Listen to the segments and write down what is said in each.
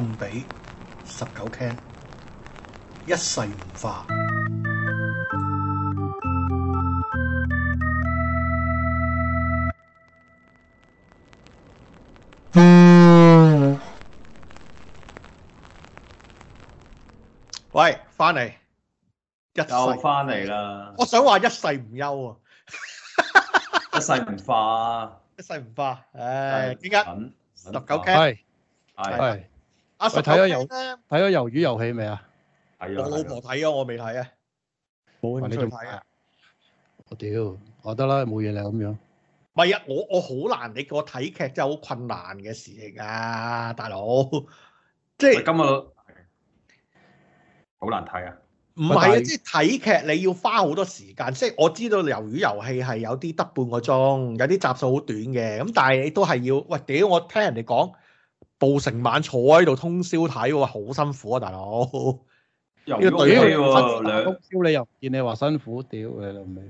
分俾十九 Ken，一世唔化。喂，翻嚟，又翻嚟啦！我想話一世唔憂啊，一世唔化，一世唔化，唉，點解十九 Ken？係係。阿叔睇咗魷睇咗魷魚遊戲未啊？係啊，我老婆睇咗，我未睇啊。冇興趣睇啊，啊，你仲睇啊！我屌，我得啦，冇嘢啦咁樣。唔係啊，我我好難，你叫我睇劇真係好困難嘅事情啊，大佬。即係今日好難睇啊！唔係啊，即係睇劇你要花好多時間，即係我知道魷魚遊戲係有啲得半個鐘，有啲集數好短嘅，咁但係你都係要喂屌，我聽人哋講。報成晚坐喺度通宵睇喎，好辛苦啊，大佬！又、這個、魚都 O 你又見你話辛苦，屌你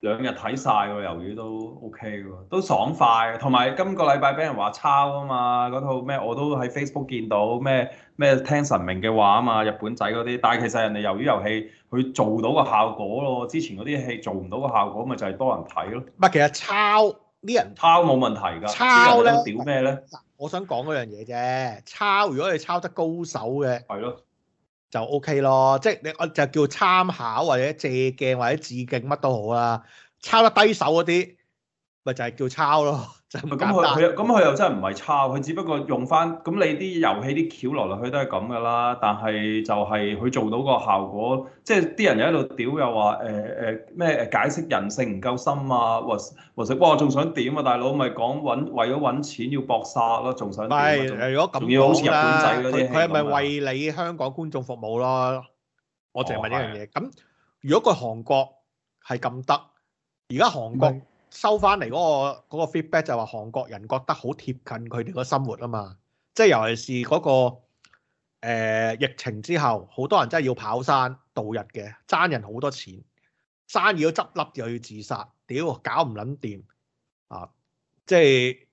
兩日睇晒喎，魷魚都 O K 喎，都爽快。同埋今個禮拜俾人話抄啊嘛，嗰套咩我都喺 Facebook 見到咩咩聽神明嘅話啊嘛，日本仔嗰啲。但係其實人哋魷魚遊戲佢做到個效果咯，之前嗰啲戲做唔到個效果，咪就係、是、多人睇咯。唔其實抄啲人抄冇問題㗎，抄咧屌咩咧？我想講嗰樣嘢啫，抄如果你抄得高手嘅，係咯，就 OK 咯，即係你我就叫參考或者借鏡或者致敬乜都好啦。抄得低手嗰啲，咪就係叫抄咯。咁佢佢咁佢又真係唔係差，佢只不過用翻咁你啲遊戲啲橋落落去都係咁㗎啦。但係就係佢做到個效果，即係啲人又喺度屌又話誒誒咩解釋人性唔夠深啊？或或者哇仲想點啊？大佬咪講揾為咗揾錢要搏殺咯，仲想點，唔係如果咁，要好似日本仔嗰啲，佢係咪為你香港觀眾服務咯，哦？我淨係問一樣嘢，咁如果個韓國係咁得，而家韓國？收翻嚟嗰個嗰個 feedback 就話韓國人覺得好貼近佢哋個生活啊嘛，即係尤其是嗰、嗰個、呃、疫情之後，好多人真係要跑山度日嘅，爭人好多錢，生意都執笠又要自殺，屌搞唔撚掂啊！即係。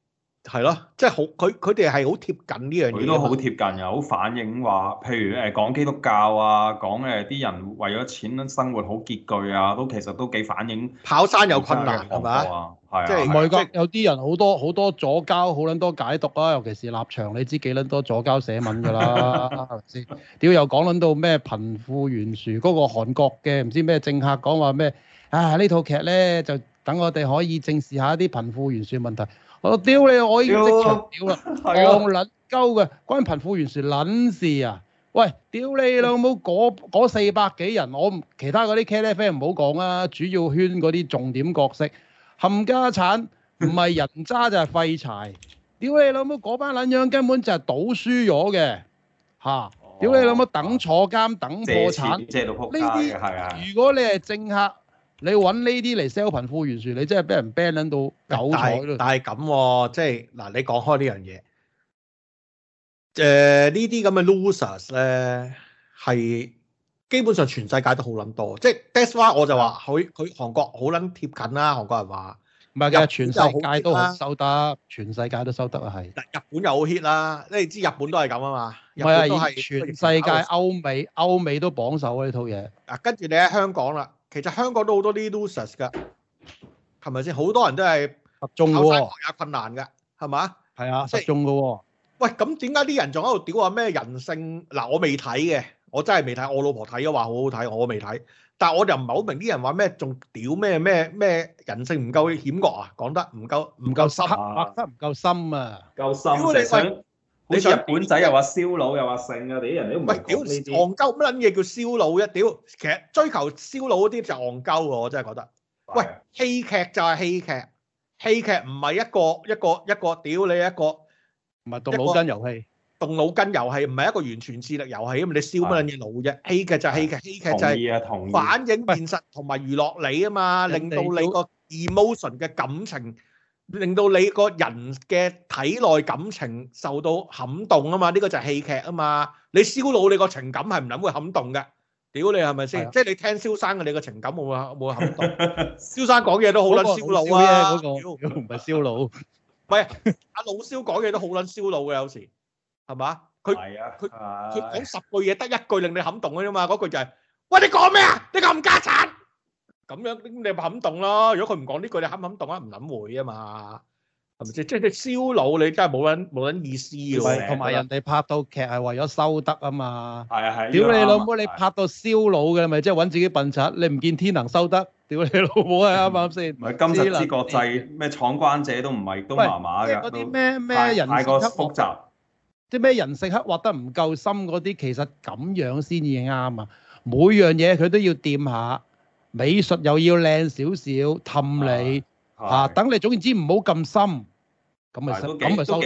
係咯、啊，即係好佢佢哋係好貼近呢樣嘢。佢都好貼近，又好反映話，譬如誒講基督教啊，講誒啲人為咗錢生活好拮據啊，都其實都幾反映跑山有困難係嘛？即係外國有啲人好多好多左膠好撚多解讀啊，尤其是立場，你知幾撚多左膠寫文㗎啦？知 屌又講撚到咩貧富懸殊？嗰、那個韓國嘅唔知咩政客講話咩啊？呢套劇咧就等我哋可以正視一下一啲貧富懸殊問題。我屌你！我已經即場屌啦，講撚鳩嘅，關於貧富懸殊撚事啊！喂，屌你老母嗰四百幾人，我其他嗰啲茄哩啡唔好講啊。主要圈嗰啲重點角色冚家產，唔係人渣 就係廢柴。屌你老母嗰班撚樣，根本就係賭輸咗嘅嚇。屌、啊哦、你老母等坐監等破產，借，借到撲街。呢啲如果你係政客。你揾呢啲嚟 sell 貧富懸殊，你真係俾人 ban 到九彩。但係咁，即係嗱，你講開、呃、呢樣嘢，誒呢啲咁嘅 losers 咧，係基本上全世界都好撚多。即、就、係、是、that's why 我就話佢佢韓國好撚貼近啦、啊，韓國人話唔係嘅，全世界都好、啊、收得，全世界都收得啊，係。日本又好 hit 啦，你知日本都係咁啊嘛。係全世界歐美歐美都榜首呢、啊、套嘢。嗱，跟住你喺香港啦。其實香港都好多啲 losers 㗎，係咪先？好多人都係失蹤㗎喎，也困難嘅，係嘛、哦？係啊，失蹤嘅喎。喂，咁點解啲人仲喺度屌話咩人性？嗱、啊，我未睇嘅，我真係未睇。我老婆睇嘅話好好睇，我未睇。但係我就唔係好明啲人話咩仲屌咩咩咩人性唔夠險惡啊？講得唔夠唔夠深，黑得唔夠深啊？夠深？你你日本仔又話燒腦又話性呀！你啲人都唔係屌，戇鳩乜撚嘢叫燒腦？一屌，其實追求燒腦嗰啲就戇鳩喎！我真係覺得。喂，戲劇就係戲劇，戲劇唔係一個一個一個屌你一個，唔係動腦筋遊戲，動腦筋遊戲唔係一個完全智力遊戲啊嘛！咁你燒乜撚嘢腦啫？戲劇就係戲劇，戲劇就係反映現實同埋娛樂你啊嘛，令到你個 emotion 嘅感情。令到你個人嘅體內感情受到撼動啊嘛，呢個就係戲劇啊嘛。你燒腦，你個情感係唔諗會撼動嘅。屌你係咪先？即係你聽蕭生嘅，你個情感冇啊冇啊撼動。蕭生講嘢都好撚燒腦啊。嗰個唔係燒腦，唔係啊。阿老蕭講嘢都好撚燒腦嘅，有時係嘛？佢佢佢講十句嘢得一句令你撼動嘅啫嘛，嗰句就係：喂，你講咩啊？你咁唔家產。咁樣你咪肯動咯。如果佢唔講呢句，你肯唔肯動啊？唔諗會啊嘛，係咪先？即係你燒腦，你真係冇諗冇諗意思嘅，啊。同埋人哋拍到劇係為咗收得啊嘛。係啊係。屌你老母，係係你拍到燒腦嘅咪即係搵自己笨柒。你唔見天能收得？屌你老母啊，係啱先？唔係金星之國際咩？闖關者都唔係都麻麻嘅。嗰啲咩咩人性刻複雜，啲咩人性刻畫得唔夠深嗰啲，其實咁樣先至啱啊。每樣嘢佢都要掂下。美術又要靚少少氹你，嚇等你，總言之唔好咁深，咁咪收，咁咪收到。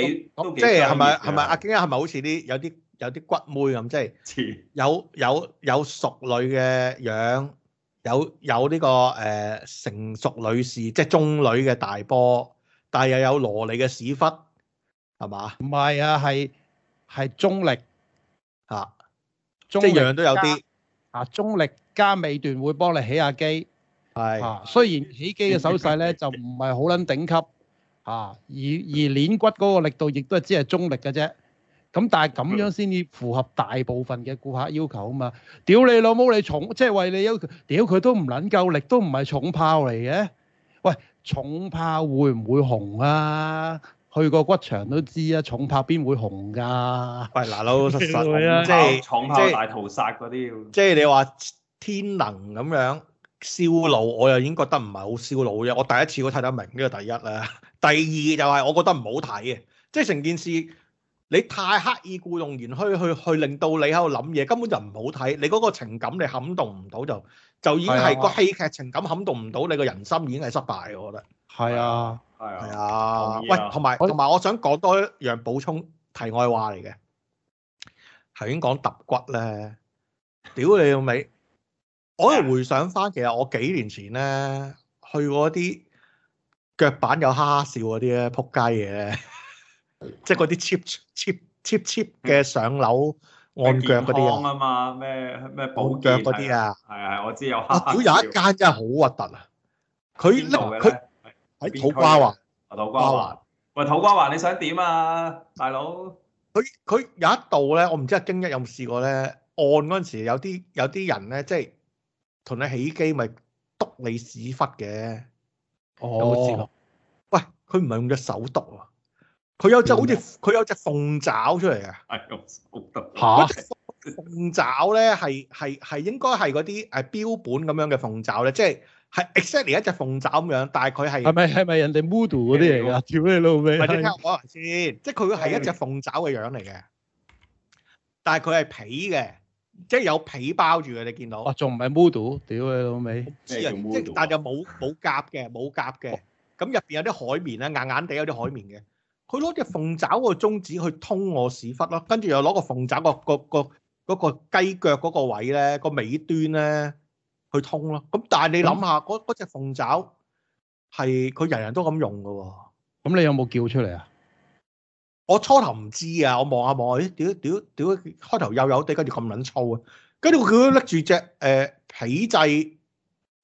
即係係咪係咪阿經啊？係咪好似啲有啲有啲骨妹咁？即係有有有熟女嘅樣，有有呢個誒成熟女士，即係中女嘅大波，但係又有蘿莉嘅屎忽，係嘛？唔係啊，係係中力嚇，即係樣都有啲嚇中力。加尾段會幫你起下機，係啊，雖然起機嘅手勢咧就唔係好撚頂級嚇，而而撚骨嗰個力度亦都係只係中力嘅啫。咁但係咁樣先至符合大部分嘅顧客要求啊嘛。屌你老母你重，即係為你要求屌佢都唔撚夠力，都唔係重炮嚟嘅。喂，重炮會唔會紅啊？去過骨場都知啊，重炮邊會紅㗎？喂，嗱老老實實，即係重炮大屠殺嗰啲要，即係你話。天能咁樣燒腦，我就已經覺得唔係好燒腦嘅。我第一次我睇得明，呢個第一啦。第二就係我覺得唔好睇嘅，即係成件事你太刻意故弄玄虛，去去令到你喺度諗嘢，根本就唔好睇。你嗰個情感你撼動唔到，就就已經係個戲劇情感撼動唔到你個人心，已經係失敗。我覺得係啊，係啊，啊，啊，啊，喂，同埋同埋，我，我想講多一樣補充題外話嚟嘅，頭先講揼骨咧，屌你老味。 我係回想翻，其實我幾年前咧去過一啲腳板有哈哈笑嗰啲咧，撲街嘢，即係嗰啲 cheap cheap cheap cheap 嘅上樓、嗯、按腳嗰啲啊。咩補腳嗰啲啊？係啊，啊，我知有哈哈笑。有一間真係好核突啊！佢佢喺土瓜灣、啊，土瓜灣，喂土瓜灣，你想點啊，大佬？佢佢有一度咧，我唔知阿京一有冇試過咧，按嗰陣時有啲有啲人咧，即係。同你起機咪篤你屎忽嘅，有冇試過？喂，佢唔係用隻手篤啊，佢有隻好似佢有隻鳳爪出嚟嘅，嚇、啊！嗰隻鳳爪咧係係係應該係嗰啲誒標本咁樣嘅鳳爪咧，即係係 exactly 一隻鳳爪咁樣，但係佢係係咪係咪人哋 Moodle 嗰啲嚟㗎？調你老味，或者我講埋先，即係佢係一隻鳳爪嘅樣嚟嘅，但係佢係皮嘅。即係有皮包住嘅，你見到，啊，仲唔係 model？屌你老味，即係 m 但係冇冇夾嘅，冇夾嘅。咁入邊有啲、哦、海綿啦，硬硬地有啲海綿嘅。佢攞隻鳳爪個中指去通我屎忽咯，跟住又攞個鳳爪、個個個嗰個雞腳嗰個位咧，個尾端咧去通咯。咁但係你諗下，嗰嗰隻鳳爪係佢人人都咁用㗎喎。咁你有冇叫出嚟啊？我初頭唔知啊，我望下望，屌屌屌，開頭又有地，跟住咁撚粗啊，跟住佢拎住隻誒皮製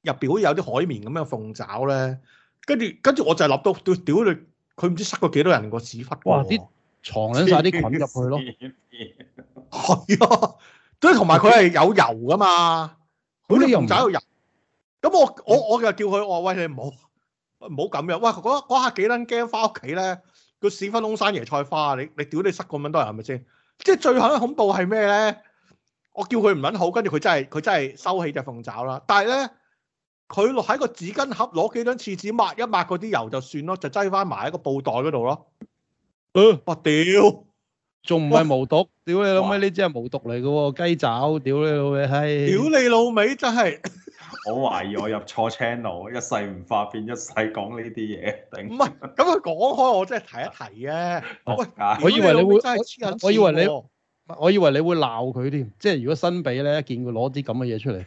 入邊好似有啲海綿咁樣鳳爪咧，跟住跟住我就係立到屌屌你，佢唔知塞過幾多人個屎忽。哇！啲藏曬啲菌入去咯，係、欸、啊！跟住同埋佢係有油噶嘛，嗰、嗯、啲鳳爪有油，咁、嗯嗯、我我我就叫佢我話喂你唔好，唔好咁樣，哇嗰嗰下幾撚驚翻屋企咧。個屎忽窿生椰菜花，你你屌你塞咁蚊多人係咪先？即係最後恐怖係咩咧？我叫佢唔撚好，跟住佢真係佢真係收起隻鳳爪啦。但係咧，佢落喺個紙巾盒攞幾張廁紙抹一抹嗰啲油就算咯，就擠翻埋喺個布袋嗰度咯。嗯，我屌，仲唔係無毒？屌你老味，呢隻係無毒嚟嘅喎，雞爪。屌你老味，屌你老味真係。 我懷疑我入錯 channel，一世唔化變，一世講呢啲嘢，頂。唔係，咁佢講開，我真係提一提啊！ 我以為你會， 我以為你，我以為你會鬧佢添。即係如果幸比咧，見佢攞啲咁嘅嘢出嚟，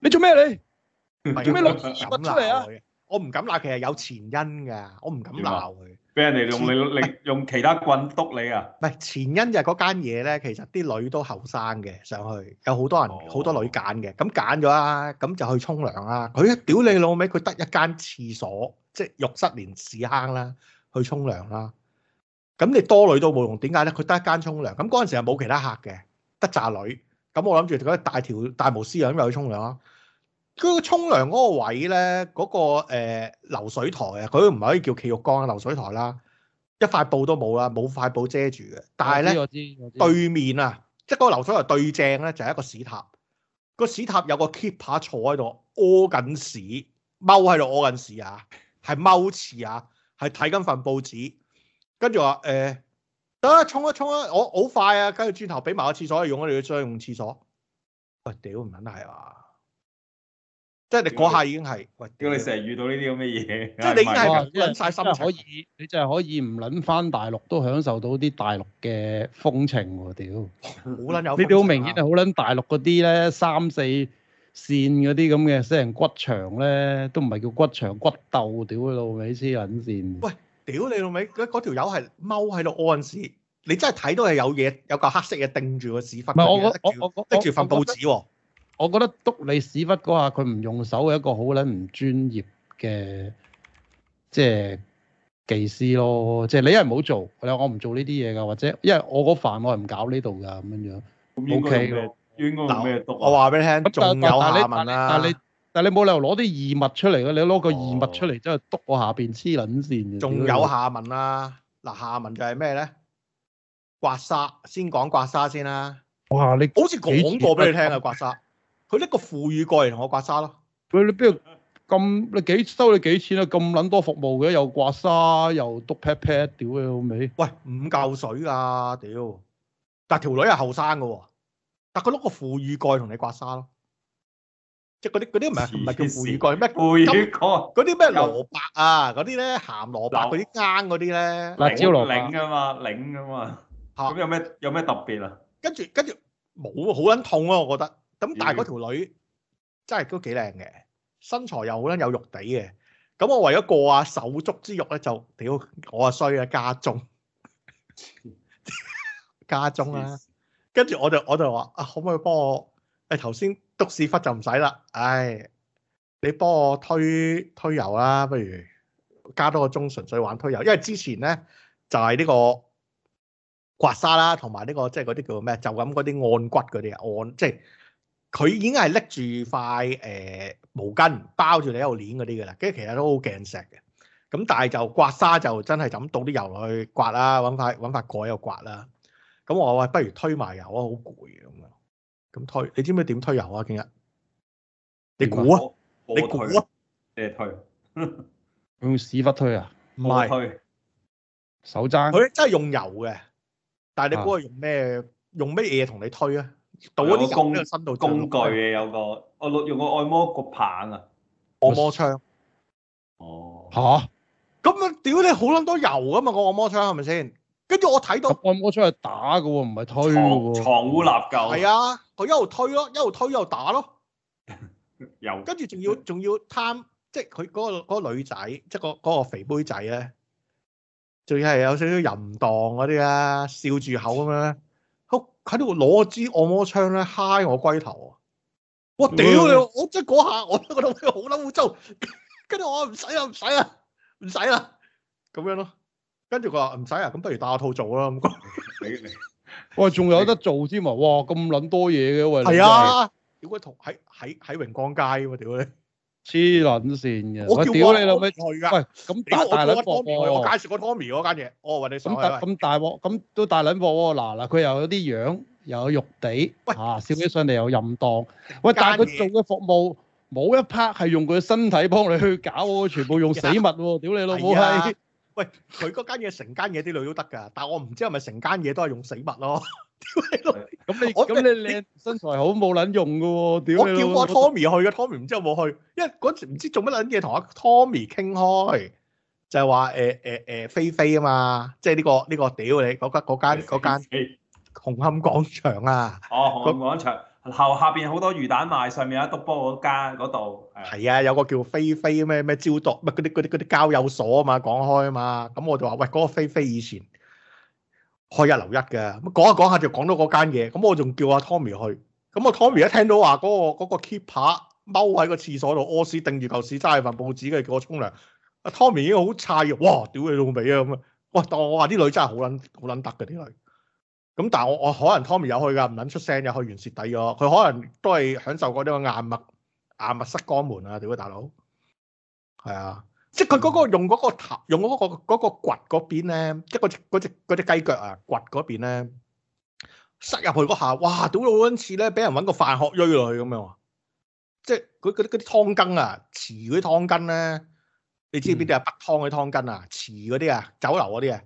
你做咩你？做咩攞字幕出嚟啊？ 我唔敢鬧，其實有前因㗎，我唔敢鬧佢。俾人哋用你，你用其他棍督你啊！唔係前一日嗰間嘢咧，其實啲女都後生嘅上去，有好多人好、哦、多女揀嘅，咁揀咗啦，咁就去沖涼啦。佢屌你老味，佢得一間廁所，即係浴室連屎坑啦，去沖涼啦。咁你多女都冇用，點解咧？佢得一間沖涼，咁嗰陣時又冇其他客嘅，得炸女。咁我諗住嗰大條大毛師樣啊，咁又去沖涼。嗰個沖涼嗰個位咧，嗰個、呃、流水台啊，佢唔可以叫企浴缸啊，流水台啦，一塊布都冇啦，冇塊布遮住嘅。但係咧，我知，我知，我知。對面啊，即係嗰個流水台對正咧，就係一個屎塔。嗰個屎塔有個 keeper 坐喺度，屙緊屎，踎喺度屙緊屎啊，係踎廁啊，係睇緊份報紙，跟住話誒，等下沖一沖啊，我好快啊，跟住轉頭俾埋個廁所用啊，你嘅商用廁所。我屌唔撚係啊。即係你嗰下已經係，喂！屌你成日遇到呢啲咁嘅嘢，即係你已經、啊就係、真係攬晒心情，可以你就係可以唔撚翻大陸，都享受到啲大陸嘅風情喎、啊！屌、啊，好撚有，你哋好明顯係好撚大陸嗰啲咧三四線嗰啲咁嘅私人骨長咧，都唔係叫骨長骨鬥屌嘅老味，先撚線。喂！屌你老味。嗰條友係踎喺度屙屎，你真係睇到係有嘢，有嚿黑色嘅、啊啊啊，定住個屎忽，唔我我我我，拎住份報紙喎。我覺得篤你屎忽嗰下，佢唔用手係一個好撚唔專業嘅即係技師咯。即係你一係唔好做，你我唔做呢啲嘢㗎，或者因為我個範我係唔搞呢度㗎咁樣樣。O K，應該咩篤、OK 啊、我話俾你聽，仲有下文啦、啊。但係你但係你冇理由攞啲異物出嚟㗎。你攞個異物出嚟真係篤我下邊黐撚線。仲有下文啦、啊。嗱下文就係咩咧？刮痧先講刮痧先啦、啊。哇！你好似講過俾你聽啊，刮痧。佢拎個腐乳蓋嚟同我刮痧咯。佢你邊度咁？你幾收你幾錢啊？咁撚多服務嘅，又刮痧又篤 pat pat，屌你老味！喂，五嚿水呀屌！但係條女係後生噶喎，但係佢攞個腐乳蓋同你刮痧咯，即係嗰啲嗰啲唔係唔係叫腐乳蓋咩？腐乳蓋嗰啲咩蘿蔔啊嗰啲咧，鹹蘿蔔嗰啲啱嗰啲咧，辣椒蘿蔔㗎嘛，檸㗎嘛，嚇咁有咩有咩特別啊？跟住跟住冇啊，好撚痛啊，我覺得。咁但係嗰條女真係都幾靚嘅，身材又好啦，有肉地嘅。咁我為咗過下、啊、手足之慾咧，就屌我衰啊加鍾加鍾，啦、 啊。跟住我就我就話啊，可唔可以幫我誒頭先篤屎忽就唔使啦。唉，你幫我推推油啦，不如加多個鍾，純粹玩推油。因為之前咧就係、是、呢個刮痧啦，同埋呢個即係嗰啲叫咩？就咁嗰啲按骨嗰啲啊按即係。佢已經係拎住塊誒毛巾包住你喺度攣嗰啲㗎啦，跟住其實都好鏡石嘅，咁但係就刮痧就真係咁倒啲油落去刮啦，揾塊揾塊蓋喺度刮啦。咁我話喂，不如推埋油啊，好攰啊咁啊。咁推你知唔知點推油啊？京一你估啊？你估啊？咩推？你啊、推你推 用屎忽推啊？唔係，手踭。佢真係用油嘅，但係你估係用咩、啊？用咩嘢同你推啊？倒一身上有一個工工具嘅，有個我用個按摩個棒啊，按摩槍。哦。吓？咁啊，屌你好撚多油噶嘛個按摩槍係咪先？跟住我睇到按摩槍係打嘅喎，唔係推嘅喎。床烏蠟舊。係啊，佢一路推咯，一路推一路打咯。又。 跟住仲要仲要貪，即係佢嗰個女仔，即、嗰、係個嗰、嗰個、肥妹仔咧，仲要係有少少淫蕩嗰啲啊，笑住口咁樣。佢喺度攞支按摩槍咧，嗨我龜頭哇、嗯、啊！我屌你！我即嗰下我都覺得好嬲，好污糟！跟住我話唔使啊，唔使啊，唔使啦，咁樣咯。跟住佢話唔使啊，咁不如戴套做啦咁講。喂，仲有得做添啊、哎！哇，咁撚多嘢嘅、啊、喂。係啊！屌鬼同喺喺喺榮光街喎，屌你！黐撚線嘅，我，我屌你老味去㗎！喂，咁大卵貨窩！我，我，我介紹個 Tommy 嗰間嘢，哦，雲你想係咁大咁咁都大卵貨窩！嗱、啊、嗱，佢又有啲樣，又有肉地，嚇、啊、笑起上嚟又淫蕩。喂，但係佢做嘅服務冇一 part 係用佢身體幫你去搞喎，全部用死物喎！屌你老母閪！喂，佢嗰間嘢成間嘢啲女都得㗎，但我唔知係咪成間嘢都係用死物咯。咁 你咁你你，你身材好冇撚用噶喎！我叫過 Tommy 去噶 ，Tommy 唔知有冇去？因為嗰時唔知做乜撚嘢，同阿 Tommy 傾開就係話誒誒誒菲菲啊嘛，即係呢個呢、這個屌你嗰間嗰間嗰間紅磡廣場啊！哦，紅磡廣場樓 下邊好多魚蛋賣，上面有一篤波嗰間嗰度係啊，有個叫菲菲咩咩招毒乜嗰啲啲啲交友所啊嘛，講開啊嘛，咁我就話喂嗰、那個菲菲以前。開一流一嘅，咁講下講下就講到嗰間嘢，咁我仲叫阿 Tommy 去，咁阿 Tommy 一聽到話嗰個嗰個 keeper 踎喺個廁所度屙屎，定住嚿屎揸住份報紙嘅，叫我沖涼。阿 Tommy 已經好差嘅，哇！屌你老味啊咁啊！哇！當我話啲女真係好捻好捻得嘅啲女，咁但係我我，我可能 Tommy 有去噶，唔捻出聲又去完蝕底咗，佢可能都係享受過呢個硬物硬物塞肛門啊，屌你大佬，係啊。嗯、即係佢嗰個用嗰個頭，用嗰、嗰個嗰掘嗰邊咧，即係嗰隻隻隻雞腳啊，掘嗰邊咧塞入去嗰下，哇！屌佬嗰次咧，俾人揾個飯殼鋸落去咁樣，即係嗰啲啲湯羹啊，瓷嗰啲湯羹咧、啊，你知唔知邊啲啊？北湯嗰啲湯羹啊？瓷嗰啲啊，酒樓嗰啲啊，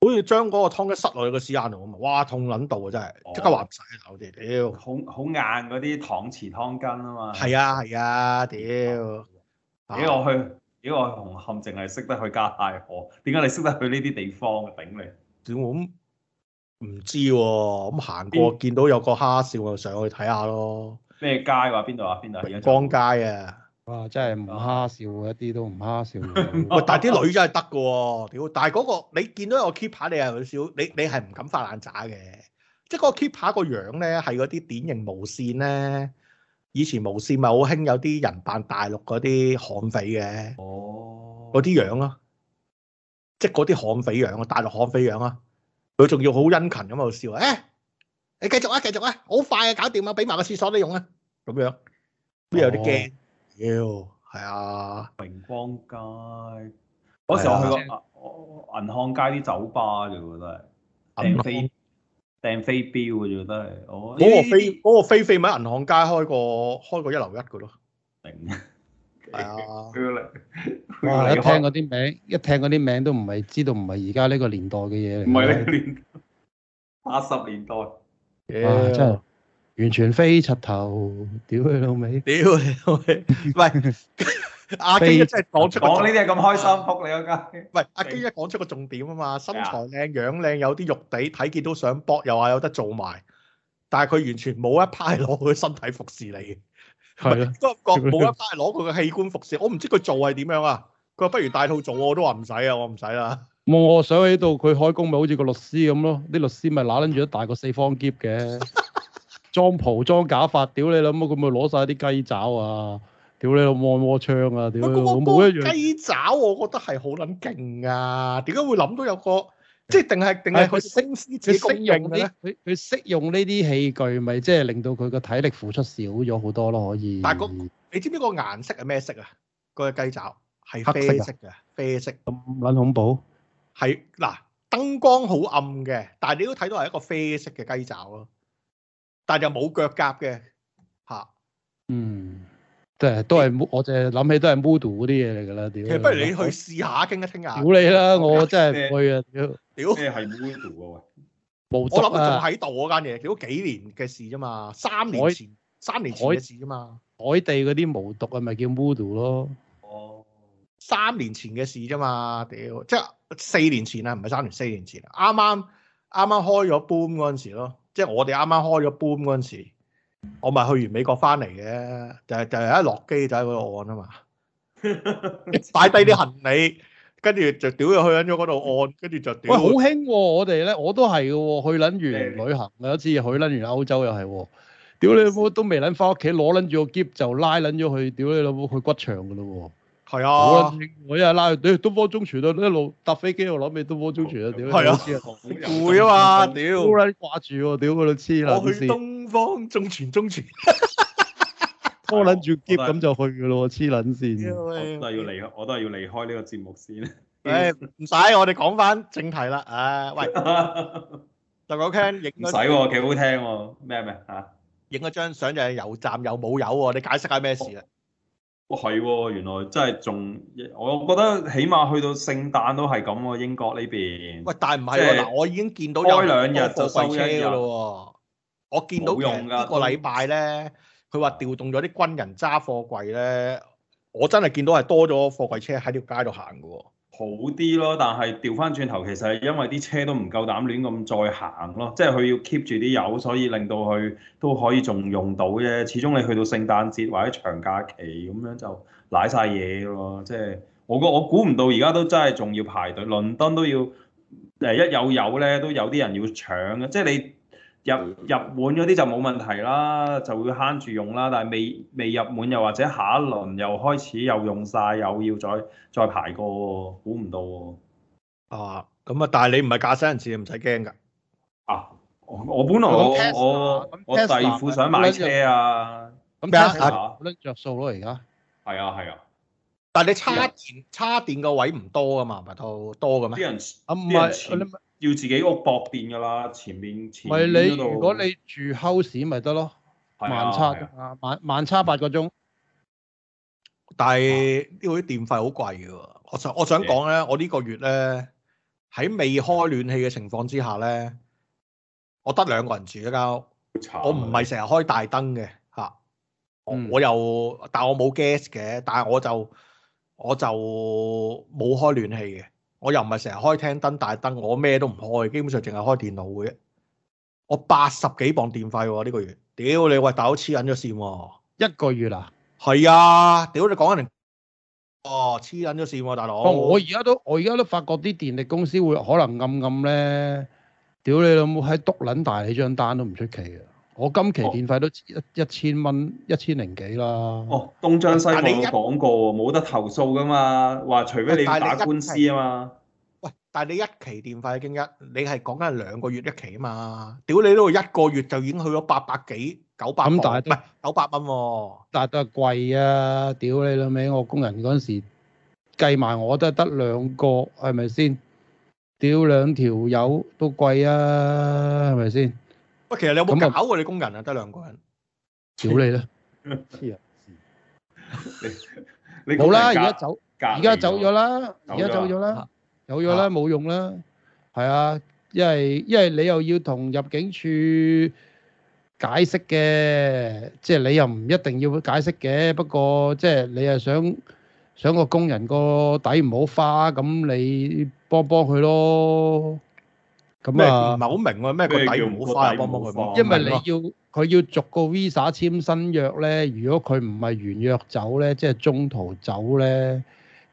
好似將嗰個湯一塞落去個屎眼度啊嘛！哇，痛撚到啊，真係即、哦、刻話唔曬啊！屌，好好硬嗰啲搪瓷湯羹啊嘛。係啊係啊，屌俾落去。幾、這個紅磡淨係識得去加大河，點解你識得去呢啲地方嘅？頂你！屌、啊，我咁唔知喎，咁行過見到有個蝦笑，就上去睇下咯。咩街話？邊度啊？邊度、啊？光、啊啊、街啊！哇，真係唔蝦笑，一啲都唔蝦笑， 但是的的、啊。但係啲女真係得嘅喎，屌！但係嗰個你見到有個 keeper 你又少，你你係唔敢發爛渣嘅，即係嗰個 keeper 個樣咧係嗰啲典型無線咧。以前無線咪好興有啲人扮大陸嗰啲悍匪嘅，嗰、哦、啲樣啊，即係嗰啲悍匪的樣啊，大陸悍匪的樣啊，佢仲要好殷勤咁喺度笑，誒、欸，你繼續啊，繼續啊，好快啊，搞掂啊，俾埋個廁所都用啊，咁樣邊有啲驚？妖、哦，係啊，明光街嗰時候我去過銀漢街啲酒吧啫喎，都係。訂飛鏢嘅啫，都係。哦，嗰、嗰個飛，嗰、欸嗰個飛飛咪喺銀行街開過開過一樓一嘅咯。明係啊。哇！一聽嗰啲名，一聽嗰啲名都唔係知道唔係而家呢個年代嘅嘢嚟。唔係呢個年代，八十年代。Yeah, 啊、真係，完全飛柒頭，屌佢老味。屌 阿基一即係講出講呢啲係咁開心，撲你嗰間，喂，阿基一講出一個重點啊，啊，啊重點嘛，身材靚、樣靚、有啲肉地，睇見都想搏，又話有得做埋。但係佢完全冇一派攞佢身體服侍你，係都覺冇一派攞佢嘅器官服侍。我唔知佢做係點樣啊。佢話不如戴套做，我都話唔使啊，我唔使啦。冇，我想喺度佢開工咪好似個律師咁咯，啲律師咪喇捻住一大個四方篋嘅裝袍裝假髮，屌你諗啊，佢咪攞晒啲雞爪啊！屌你，摸摸槍啊！屌，我冇一樣雞爪，我覺得係好撚勁啊！點解會諗到有個，即係定係定係佢適應嘅咧？佢佢識用呢啲器具，咪即係令到佢個體力付出少咗好多咯？可以。但係個，你知唔知個顏色係咩色啊？個雞爪係啡色嘅，啡色。咁撚恐怖！係嗱，燈光好暗嘅，但係你都睇到係一個啡色嘅雞爪咯。但係又冇腳夾嘅嚇，嗯。都係都係我淨係諗起都係 model 嗰啲嘢嚟噶啦。屌，其實不如你去試下，傾一傾啊。屌你啦，我真係唔去啊！屌，屌係 model 嘅話，無毒啊，仲喺度嗰間嘢，屌幾年嘅事啫嘛？三年前，三年前嘅事啫嘛。海地嗰啲無毒啊，咪叫 model 咯。哦，三年前嘅事啫嘛，屌，即係四年前啊，唔係三年，四年前，啱啱啱啱開咗 boom 嗰陣時咯，即係我哋啱啱開咗 boom 嗰陣時。我咪去完美國翻嚟嘅，就係就係一落機就喺度按啊嘛，擺低啲行李，跟住就屌入去咗嗰度按，跟住就屌喂好興喎，我哋咧，我都係嘅喎，去撚完旅行有一次，去撚完歐洲又係喎，屌你老母都未撚翻屋企，攞撚住個篋就拉撚咗去，屌你老母去骨場嘅嘞喎！係啊，我一拉去，你東方中傳啊，一路搭飛機我諗起東方中傳啊，屌係啊，攰啊嘛，屌，好撚掛住喎，屌佢都黐卵線。去東方中傳中傳，拖捻住夾咁就去噶咯，黐撚線。我都係、啊、要離開，我都係要離開呢個節目先。誒、 哎，唔使，我哋講翻正題啦。唉、啊，喂，19 Ken 影唔使喎，幾、啊、好聽喎、啊，咩咩吓？影咗張相就係油站又冇有喎，你解釋下咩事咧？係、哦、原來真係仲，我覺得起碼去到聖誕都係咁喎，英國呢邊。喂，但係唔係嗱，我已經見到有兩日就收車噶啦。我見到用噶一個禮拜咧，佢話調動咗啲軍人揸貨櫃咧，我真係見到係多咗貨櫃車喺條街度行噶。好啲咯，但係調翻轉頭，其實係因為啲車都唔夠膽亂咁再行咯，即係佢要 keep 住啲油，所以令到佢都可以仲用到啫。始終你去到聖誕節或者長假期咁樣就舐晒嘢咯，即係我我估唔到而家都真係仲要排隊，倫敦都要誒一有油咧，都有啲人要搶嘅，即係你。入入門嗰啲就冇問題啦，就會慳住用啦。但係未未入門又或者下一輪又開始又用晒，又要再再排過，估唔到喎、啊。啊，咁啊！但係你唔係駕駛人士，唔使驚㗎。啊我，我本來我試試我我第二副想買車啊。咁點啊？拎著數咯，而、啊、家。係啊係啊。但係你差電、啊、差電個位唔多㗎嘛？咪係多㗎嘛？啲人，人要自己的屋駁電㗎啦，前面前面嗰度。唔係你，如果你住 house 咪得咯，萬差啊，萬萬差八、啊、個鐘。但係呢個啲電費好貴嘅，我想我想講咧，我呢個月咧喺未開暖氣嘅情況之下咧，我得兩個人住一間屋，我唔係成日開大燈嘅嚇，我又但係我冇 gas 嘅，但係我，我就我就冇開暖氣嘅。我又唔係成日開廳燈大燈，我咩都唔開，基本上淨係開電腦嘅啫。我八十幾磅電費喎，呢個月，屌你喂大佬黐撚咗線喎！一個月啊？係啊，屌你講啊你！哦，黐撚咗線喎大佬。我而家都我而家都發覺啲電力公司會可能暗暗咧，屌你老母喺篤撚大你張單都唔出奇嘅。我今期電費都一一千蚊，哦，一千零幾啦。哦，東張西望講過冇得投訴噶嘛。話除非你打官司啊嘛。喂，但係你一期電費經一，你係講緊兩個月一期啊嘛。屌你都一個月就已經去咗八百幾九百蚊，唔係九百蚊但係、哦、都係貴啊！屌你老味，我工人嗰陣時計埋我都係得兩個，係咪先？屌兩條友都貴啊，係咪先？喂，其實你有冇搞過？你工人啊，得兩個人，屌你啦！黐啊！冇啦，而家走，而家走咗啦，而家走咗啦，走咗啦，冇用啦。係啊，因為因為你又要同入境處解釋嘅，即係你又唔一定要解釋嘅。不過即係你啊想想個工人個底唔好花，咁你幫幫佢咯。咁啊，唔係好明喎，啊，咩佢底唔好快，幫幫佢。因為你要佢要續個 visa 簽新約咧，如果佢唔係完約走咧，即係中途走咧，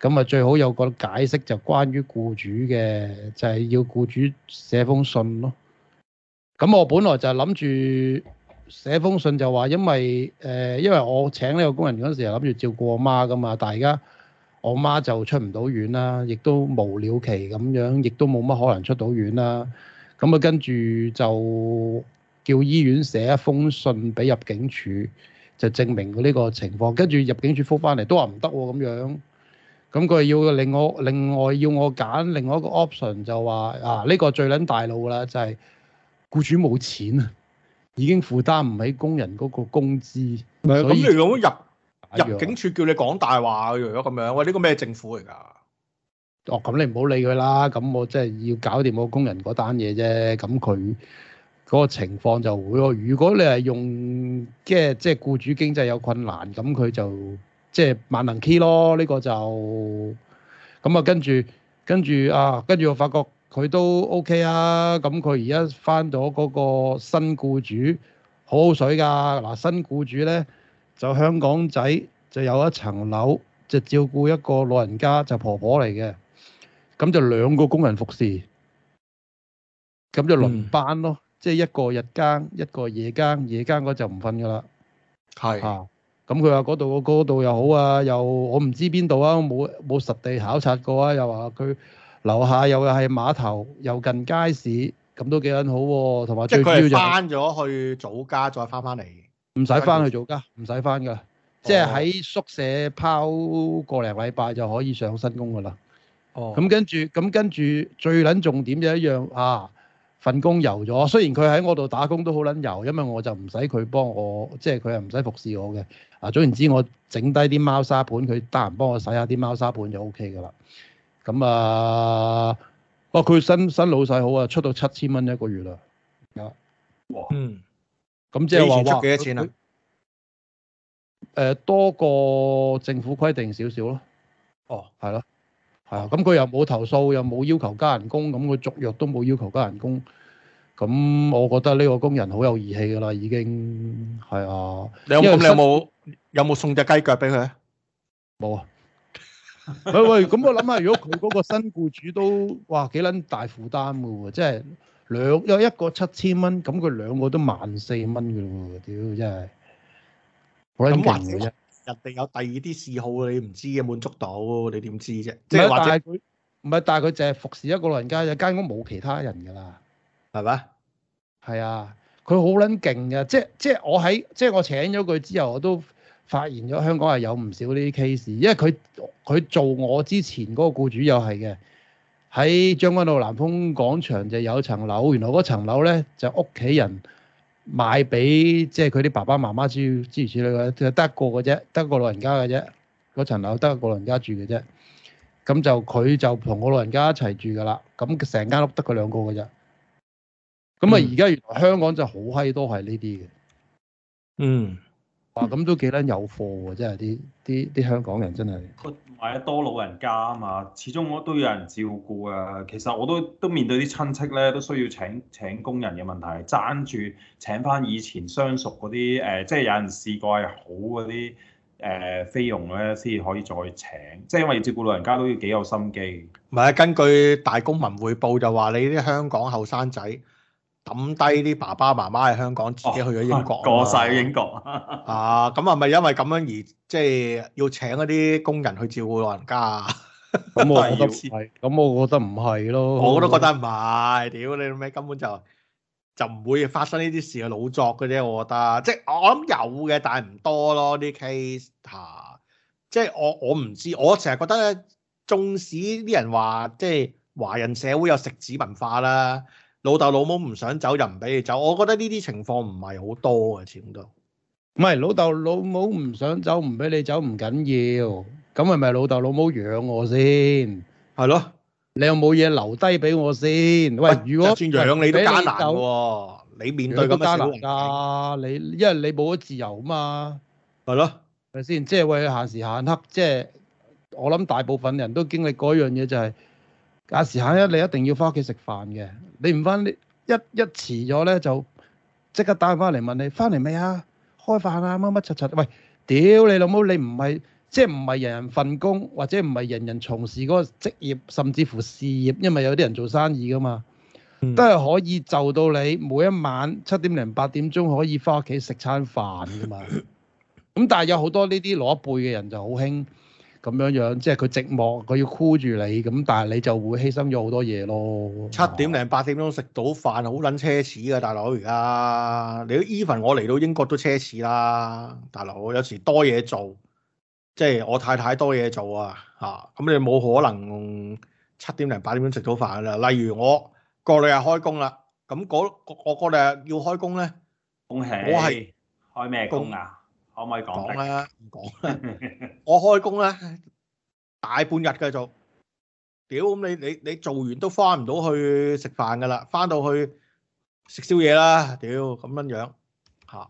咁啊最好有個解釋就關於僱主嘅，就係、是、要僱主寫封信咯。咁我本來就係諗住寫封信就話，因為誒、呃，因為我請呢個工人嗰陣時係諗住照顧阿媽噶嘛，但係而家。我媽就出唔到院啦，亦都無了期咁樣，亦都冇乜可能出到院啦。咁啊，跟住就叫醫院寫一封信俾入境處，就證明佢呢個情況。跟住入境處覆翻嚟都話唔得咁樣。咁佢要令我另外要我揀另外一個 option，就話啊呢、呢個最撚大路啦，就係、係、僱主冇錢啊，已經負擔唔起工人嗰個工資。咁你有冇入？入境處叫你講大話，如果咁樣，喂，呢個咩政府嚟㗎？哦，咁你唔好理佢啦。咁我即係要搞掂我工人嗰單嘢啫。咁佢嗰個情況就會。如果你係用即係即係僱主經濟有困難，咁佢就即係、就係、萬能 key 咯。呢、呢個就咁啊，跟住跟住啊，跟住我發覺佢都 OK 啊。咁佢而家返到嗰個新僱主好好水㗎。嗱，新僱主咧。就香港仔就有一層樓，就照顧一個老人家，就、婆婆嚟嘅。咁就兩個工人服侍，咁就輪班咯。嗯、即係一個日間，一個夜間。夜間嗰就唔瞓㗎啦。係啊，咁佢話嗰度嗰度又好啊，又我唔知邊度啊，冇冇實地考察過啊。又話佢樓下又係碼頭，又近街市，咁都幾緊好喎、啊。同埋、就係、即係佢係翻咗去祖家再，再翻翻嚟。唔使翻去做家，唔使翻噶，即係喺宿舍拋個零禮拜就可以上新工噶啦。哦，咁跟住，咁跟住最捻重點就一樣啊，份工油咗。雖然佢喺我度打工都好捻油，因為我就唔使佢幫我，即係佢又唔使服侍我嘅。啊。啊，總言之，我整低啲貓砂盤，佢得閒幫我洗下啲貓砂盤就 OK 噶啦。咁啊，哦佢新新老細好啊，出到七千蚊一個月啦。啊，哇，嗯。咁即係話，出幾多錢啊？誒、呃，多過政府規定少少咯。哦，係咯，係啊。咁、嗯、佢又冇投訴，又冇要求加人工，咁、嗯、佢續約都冇要求加人工。咁、嗯、我覺得呢個工人好有義氣㗎啦，已經係啊。你有冇？有冇送隻雞腳俾佢？冇啊。喂 喂，咁我諗下，如果佢嗰個新僱主都，哇，幾撚大負擔嘅喎，即係。兩有一個七千蚊，咁佢兩個都萬四蚊嘅喎，屌真係好撚勁嘅啫！人哋有第二啲嗜好你唔知嘅，滿足到你點知啫？即係但係佢，唔係但係佢淨係服侍一個老人家，家有間屋冇其他人㗎啦，係咪？係啊，佢好撚勁嘅，即係即係我喺即係我請咗佢之後，我都發現咗香港係有唔少呢啲 case，因為佢佢做我之前嗰個僱主又係嘅。喺將軍澳南豐廣場就有一層樓，原來嗰層樓咧就屋企人買俾即係佢啲爸爸媽媽之之如此類嗰啲，得一個嘅啫，得個老人家嘅啫，嗰層樓得個老人家住嘅啫。咁就佢就同個老人家一齊住噶啦，咁成間屋得佢兩個嘅啫。咁啊，而家原來香港就好閪多係呢啲嘅。嗯，哇，咁都幾得有貨喎，真係啲啲啲香港人真係。係啊，多老人家啊嘛，始終我都有人照顧啊。其實我都都面對啲親戚咧，都需要請請工人嘅問題，爭住請翻以前相熟嗰啲誒，即係有人試過係好嗰啲誒費用咧，先可以再請。即係因為照顧老人家都要幾有心機。唔係啊，根據大公文匯報就話你啲香港後生仔。抌低啲爸爸媽媽喺香港，自己去咗英國、哦、過曬喺英國 啊！咁啊，係咪因為咁樣而即係要請嗰啲工人去照顧老人家啊？咁我覺得唔係，咁我覺得唔係咯。我都覺得唔係，屌你老咩，根本就就唔會發生呢啲事嘅老作嘅啫。我覺得即係我諗有嘅，但係唔多咯啲 case 下、啊。即係我我唔知，我成日覺得咧，縱使啲人話即係華人社會有食子文化啦。老豆老母唔想走又唔俾你走，我覺得呢啲情況唔係好多啊，始終都唔係老豆老母唔想走唔俾你走唔緊要，咁係咪老豆老母養我先？係咯。你有冇嘢留低俾我先？喂，如果養你都艱難喎，你面對咁嘅處境，你因為你冇咗自由嘛，係咯。係咪先？即係為咗限時限刻，即係我諗大部分人都經歷嗰樣嘢，就係限時限刻，你一定要翻屋企食飯嘅。你唔翻，一一遲咗咧，就即刻打電話嚟問你翻嚟未啊？開飯啊？乜乜柒柒？喂，屌你老母！你唔係即係唔係人人份工，或者唔係人人從事嗰個職業，甚至乎事業，因為有啲人做生意噶嘛，嗯、都係可以就到你每一晚七點零八點鐘可以翻屋企食餐飯噶嘛。咁但係有好多呢啲攞背嘅人就好興。咁樣樣，即係佢寂寞，佢要箍住你咁，但係你就會犧牲咗好多嘢咯。七點零八點鐘食到飯，好撚奢侈㗎，大佬而家。你都 even 我嚟到英國都奢侈啦，大佬。有時多嘢做，即係我太太多嘢做啊嚇。咁你冇可能七點零八點鐘食到飯㗎啦。例如我個女又開工啦，咁嗰個個女要開工咧，恭喜，開咩工啊？可唔可以講咧？唔講啦！ 我開工咧，大半日嘅就屌咁，你你你做完都翻唔到去食飯噶啦，翻到去食宵夜啦，屌咁樣樣嚇、啊，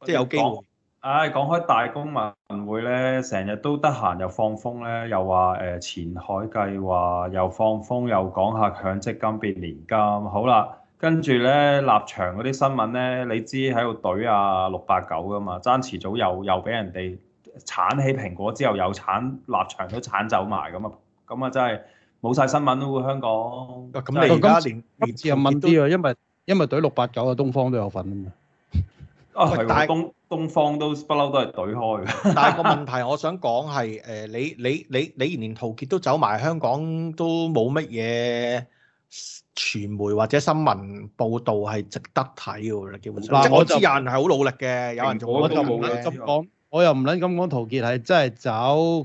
即係有機會。唉，講、哎、開大公文會咧，成日都得閒又放風咧，又話誒前海計劃，又放風，又講下強積金變年金，好啦。跟住咧，立場嗰啲新聞咧，你知喺度懟啊六八九噶嘛？爭遲早又又俾人哋鏟起蘋果之後，又鏟立場都鏟走埋咁啊！咁啊，真係冇晒新聞咯，香港。啊，咁你而家連連問啲啊？因為因為懟六八九啊，東方都有份啊嘛。啊，係喎，東東方都不嬲都係懟開。 但係個問題我想講係誒，你你你你連陶傑都走埋，香港都冇乜嘢傳媒或者新聞報道係值得睇嘅，基本上我、就是，我知人係好努力嘅，有人做，我都冇嘅。咁講，我又唔捻咁講。陶傑係真係走，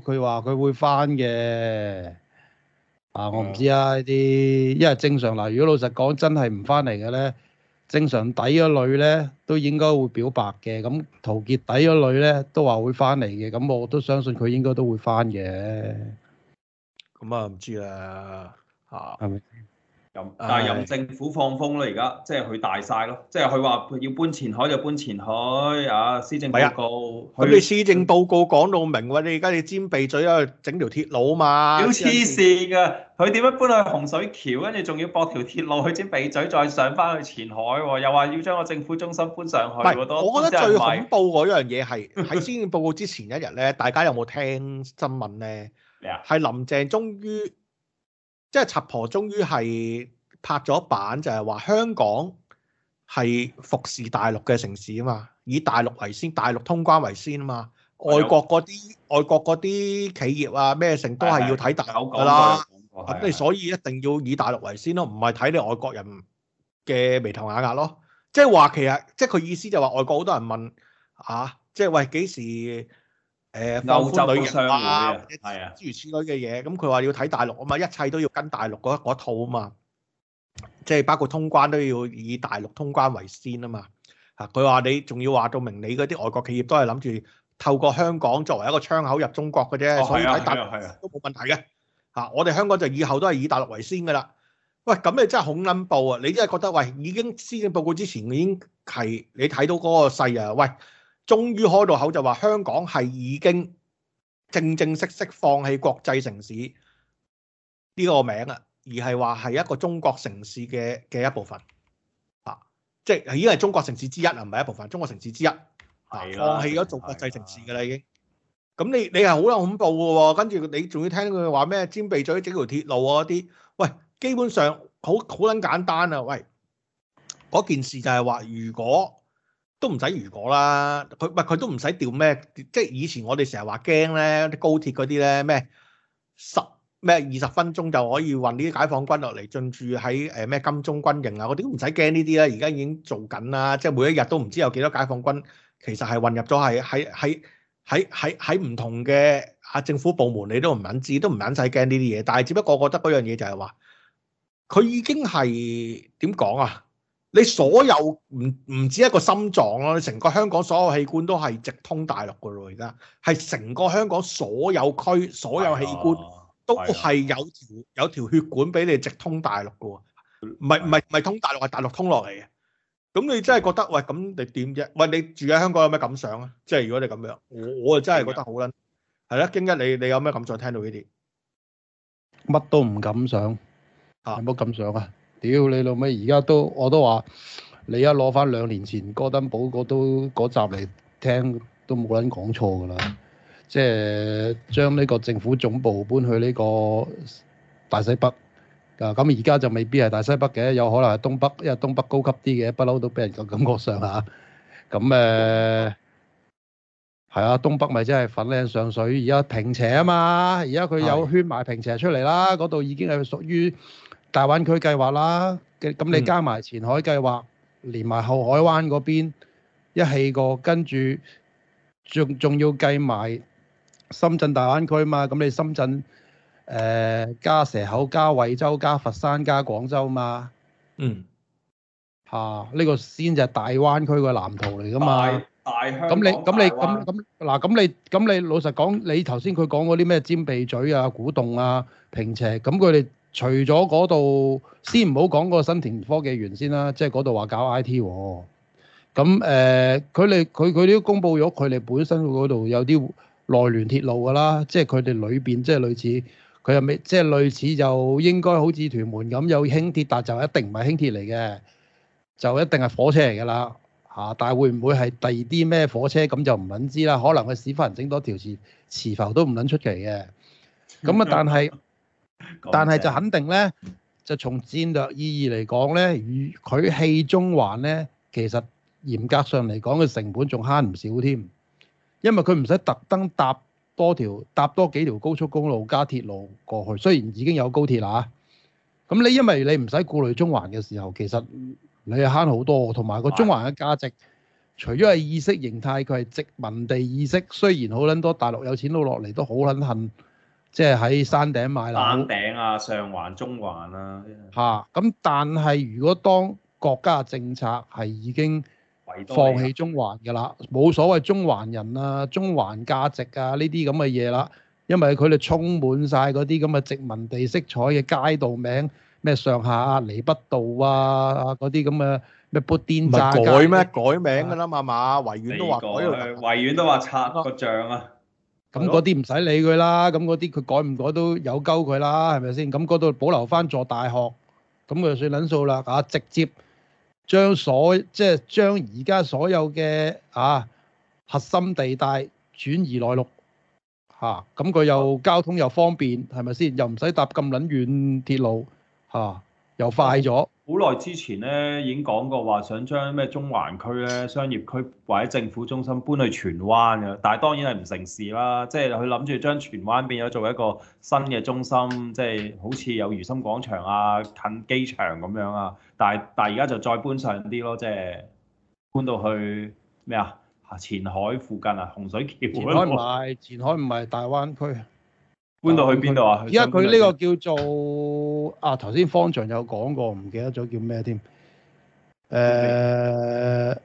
佢話佢會翻嘅。啊，我唔知啊，呢、嗯、啲，因為正常嗱，如果老實講，真係唔翻嚟嘅咧，正常底嗰女咧都應該會表白嘅。咁陶傑底嗰女咧都話會翻嚟嘅，咁我都相信佢應該都會翻嘅。咁、嗯、啊，唔知啦，吓係咪？但係任政府放風咯，而家即係佢大晒咯，即係佢話要搬前海就搬前海啊，施政報告佢哋施政報告講到明喎，你而家你尖鼻嘴啊去整條鐵路嘛，屌黐線㗎！佢點樣搬去洪水橋，跟住仲要駁條鐵路去尖鼻嘴，再上翻去前海，又話要將個政府中心搬上去。我覺得最恐怖嗰樣嘢係喺施政報告之前一日咧，大家有冇聽新聞咧？咩係林鄭終於。即係柒婆，終於係拍咗板，就係話香港係服侍大陸嘅城市啊嘛，以大陸為先，大陸通關為先啊嘛，外國嗰啲外國嗰啲企業啊咩剩都係要睇大陸㗎喇，咁你所以一定要以大陸為先咯，唔係睇你外國人嘅眉頭眼額咯，即係話其實即係佢意思就話外國好多人問啊，即係喂幾時？誒歐洲嘅商啊，諸如此類嘅嘢，咁佢話要睇大陸啊嘛，一切都要跟大陸嗰套啊嘛，即係包括通關都要以大陸通關為先啊嘛。啊，佢話你仲要話到明你嗰啲外國企業都係諗住透過香港作為一個窗口入中國嘅啫，哦，所以喺大陸都冇問題嘅。嚇、啊啊啊，我哋香港就以後都係以大陸為先噶啦。喂，咁你真係好撚怖啊！你真係覺得喂，已經施政報告之前已經係你睇到嗰個勢啊，喂！終於開到口就話香港係已經正正式式放棄國際城市呢個名啊，而係話係一個中國城市嘅嘅一部分啊，即係已經係中國城市之一啊，唔係一部分，中國城市之一啊，是啊，放棄咗做國際城市噶啦、啊啊、已經。咁你你係好有恐怖嘅喎，跟住你仲要聽佢話咩？尖鼻咀整條鐵路啊啲，喂，基本上好好撚簡單啊，喂，嗰件事就係話如果。都唔使如果啦，佢唔係佢都唔使調咩，即係以前我哋成日話驚咧，啲高鐵嗰啲咧咩十咩二十分鐘就可以運呢啲解放軍落嚟進駐喺誒咩金鐘軍營啊，嗰啲都唔使驚呢啲啦。而家已經做緊啦，即係每一日都唔知有幾多解放軍其實係混入咗，係喺喺喺喺喺唔同嘅啊政府部門，你都唔肯知，都唔肯使驚呢啲嘢。但係只不過我覺得嗰樣嘢就係話，佢已經係點講啊？你所有唔唔止一個心臟咯，你成個香港所有器官都係直通大陸噶咯。而家係成個香港所有區所有器官都係有條有條血管俾你直通大陸噶喎。唔係唔係唔係通大陸，係大陸通落嚟嘅。咁你真係覺得喂咁你點啫？喂，你住喺香港有咩感想啊？即係如果你咁樣，我我真係覺得好撚係啦。京一，你你有咩感想？聽到呢啲乜都唔敢想嚇，有冇感想啊！屌你老味！而家都我都話，你一攞翻兩年前哥登堡個都嗰集嚟聽，都冇人講錯㗎啦。即係將呢個政府總部搬去呢個大西北啊！咁而家就未必係大西北嘅，有可能係東北，因為東北高級啲嘅，不嬲都俾人個感覺上嚇。咁誒係啊，東北咪真係粉嶺上水。而家平斜啊嘛，而家佢有圈埋平斜出嚟啦，嗰度已經係屬於大灣區計劃啦，咁你加埋前海計劃，連埋後海灣嗰邊一氣過，跟住仲仲要計埋深圳大灣區嘛，咁你深圳誒、呃、加蛇口、加惠州、加佛山、加廣州嘛，嗯，嚇、啊、呢、呢個先就係大灣區嘅藍圖嚟㗎嘛，大咁你咁你咁咁嗱咁你咁你，你老實講，你頭先佢講嗰啲咩尖鼻嘴啊、古洞啊、平斜咁佢哋。除咗嗰度，先唔好講個新田科技園先啦，即係嗰度話搞 I.T. 喎、喔。咁誒，佢哋佢佢都公佈咗，佢哋本身嗰度有啲內聯鐵路㗎啦，即係佢哋裏邊即係類似，佢又未即係類似就應該好似屯門咁有輕鐵，但就一定唔係輕鐵嚟嘅，就一定係火車嚟㗎啦嚇、啊。但係會唔會係第二啲咩火車咁就唔揾知啦。可能佢市發人整多條線，磁浮都唔撚出奇嘅。咁啊，但係。但係就肯定呢，就從戰略意義嚟講呢，佢棄中環呢，其實嚴格上嚟講嘅成本仲慳唔少添，因為佢唔使特登搭多條搭多幾條高速公路加鐵路過去，雖然已經有高鐵啦，咁你因為你唔使顧慮中環嘅時候，其實你係慳好多，同埋個中環嘅價值，除咗係意識形態，佢係殖民地意識，雖然好捻多大陸有錢佬落嚟都好捻恨。即係喺山頂買樓，山頂啊，上環、中環啊。嚇、啊！咁但係如果當國家政策係已經放棄中環㗎啦，冇所謂中環人啊、中環價值啊呢啲咁嘅嘢啦，因為佢哋充滿晒嗰啲咁嘅殖民地色彩嘅街道名，咩上下啊、彌不道啊、嗰啲咁嘅咩砵甸乍街咩改咩改名㗎啦嘛嘛、啊啊，維園都話改，維園都話拆個像啊！啊啊咁嗰啲唔使理佢啦，咁嗰啲佢改唔改都有鳩佢啦，係咪先？咁嗰度保留翻座大學，咁佢就算撚數啦、啊、直接將所即係將而家所有嘅啊核心地帶轉移內陸嚇，咁、啊、佢又交通又方便，係咪先？又唔使搭咁撚遠鐵路、啊、又快咗。好耐之前咧已經講過話，想將咩中環區咧商業區或者政府中心搬去荃灣嘅，但係當然係唔成事啦。即係佢諗住將荃灣變咗做一個新嘅中心，即係好似有如心廣場啊，近機場咁樣啊。但係但係而家就再搬上啲咯，即係搬到去咩啊前海附近啊，洪水橋啊。前海唔係前海，唔係大灣區。搬到去邊度啊？而家佢呢個叫做啊，頭先方丈有講過，唔記得咗叫咩添？誒、呃，okay.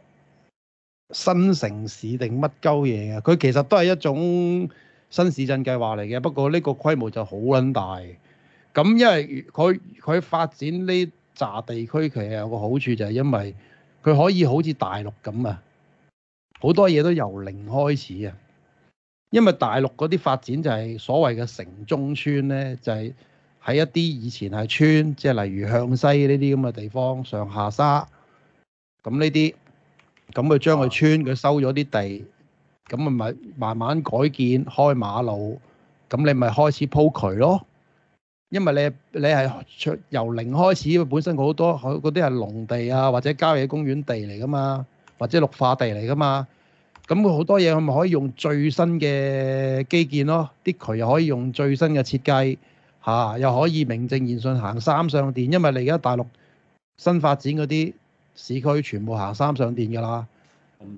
新城市定乜鳩嘢，嘅？佢其實都係一種新市鎮計劃嚟嘅，不過呢個規模就好撚大。咁因為佢佢發展呢紮地區，其實有個好處就係因為佢可以好似大陸咁啊，好多嘢都由零開始啊。因為大陸嗰啲發展就係所謂嘅城中村咧，就係喺一啲以前係村，即係例如向西呢啲咁嘅地方，上下沙咁呢啲，咁佢將佢村佢收咗啲地，咁咪慢慢改建開馬路，咁你咪開始鋪渠咯。因為你你係出由零開始，本身好多嗰啲係農地啊，或者郊野公園地嚟噶嘛，或者綠化地嚟噶嘛。咁佢好多嘢，佢咪可以用最新嘅基建咯，啲渠又可以用最新嘅設計吓，又可以名正言順行三相電，因為你而家大陸新發展嗰啲市區全部行三相電噶啦。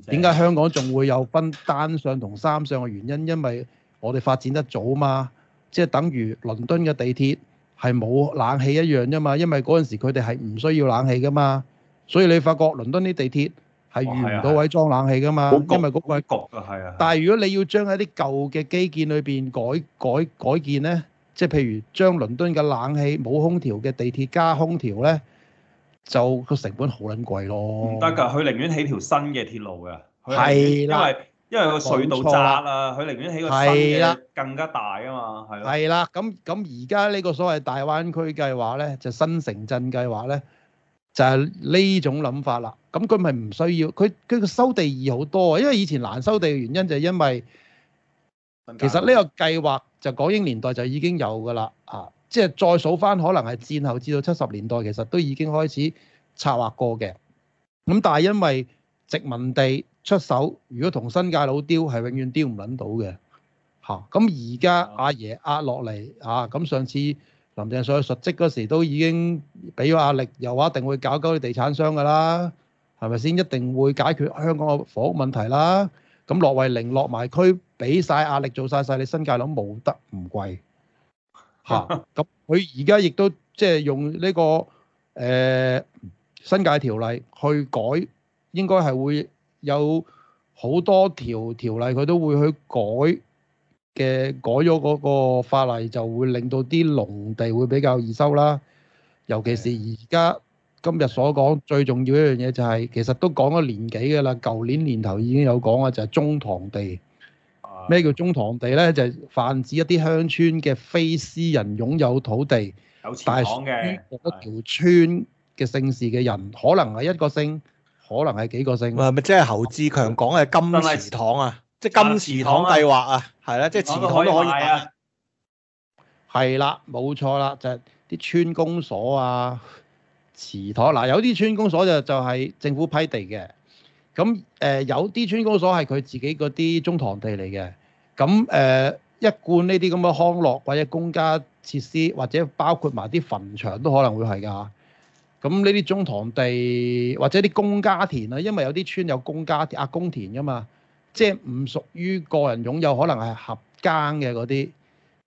點解香港仲會有分單相同三相嘅原因？因為我哋發展得早嘛，即係等於倫敦嘅地鐵係冇冷氣一樣啫嘛，因為嗰陣時佢哋係唔需要冷氣噶嘛。所以你發覺倫敦啲地鐵。係預唔到位裝冷氣㗎嘛？哦、因為嗰個角啊，係、哦、啊。但係如果你要將一啲舊嘅基建裏邊改改改建咧，即係譬如將倫敦嘅冷氣冇空調嘅地鐵加空調咧，就個成本好撚貴咯。唔得㗎，佢寧願起條新嘅鐵路㗎。係啦，因為因為個隧道窄啊，佢寧願起個新嘅更加大啊嘛，係咯。係啦，咁咁而家呢個所謂大灣區計劃咧，就新城鎮計劃咧。就係、是、呢種諗法啦，咁佢咪唔需要？佢佢個收地易好多，因為以前難收地嘅原因就係因為，其實呢個計劃就港英年代就已經有㗎啦，啊，即係再數翻，可能係戰後至到七十年代，其實都已經開始策劃過嘅。咁但係因為殖民地出手，如果同新界佬刁係永遠刁唔撚到嘅，嚇、啊。咁而家阿爺壓落嚟啊，咁上次，林鄭上任述職嗰時候都已經俾咗壓力，又話一定會搞鳩啲地產商㗎啦，係咪先？一定會解決香港嘅房屋問題啦。咁駱惠寧落埋區，俾晒壓力做晒晒你新界樓冇得唔貴嚇？咁佢而家亦都即係、就是、用呢、呢個誒、呃、新界條例去改，應該係會有好多條條例佢都會去改。嘅改咗嗰個法例，就會令到啲農地會比較易收啦。尤其是而家今日所講最重要一樣嘢，就係其實都講咗年幾噶啦。舊年年頭已經有講啊，就係中堂地。啊！咩叫中堂地咧？就係泛指一啲鄉村嘅非私人擁有土地，但係於嗰條村嘅姓氏嘅人，可能係一個姓，可能係幾個姓。係咪即係侯志強講嘅金祠堂啊？即金祠堂計劃啊，係啦，即祠堂都可以啊。係啦，冇錯啦，就係、是、啲村公所啊、祠堂嗱，有啲村公所就就係政府批地嘅，咁誒有啲村公所係佢自己嗰啲中堂地嚟嘅，咁誒一貫呢啲咁嘅康樂或者公家設施，或者包括埋啲墳場都可能會係㗎，咁呢啲中堂地或者啲公家田啊，因為有啲村有公家啊公田㗎嘛。即係唔屬於個人擁有，可能係合間嘅嗰啲，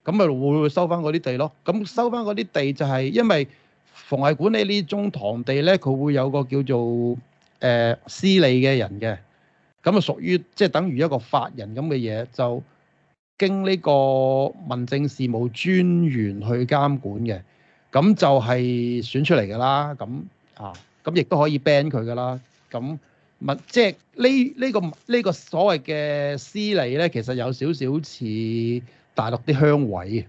咁咪會收翻嗰啲地咯。咁收翻嗰啲地就係因為房地管理呢宗堂地咧，佢會有個叫做誒司理嘅人嘅，咁啊屬於即係等於一個法人咁嘅嘢，就經呢個民政事務專員去監管嘅，咁就係選出嚟㗎啦。咁啊，咁亦都可以 ban 佢㗎啦。咁物即係呢呢個呢，這個這個所謂嘅私利咧，其實有少少似大陸啲鄉委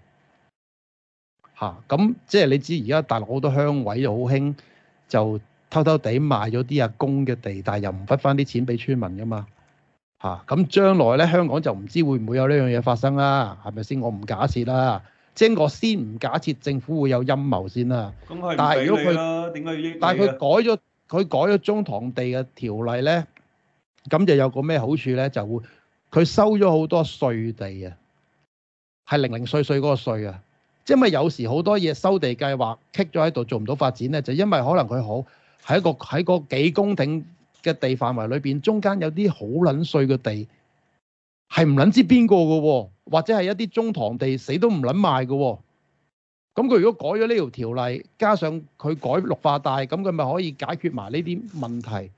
啊。咁即係你知而家大陸好多鄉委好興，就偷偷地賣咗啲阿公嘅地，但又唔分翻啲錢俾村民噶嘛嚇。咁、啊，將來咧香港就唔知會唔會有呢樣嘢發生啦？係咪先我唔假設？我唔假設啦，即係我先唔假設政府會有陰謀先啦。咁佢係唔俾你，但係佢改咗。佢改咗中堂地嘅條例呢，咁就有個咩好處呢？就會佢收咗好多碎地啊，係零零碎碎嗰個碎啊。即、就、係、是、因為有時好多嘢收地計劃棘咗喺度，做唔到發展呢，就因為可能佢好喺一個喺個幾公頃嘅地範圍裏面，中間有啲好撚碎嘅地係唔撚知邊個嘅喎，或者係一啲中堂地死都唔撚賣嘅喎、哦。咁佢如果改咗呢條條例，加上佢改綠化帶，咁佢咪可以解決埋呢啲問題，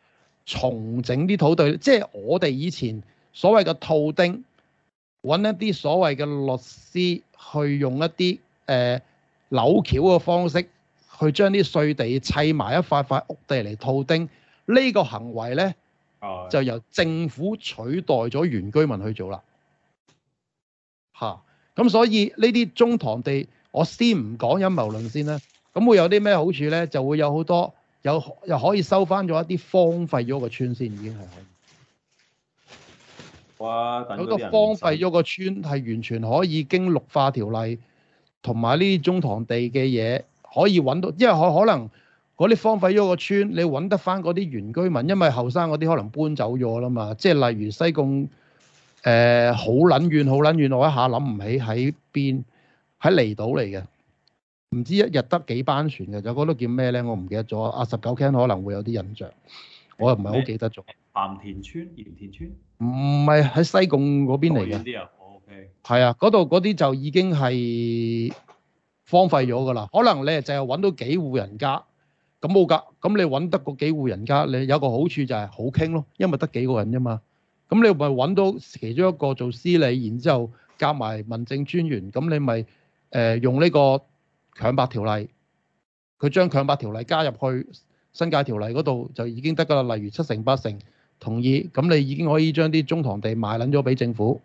重整啲土地。即係我哋以前所謂嘅套丁，揾一啲所謂嘅律師去用一啲誒扭橋嘅方式，去將啲碎地砌埋一塊一塊一塊屋地嚟套丁。呢個行為呢，就由政府取代咗原居民去做啦。嚇、啊！咁所以呢啲中堂地。我先唔講陰謀論先啦，咁會有啲咩好處咧？就會有好多有又可以收翻咗一啲荒廢咗個村先，已經係好多荒廢咗個村係完全可以經綠化條例同埋呢啲祠堂地嘅嘢可以揾到，因為可可能嗰啲荒廢咗個村你揾得翻嗰啲原居民，因為後生嗰啲可能搬走咗啦嘛。即係例如西貢誒好撚遠，好撚遠，我一下諗唔起喺邊。喺離島嚟嘅，唔知一日得幾班船嘅，就嗰度叫咩咧？我唔記得咗。啊十九 Ken 可能會有啲印象，我又唔係好記得咗。藍田村？鹽田村？唔係喺西貢嗰邊嚟嘅。嗰啲啊，OK。係啊，嗰度嗰啲就已經係荒廢咗㗎啦。可能你就係揾到幾戶人家，咁冇㗎。咁你揾得嗰幾戶人家，你有個好處就係好傾咯，因為得幾個人啫嘛。咁你咪揾到其中一個做司理，然之後夾埋民政專員，咁你咪。用呢個強拍條例，佢將強拍條例加入去新界條例嗰度，就已經得噶啦。例如七成八成同意，咁你已經可以將啲中堂地賣撚咗俾政府，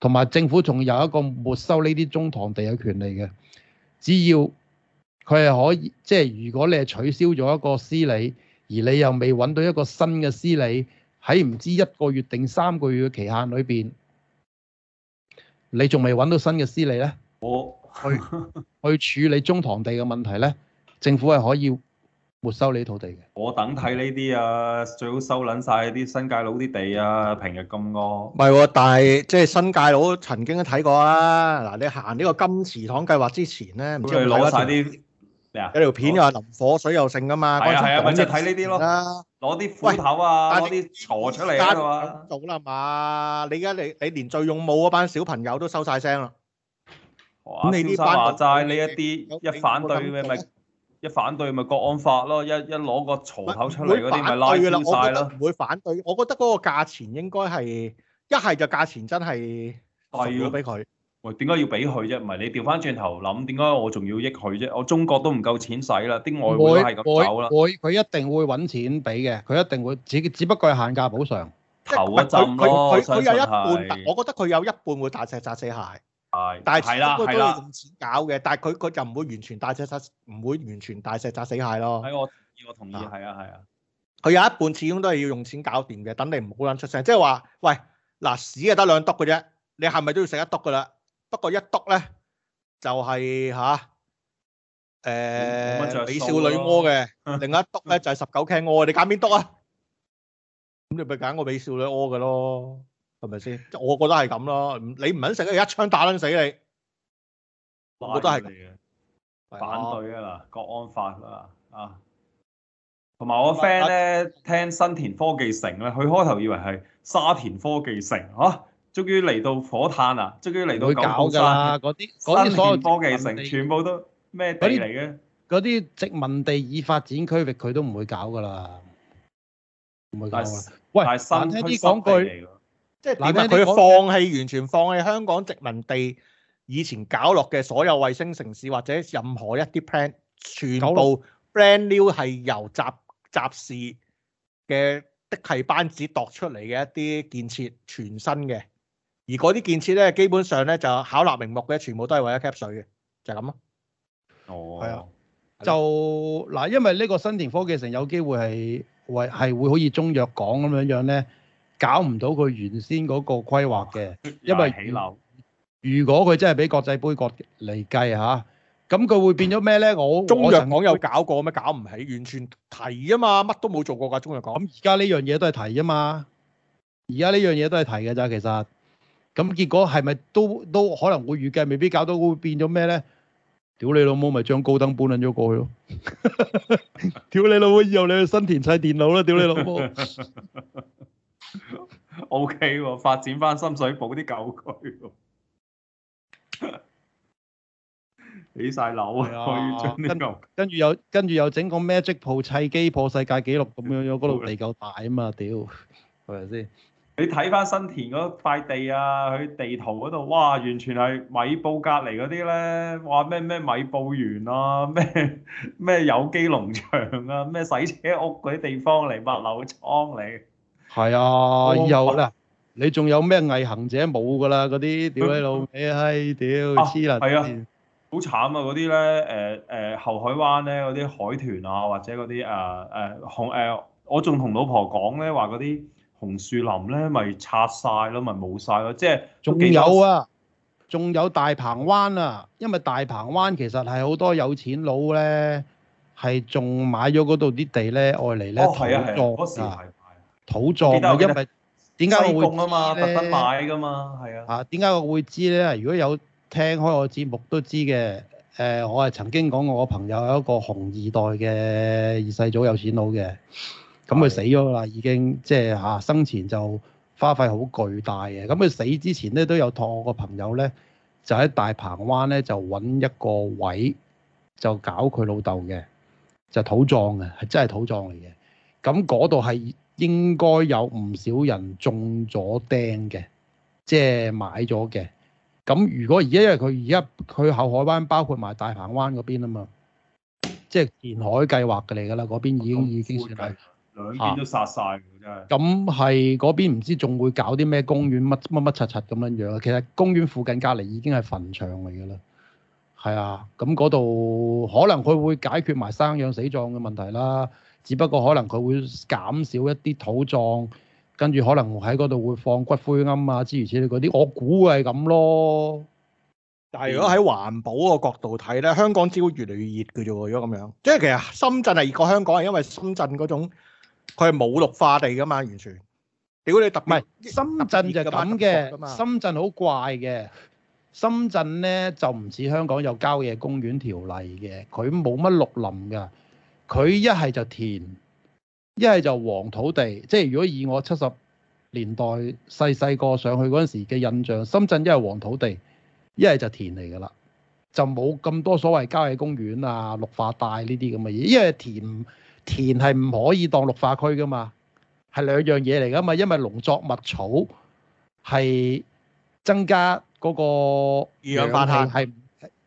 同埋政府仲有一個沒收呢啲中堂地嘅權利嘅。只要佢係可以，即係如果你係取消咗一個司理，而你又未揾到一個新嘅司理，喺唔知一個月定三個月嘅期限裏面，你仲未揾到新嘅司理呢？我去去處理中堂地嘅問題咧，政府係可以沒收你土地嘅。我等睇呢啲啊，最好收撚曬啲新界佬啲地啊！平日咁多，唔係喎，但係即係新界佬曾經都睇過啦。嗱，你行呢個金祠堂計劃之前咧，唔知佢攞曬啲咩啊？有條片又話淋火水又剩噶嘛？係啊，咁就睇呢啲咯。攞啲斧頭啊，攞啲鋤出嚟啊嘛。到啦嘛！你而家你你連最勇武嗰班小朋友都收曬聲啦。哦、蕭你蕭山話齋呢一啲一反對咩咪一反對咪國安法咯，一一攞個槽口出嚟嗰啲咪拉高曬咯。唔會反對，我反對。我覺得嗰個價錢應該係一係就價錢真係收咗俾佢。喂，點解要俾佢啫？唔係你調翻轉頭諗，點解我仲要益佢啫？我中國都唔夠錢使啦，啲外匯都係咁走啦。會，佢一定會揾錢俾嘅，佢一定會只，只不過係限價補償。頭、就是、一陣佢佢有一半，我覺得佢有一半會大石砸死蟹。係，但係始終都要用錢搞嘅。但係佢佢就唔會完全大石砸，唔會完全大石砸死蟹咯。喺我，我同意，係啊，係啊。佢、啊、有一半始終都係要用錢搞掂嘅。等你唔好撚出聲，即係話，喂嗱，屎就得兩篤嘅啫。你係咪都要食一篤嘅啦？不過一篤咧就係嚇誒美少女屙嘅， 另一篤咧就係、是、十九 K 屙。你揀邊篤啊？咁你咪揀個美少女屙嘅咯。係咪先？即我覺得係咁咯。你唔肯食咧，一槍打撚死你。我覺得係。反對啊！國安法啊！啊！同埋我個 friend 咧、啊，聽新田科技城咧，佢開頭以為係沙田科技城嚇，終於嚟到火炭啊，終於嚟到九搞㗎嗰啲，嗰啲所有科技城全部都咩地嚟嘅？嗰啲殖民地已發展區域，佢都唔會搞㗎啦。唔會搞㗎。喂，啊、聽啲講句。啊即係點啊？佢放棄完全放棄香港殖民地以前搞落嘅所有衛星城市或者任何一啲 plan，全部 brand new 係由集集事嘅的係班子度出嚟嘅一啲建設全新嘅，而嗰啲建設咧基本上咧就巧立名目嘅，全部都係為咗 cap 水嘅，就係咁咯。哦，係啊，就嗱，因為呢個新田科技城有機會係為係會好似中藥港咁樣樣咧。搞唔到佢原先嗰個規劃嘅，因為起樓。如果佢真係俾國際杯葛嚟計吓，咁佢會變咗咩咧？我中藥港有搞過咩？搞唔起，完全提啊嘛，乜都冇做過㗎。中藥港咁而家呢樣嘢都係提啊嘛，而家呢樣嘢都係提㗎咋，其實。咁結果係咪都都可能會預計，未必搞到會變咗咩咧？屌你老母，咪將高登搬撚咗過去咯！屌你老母，以後你去新田砌電腦啦！屌你老母。O、okay, K，發展翻深水埗啲舊區，狗 起晒樓啊，這個、啊！跟住有，跟住又整個 Magic 鋪砌機破世界紀錄咁樣樣，嗰度嚟夠大啊嘛，屌係咪先？你睇翻新田嗰塊地啊，佢地圖嗰度，哇，完全係米埔隔籬嗰啲咧，哇咩咩米埔園啊，咩咩有機農場啊，咩洗車屋嗰啲地方嚟，物流倉嚟。係啊，有、哦、啦、啊！你仲有咩毅行者冇噶啦？嗰啲屌你老味、啊，唉，屌黐啦！係啊，好慘啊！嗰啲咧，誒誒、呃呃，後海灣咧，嗰啲海豚啊，或者嗰啲啊誒紅誒、呃，我仲同老婆講咧，話嗰啲紅樹林咧，咪拆晒咯，咪冇晒咯，即係仲有啊，仲有大鵬灣啊，因為大鵬灣其實係好多有錢佬咧，係仲買咗嗰度啲地咧，愛嚟咧投資啊。土葬，因為點解我會用啊嘛，特登買噶嘛，係啊。嚇點解我會知咧？如果有聽開我節目都知嘅。誒、呃，我係曾經講過我個朋友有一個紅二代嘅二世祖有錢佬嘅，咁佢死咗啦，已經即係嚇、啊、生前就花費好巨大嘅。咁佢死之前咧都有託我個朋友咧，就喺大鵬灣咧就揾一個位，就搞佢老豆嘅，就土葬嘅，係真係土葬嚟嘅。咁嗰度係。嗯應該有唔少人中咗釘嘅，即係買咗嘅。咁如果而家因為佢而家佢後海灣包括埋大鵬灣嗰邊啊嘛，即係填海計劃嘅嚟㗎啦。嗰邊已經已經算係、啊，兩邊都殺晒，真、啊、係。咁係嗰邊唔知仲會搞啲咩公園乜乜乜乜柒柒咁樣樣。其實公園附近隔離已經係墳場嚟㗎啦。係啊，咁嗰度可能佢會解決埋生養死葬嘅問題啦。只不過可能佢會減少一啲土葬，跟住可能喺嗰度會放骨灰龕啊諸如此類嗰啲，我估係咁咯。但係如果喺環保個角度睇咧，香港只會越嚟越熱嘅啫喎。如果咁樣，即係其實深圳係熱過香港，係因為深圳嗰種佢係冇綠化地噶嘛，完全。屌你特唔係深圳就係咁嘅，深圳好怪嘅。深圳咧就唔似香港有郊野公園條例嘅，佢冇乜綠林㗎。佢一係就田，一係就黃土地。即係如果以我七十年代細細個上去嗰陣時嘅印象，深圳一係黃土地，一係就田嚟㗎啦。就冇咁多所謂郊野公園啊、綠化帶呢啲咁嘅嘢，因為田田係唔可以當綠化區㗎嘛，係兩樣嘢嚟㗎嘛。因為農作物草係增加嗰個氧二氧化碳係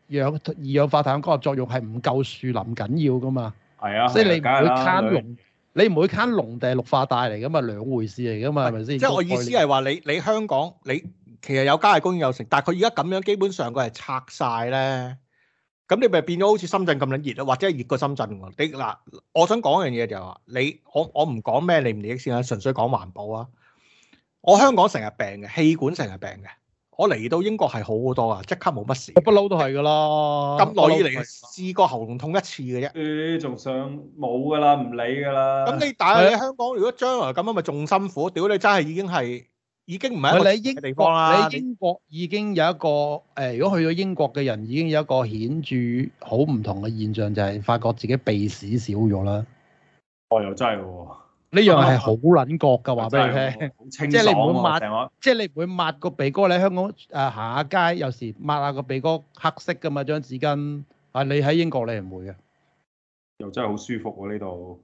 氧二氧化碳嘅光合作用係唔夠樹林緊要㗎嘛。係啊，所以你唔會慳農，你唔會慳農地，定係綠化帶嚟嘅嘛，兩回事嚟嘅嘛，係咪先？即係、就是、我意思係話你你香港你其實有加俬公園有剩，但係佢而家咁樣基本上佢係拆晒咧，咁你咪變咗好似深圳咁樣熱咯，或者係熱過深圳喎？嗱，我想講一樣嘢就係、是、話你我我唔講咩利唔利益先啦，純粹講環保啊！我香港成日病嘅氣管成日病嘅。我嚟到英國係好好多啊，即刻冇乜事，不嬲都係噶啦。咁耐以嚟試過喉嚨痛一次嘅啫。仲想冇㗎啦，唔理㗎啦。咁你但係喺香港，如果將來咁樣，咪仲辛苦。屌你真係已經係已經唔係一個地方啦。喺英國已經有一個誒，如果去到英國嘅人已經有一個顯著好唔同嘅現象，就係發覺自己鼻屎少咗啦。哦，又真係喎。呢樣係好撚覺噶，話、啊、俾、啊就是、你聽。即係你唔會抹，即 係你唔會抹個鼻哥。你喺香港誒、啊、行下街，有時抹下個鼻哥黑色噶嘛，張紙巾。啊，你喺英國你唔會嘅，又真係好舒服喎呢度。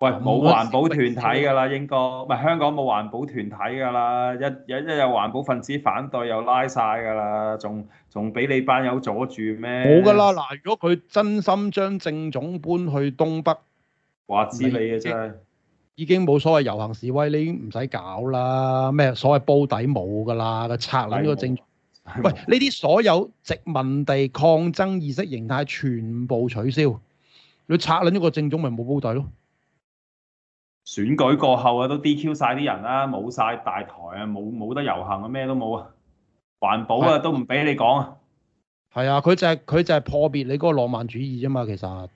喂，冇環保團體㗎啦，英國唔係香港冇環保團體㗎啦。一一一有環保分子反對，又拉晒㗎啦，仲仲俾你班友阻住咩？冇㗎啦，嗱、啊，如果佢真心將政總搬去東北，話知你嘅真係。已經冇所謂遊行示威，你已經唔使搞啦。咩所謂煲底冇噶啦，個拆捻呢個政總，喂，呢啲所有殖民地抗爭意識形態全部取消。你拆捻呢個政總咪冇煲底咯？選舉過後啊，都 DQ 晒啲人啦，冇晒大台啊，冇冇得遊行啊，咩都冇啊，環保啊都唔俾你講啊。係啊，佢就係佢就係破別你嗰個浪漫主義啫嘛，其實。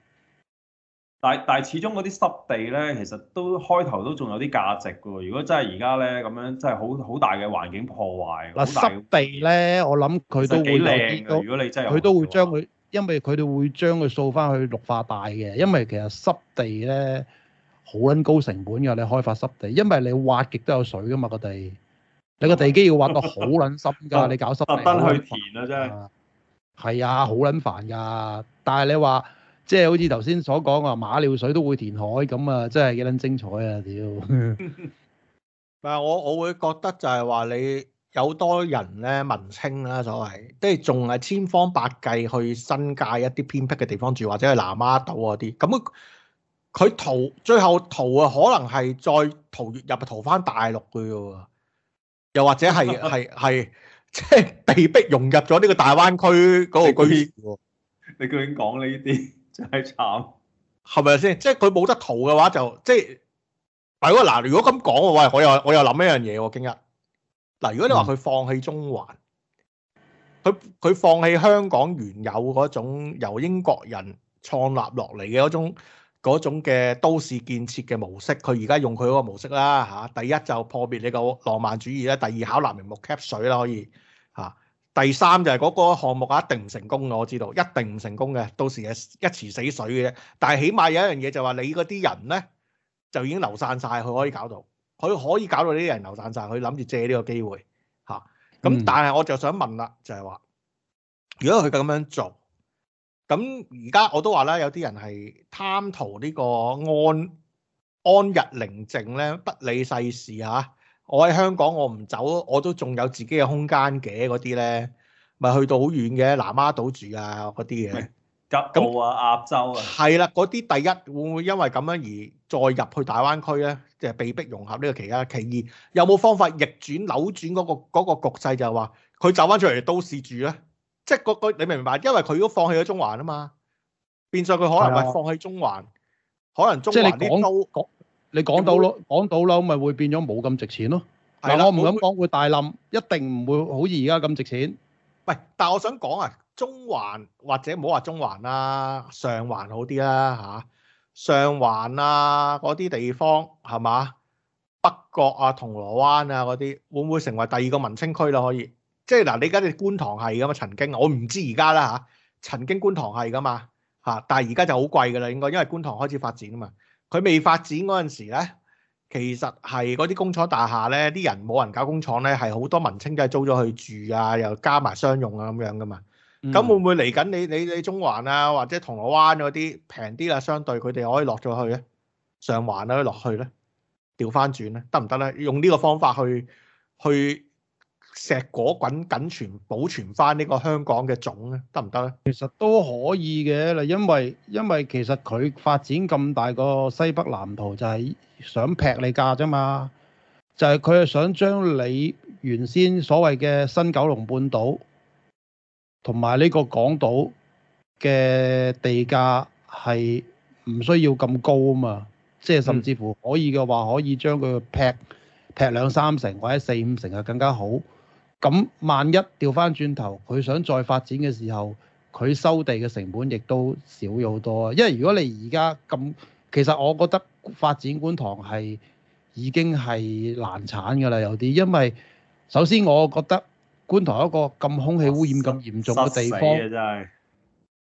但係但係，始終嗰啲濕地咧，其實都開頭都仲有啲價值噶。如果真係而家咧咁樣真，真係好好大嘅環境破壞。嗱，濕地咧，我諗佢都會有如果你真係佢都會將佢，因為佢哋會將佢掃翻去綠化帶嘅。因為其實濕地咧好撚高成本噶，你開發濕地，因為你挖極都有水噶嘛個地，你個地基要挖到好撚深噶， 你搞濕地。特登去填啊，真係。係啊，好撚煩噶。但係你話。即係好似頭先所講話馬料水都會填海咁啊！真係幾撚精彩啊！屌 但係我我會覺得就係話你有多人咧，文青啦，所謂即係仲係千方百計去新界一啲偏僻嘅地方住，或者去南丫島嗰啲。咁佢逃最後逃啊，可能係再逃入逃翻大陸去嘅喎。又或者係係係即係被逼融入咗呢個大灣區嗰個居你居然講呢啲？真係慘，係咪先？即係佢冇得逃嘅話就，就即係。係嗱，如果咁講，喂，我又我又諗一樣嘢喎，今日嗱，如果你話佢放棄中環，佢、嗯、佢放棄香港原有嗰種由英國人創立落嚟嘅嗰種嗰種嘅都市建設嘅模式，佢而家用佢嗰個模式啦吓，第一就破滅你個浪漫主義啦；第二巧立名目 cap 水啦已啊。第三就係、是、嗰個項目啊，一定唔成功嘅，我知道一定唔成功嘅，到時係一池死水嘅。但係起碼有一樣嘢就係、是、話，你嗰啲人咧就已經流散晒。佢可以搞到，佢可以搞到呢啲人流散晒。佢諗住借呢個機會嚇。咁、嗯、但係我就想問啦，就係、是、話，如果佢咁樣做，咁而家我都話啦，有啲人係貪圖呢個安安逸寧靜咧，不理世事嚇、啊。我喺香港，我唔走，我都仲有自己嘅空間嘅。嗰啲咧，咪去到好遠嘅南丫島住啊，嗰啲嘅急到啊、亞洲啊。係啦，嗰啲第一會唔會因為咁樣而再入去大灣區咧？即係被逼融合呢個期間。其二，有冇方法逆轉、扭轉嗰、嗰個嗰個局勢就說？就係話佢走翻出嚟都市住咧，即、就、係、是嗰個個你明唔明白？因為佢都放棄咗中環啊嘛，變相佢可能咪放棄中環，可能中環啲都。就是你講到咯，講到咯，咁咪會變咗冇咁值錢咯。係，我唔敢講會大冧，一定唔會好似而家咁值錢。喂，但係我想講啊，中環或者唔好話中環啦，上環好啲啦嚇，上環啊嗰啲地方係嘛？北角啊、銅鑼灣啊嗰啲，會唔會成為第二個文青區咯？可以，即係嗱、啊，你而家啲觀塘係噶嘛？曾經我唔知而家啦嚇，曾經觀塘係噶嘛嚇、啊，但係而家就好貴噶啦，應該，因為觀塘開始發展啊嘛。佢未發展嗰陣時咧，其實係嗰啲工廠大廈咧，啲人冇人搞工廠咧，係好多文青都係租咗去住啊，又加埋商用啊咁樣噶嘛。咁會唔會嚟緊？你你你中環啊，或者銅鑼灣嗰啲平啲啊，相對佢哋可以落咗去啊，上環啊落去咧，調返轉咧，得唔得咧？用呢個方法去去。石果滾緊存保存翻呢個香港嘅種咧，得唔得咧？其實都可以嘅，嗱，因為因為其實佢發展咁大個西北藍圖就係想劈你價啫嘛，就係佢係想將你原先所謂嘅新九龍半島同埋呢個港島嘅地價係唔需要咁高啊嘛，即係甚至乎可以嘅話，可以將佢劈劈兩三成或者四五成啊，更加好。咁萬一調翻轉頭，佢想再發展嘅時候，佢收地嘅成本亦都少咗好多啊！因為如果你而家咁，其實我覺得發展觀塘係已經係難產噶啦，有啲，因為首先我覺得觀塘有一個咁空氣污染咁嚴重嘅地方，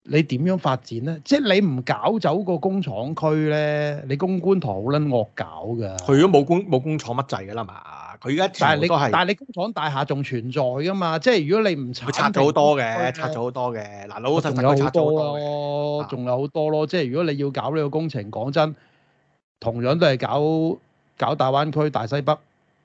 你點樣發展呢？即係你唔搞走個工廠區呢，你供觀塘好撚惡搞噶。佢都冇工冇工廠乜滯噶啦嘛。佢而家，但係呢個係，但係你工廠大廈仲存在噶嘛？即係如果你唔拆，拆咗好多嘅，拆咗好多嘅。嗱、啊，老實講有好多，仲、啊、有好多咯。即係如果你要搞呢個工程，講真，同樣都係搞搞大灣區、大西北。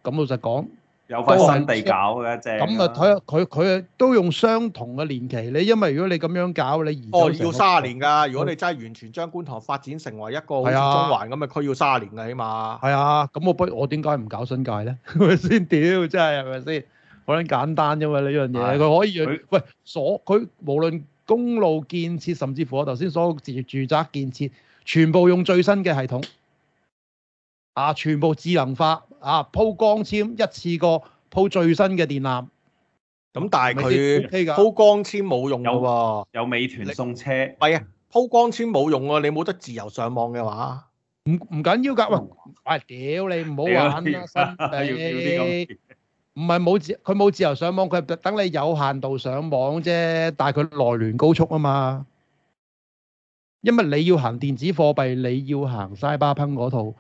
咁老實講。有新地搞嘅啫，咁啊睇下佢，佢都用相同嘅年期，你因為如果你咁樣搞，你而家、哦、要三十年㗎。如果你真係完全將觀塘發展成為一個好似中環咁啊，佢要三十年㗎起碼。係啊，咁我，我不如我點解唔搞新界咧？係咪先屌真係係咪先好簡單啫嘛？呢樣嘢佢可以喂所佢無論公路建設，甚至乎我頭先所有住宅建設，全部用最新嘅系統啊，全部智能化。啊！鋪光纖一次過鋪最新嘅電纜，咁但係佢鋪光纖冇用嘅喎、啊，有美團送車，係啊，鋪光纖冇用喎、啊，你冇得自由上網嘅話，唔唔緊要㗎，喂、哎，屌你唔好玩唔係冇自佢冇自由上網，佢等你有限度上網啫，但係佢內聯高速啊嘛，因為你要行電子貨幣，你要行西巴 b 嗰套。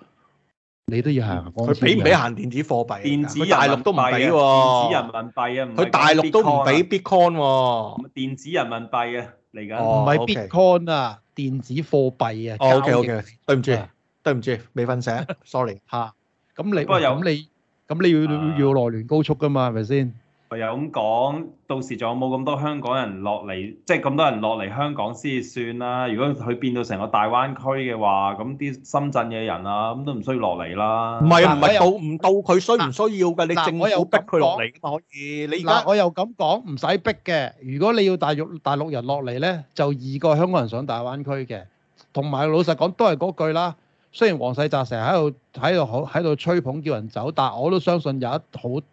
你都要行，佢俾唔俾行電子貨幣啊？電子，大陸都唔俾喎，電子人民幣啊，唔佢大陸都唔俾 Bitcoin 喎。電子人民幣啊，嚟緊唔係 Bitcoin 啊，電子貨幣啊。哦，OK，OK，對唔住，對唔住，未瞓醒，sorry 吓。咁你咁你咁你要要要內聯高速㗎嘛？係咪先？我又咁講，到時仲有冇咁多香港人落嚟？即係咁多人落嚟香港先算啦。如果佢變到成個大灣區嘅話，咁啲深圳嘅人啊，咁都唔需要落嚟啦。唔係唔係到唔到佢需唔需要嘅、啊？你政府、啊、我府逼佢落嚟咁可以。你而家、啊、我又咁講，唔使逼嘅。如果你要大陸大陸人落嚟咧，就易過香港人上大灣區嘅。同埋老實講，都係嗰句啦。雖然黃世澤成日喺度喺度喺度吹捧叫人走，但我都相信有一好。很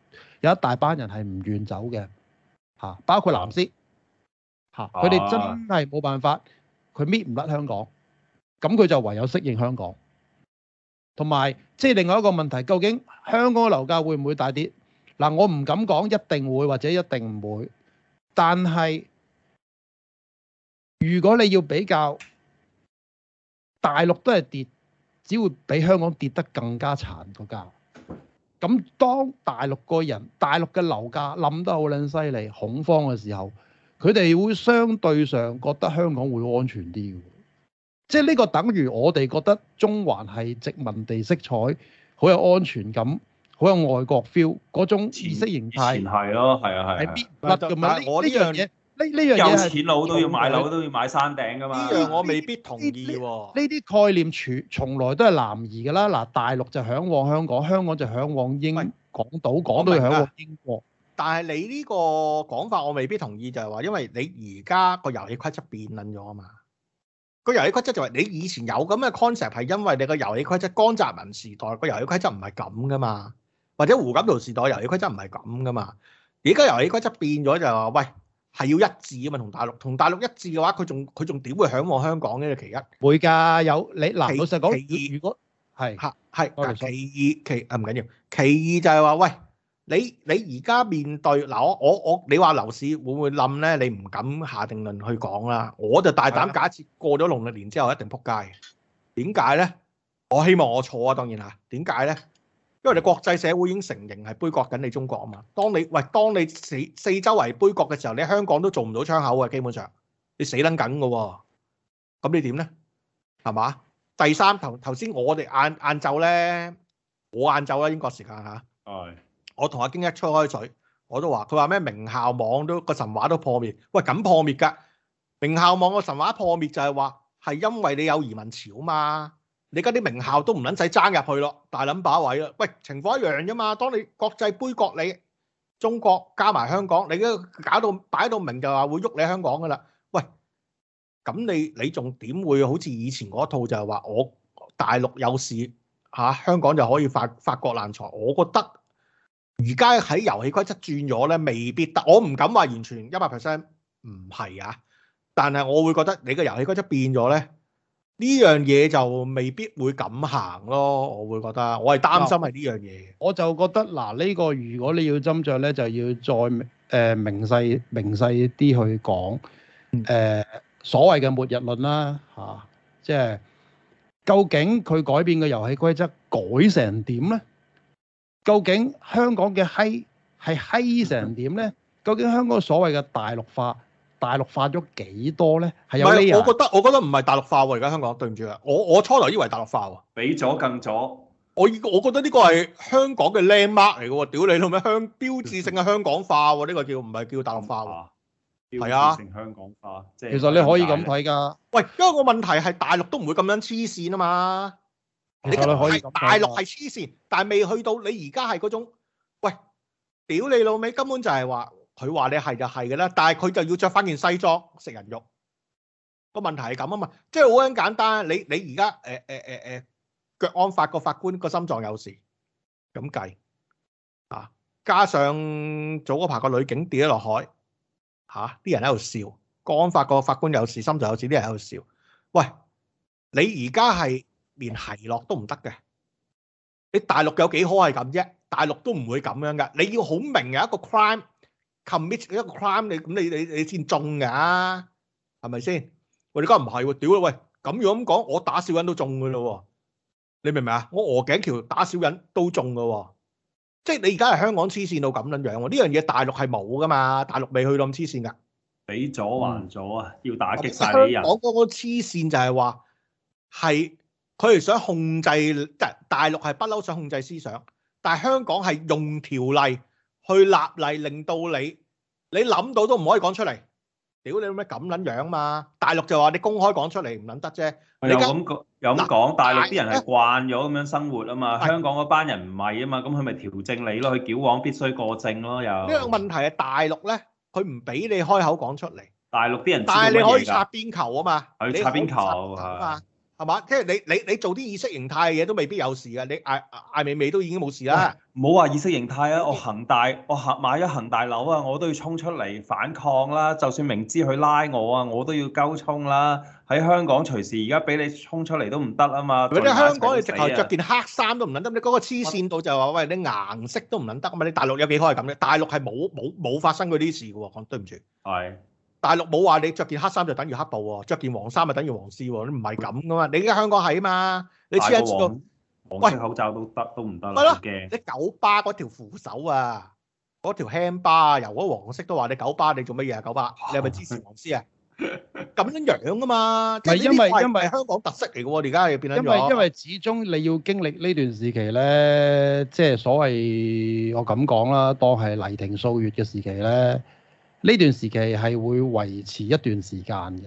有一大班人係唔願走嘅、嚇，包括藍絲嚇，佢、啊、哋真係冇辦法，佢搣唔甩香港，咁佢就唯有適應香港。同埋即係另外一個問題，究竟香港嘅樓價會唔會大跌？嗱、啊，我唔敢講一定會或者一定唔會，但係如果你要比較大陸都係跌，只會比香港跌得更加慘個價。咁當大陸個人、大陸嘅樓價冧得好撚犀利、恐慌嘅時候，佢哋會相對上覺得香港會安全啲嘅，即係呢個等於我哋覺得中環係殖民地色彩，好有安全感、好有外國 feel 嗰種意識形態。前係咯，係啊，係。係必鬱嘅嘛？呢呢樣嘢。呢呢樣嘢有錢佬都要買樓，都要買山頂噶嘛？這？呢樣我未必同意喎。呢啲概念從從來都係南移噶啦。嗱，大陸就嚮往香港，香港就嚮往英港島，港島都又嚮往英國。但係你呢個講法我未必同意，就係話，因為你而家個遊戲規則變撚咗啊嘛。個遊戲規則就係、是、你以前有咁嘅 concept 係因為你個遊戲規則江澤民時代個遊戲規則唔係咁噶嘛，或者胡錦濤時代遊戲規則唔係咁噶嘛。而家遊戲規則變咗就話、是、喂。係要一致啊嘛，同大陸同大陸一致嘅話，佢仲佢仲點會嚮往香港咧？其一會㗎有你。嗱，老實講其二如果係嚇係。其二其啊，唔緊要，其二就係話喂，你你而家面對。嗱我我我你話樓市會唔會冧咧？你唔敢下定論去講啦。我就大膽假設過咗農曆年之後一定撲街，點解咧？我希望我錯啊，當然嚇，點解咧？因為你國際社會已經成形係杯葛緊你中國啊嘛，當你喂當你四四周圍杯葛嘅時候，你香港都做唔到窗口啊，基本上你死撚緊嘅喎，咁你點呢？係嘛？第三頭頭先我哋晏晏晝咧，我晏晝啦英國時間嚇，我同阿京一吹開水，我都話佢話咩名校網都個神話都破滅，喂咁破滅㗎？名校網個神話破滅就係話係因為你有移民潮啊嘛。你而家啲名校都唔撚使爭入去咯，大撚把位啊！喂，情況一樣啫嘛。當你國際杯葛，你中國加埋香港，你都搞到擺到明就話會喐你香港噶啦。喂，咁你你仲點會好似以前嗰套就係話我大陸有事嚇、啊、香港就可以發發國難財？我覺得而家喺遊戲規則轉咗咧，未必得。我唔敢話完全一百 percent 唔係啊，但係我會覺得你個遊戲規則變咗咧。呢樣嘢就未必會咁行咯，我會覺得，我係擔心係呢樣嘢。我就覺得嗱，呢、這個如果你要斟酌呢，就要再誒、呃、明細明細啲去講。誒、呃，所謂嘅末日論啦，嚇、啊，即係究竟佢改變嘅遊戲規則改成點呢？究竟香港嘅閪係閪成點呢、嗯？究竟香港所謂嘅大陸化？大陸化咗幾多咧？係有咩我覺得我覺得唔係大陸化喎。而家香港，對唔住啊！我我初頭以為大陸化喎，比左更咗。我我覺得呢個係香港嘅靚 mark 嚟嘅喎。屌你老味，香標誌性嘅香港化喎，呢、呢個叫唔係叫大陸化喎。係啊，成香港化、啊。其實你可以咁睇㗎。喂，因為個問題係大陸都唔會咁樣黐線啊嘛。你可以，你大陸係黐線，但係未去到你而家係嗰種。喂，屌你老味，根本就係話。佢話你係就係嘅啦，但係佢就要著翻件西裝食人肉。個問題係咁啊嘛，即係好簡單。你你而家誒誒誒誒，腳安法個法官個心臟有事，咁計啊！加上早嗰排個女警跌咗落海，嚇啲人喺度笑。個安法個法官有事，心臟有事，啲人喺度笑。喂，你而家係連奚落都唔得嘅。你大陸有幾好係咁啫？大陸都唔會咁樣嘅。你要好明有一個 crime。commit 一個 crime 你咁你你你先中㗎係咪先？喂，我哋而家唔係喎，屌啦喂！咁樣講，我打小人都中㗎咯喎，你明唔明啊？我鵝頸橋打小人都中㗎喎，即係你而家係香港黐線到咁樣樣喎，呢樣嘢大陸係冇㗎嘛，大陸未去到咁黐線㗎。俾咗還咗啊、嗯！要打擊晒陸人。香港嗰個黐線就係話係佢係想控制，大陸係不嬲想控制思想，但係香港係用條例。去立例令到你，你諗到都唔可以講出嚟。屌你做咩咁撚樣嘛？大陸就話你公開講出嚟唔撚得啫。又咁講，又咁講，大陸啲人係慣咗咁樣生活啊嘛。香港嗰班人唔係啊嘛，咁佢咪調正你咯，去矯枉必須過正咯又。呢個問題係，大陸咧，佢唔俾你開口講出嚟。大陸啲人，但係你可以擦邊球啊嘛。係擦邊球啊嘛。係嘛？即係你你你做啲意識形態嘅嘢都未必有事嘅。你嗌艾未未都已經冇事啦。唔好話意識形態啊！我恒大，我行買咗恒大樓啊，我都要衝出嚟反抗啦。就算明知佢拉我啊，我都要鳩衝啦。喺香港隨時而家俾你衝出嚟都唔得啊嘛。喺香港直接你直頭着件黑衫都唔撚得，嗰個黐線道就話喂，你的顏色都唔撚得啊嘛。你大陸有幾可係咁咧？大陸係冇冇冇發生嗰啲事喎，講對唔住。係。大陸冇話你著件黑衫就等於黑布喎，著件黃衫就等於黃絲喎，你唔係咁噶嘛。你而家香港係啊嘛，你黐一個黃色口罩都得，都唔得啦。咪咯，啲九巴嗰條扶手啊，嗰條輕巴啊由嗰黃色都話你九巴，你做乜嘢啊？九巴，你係咪支持黃絲啊？咁樣樣噶嘛，就係因為因為香港特色嚟噶喎，而家係變咗。因為因為始終你要經歷呢段時期咧，即係所謂我咁講啦，當係黎庭數月嘅時期咧。呢段時期係會維持一段時間嘅，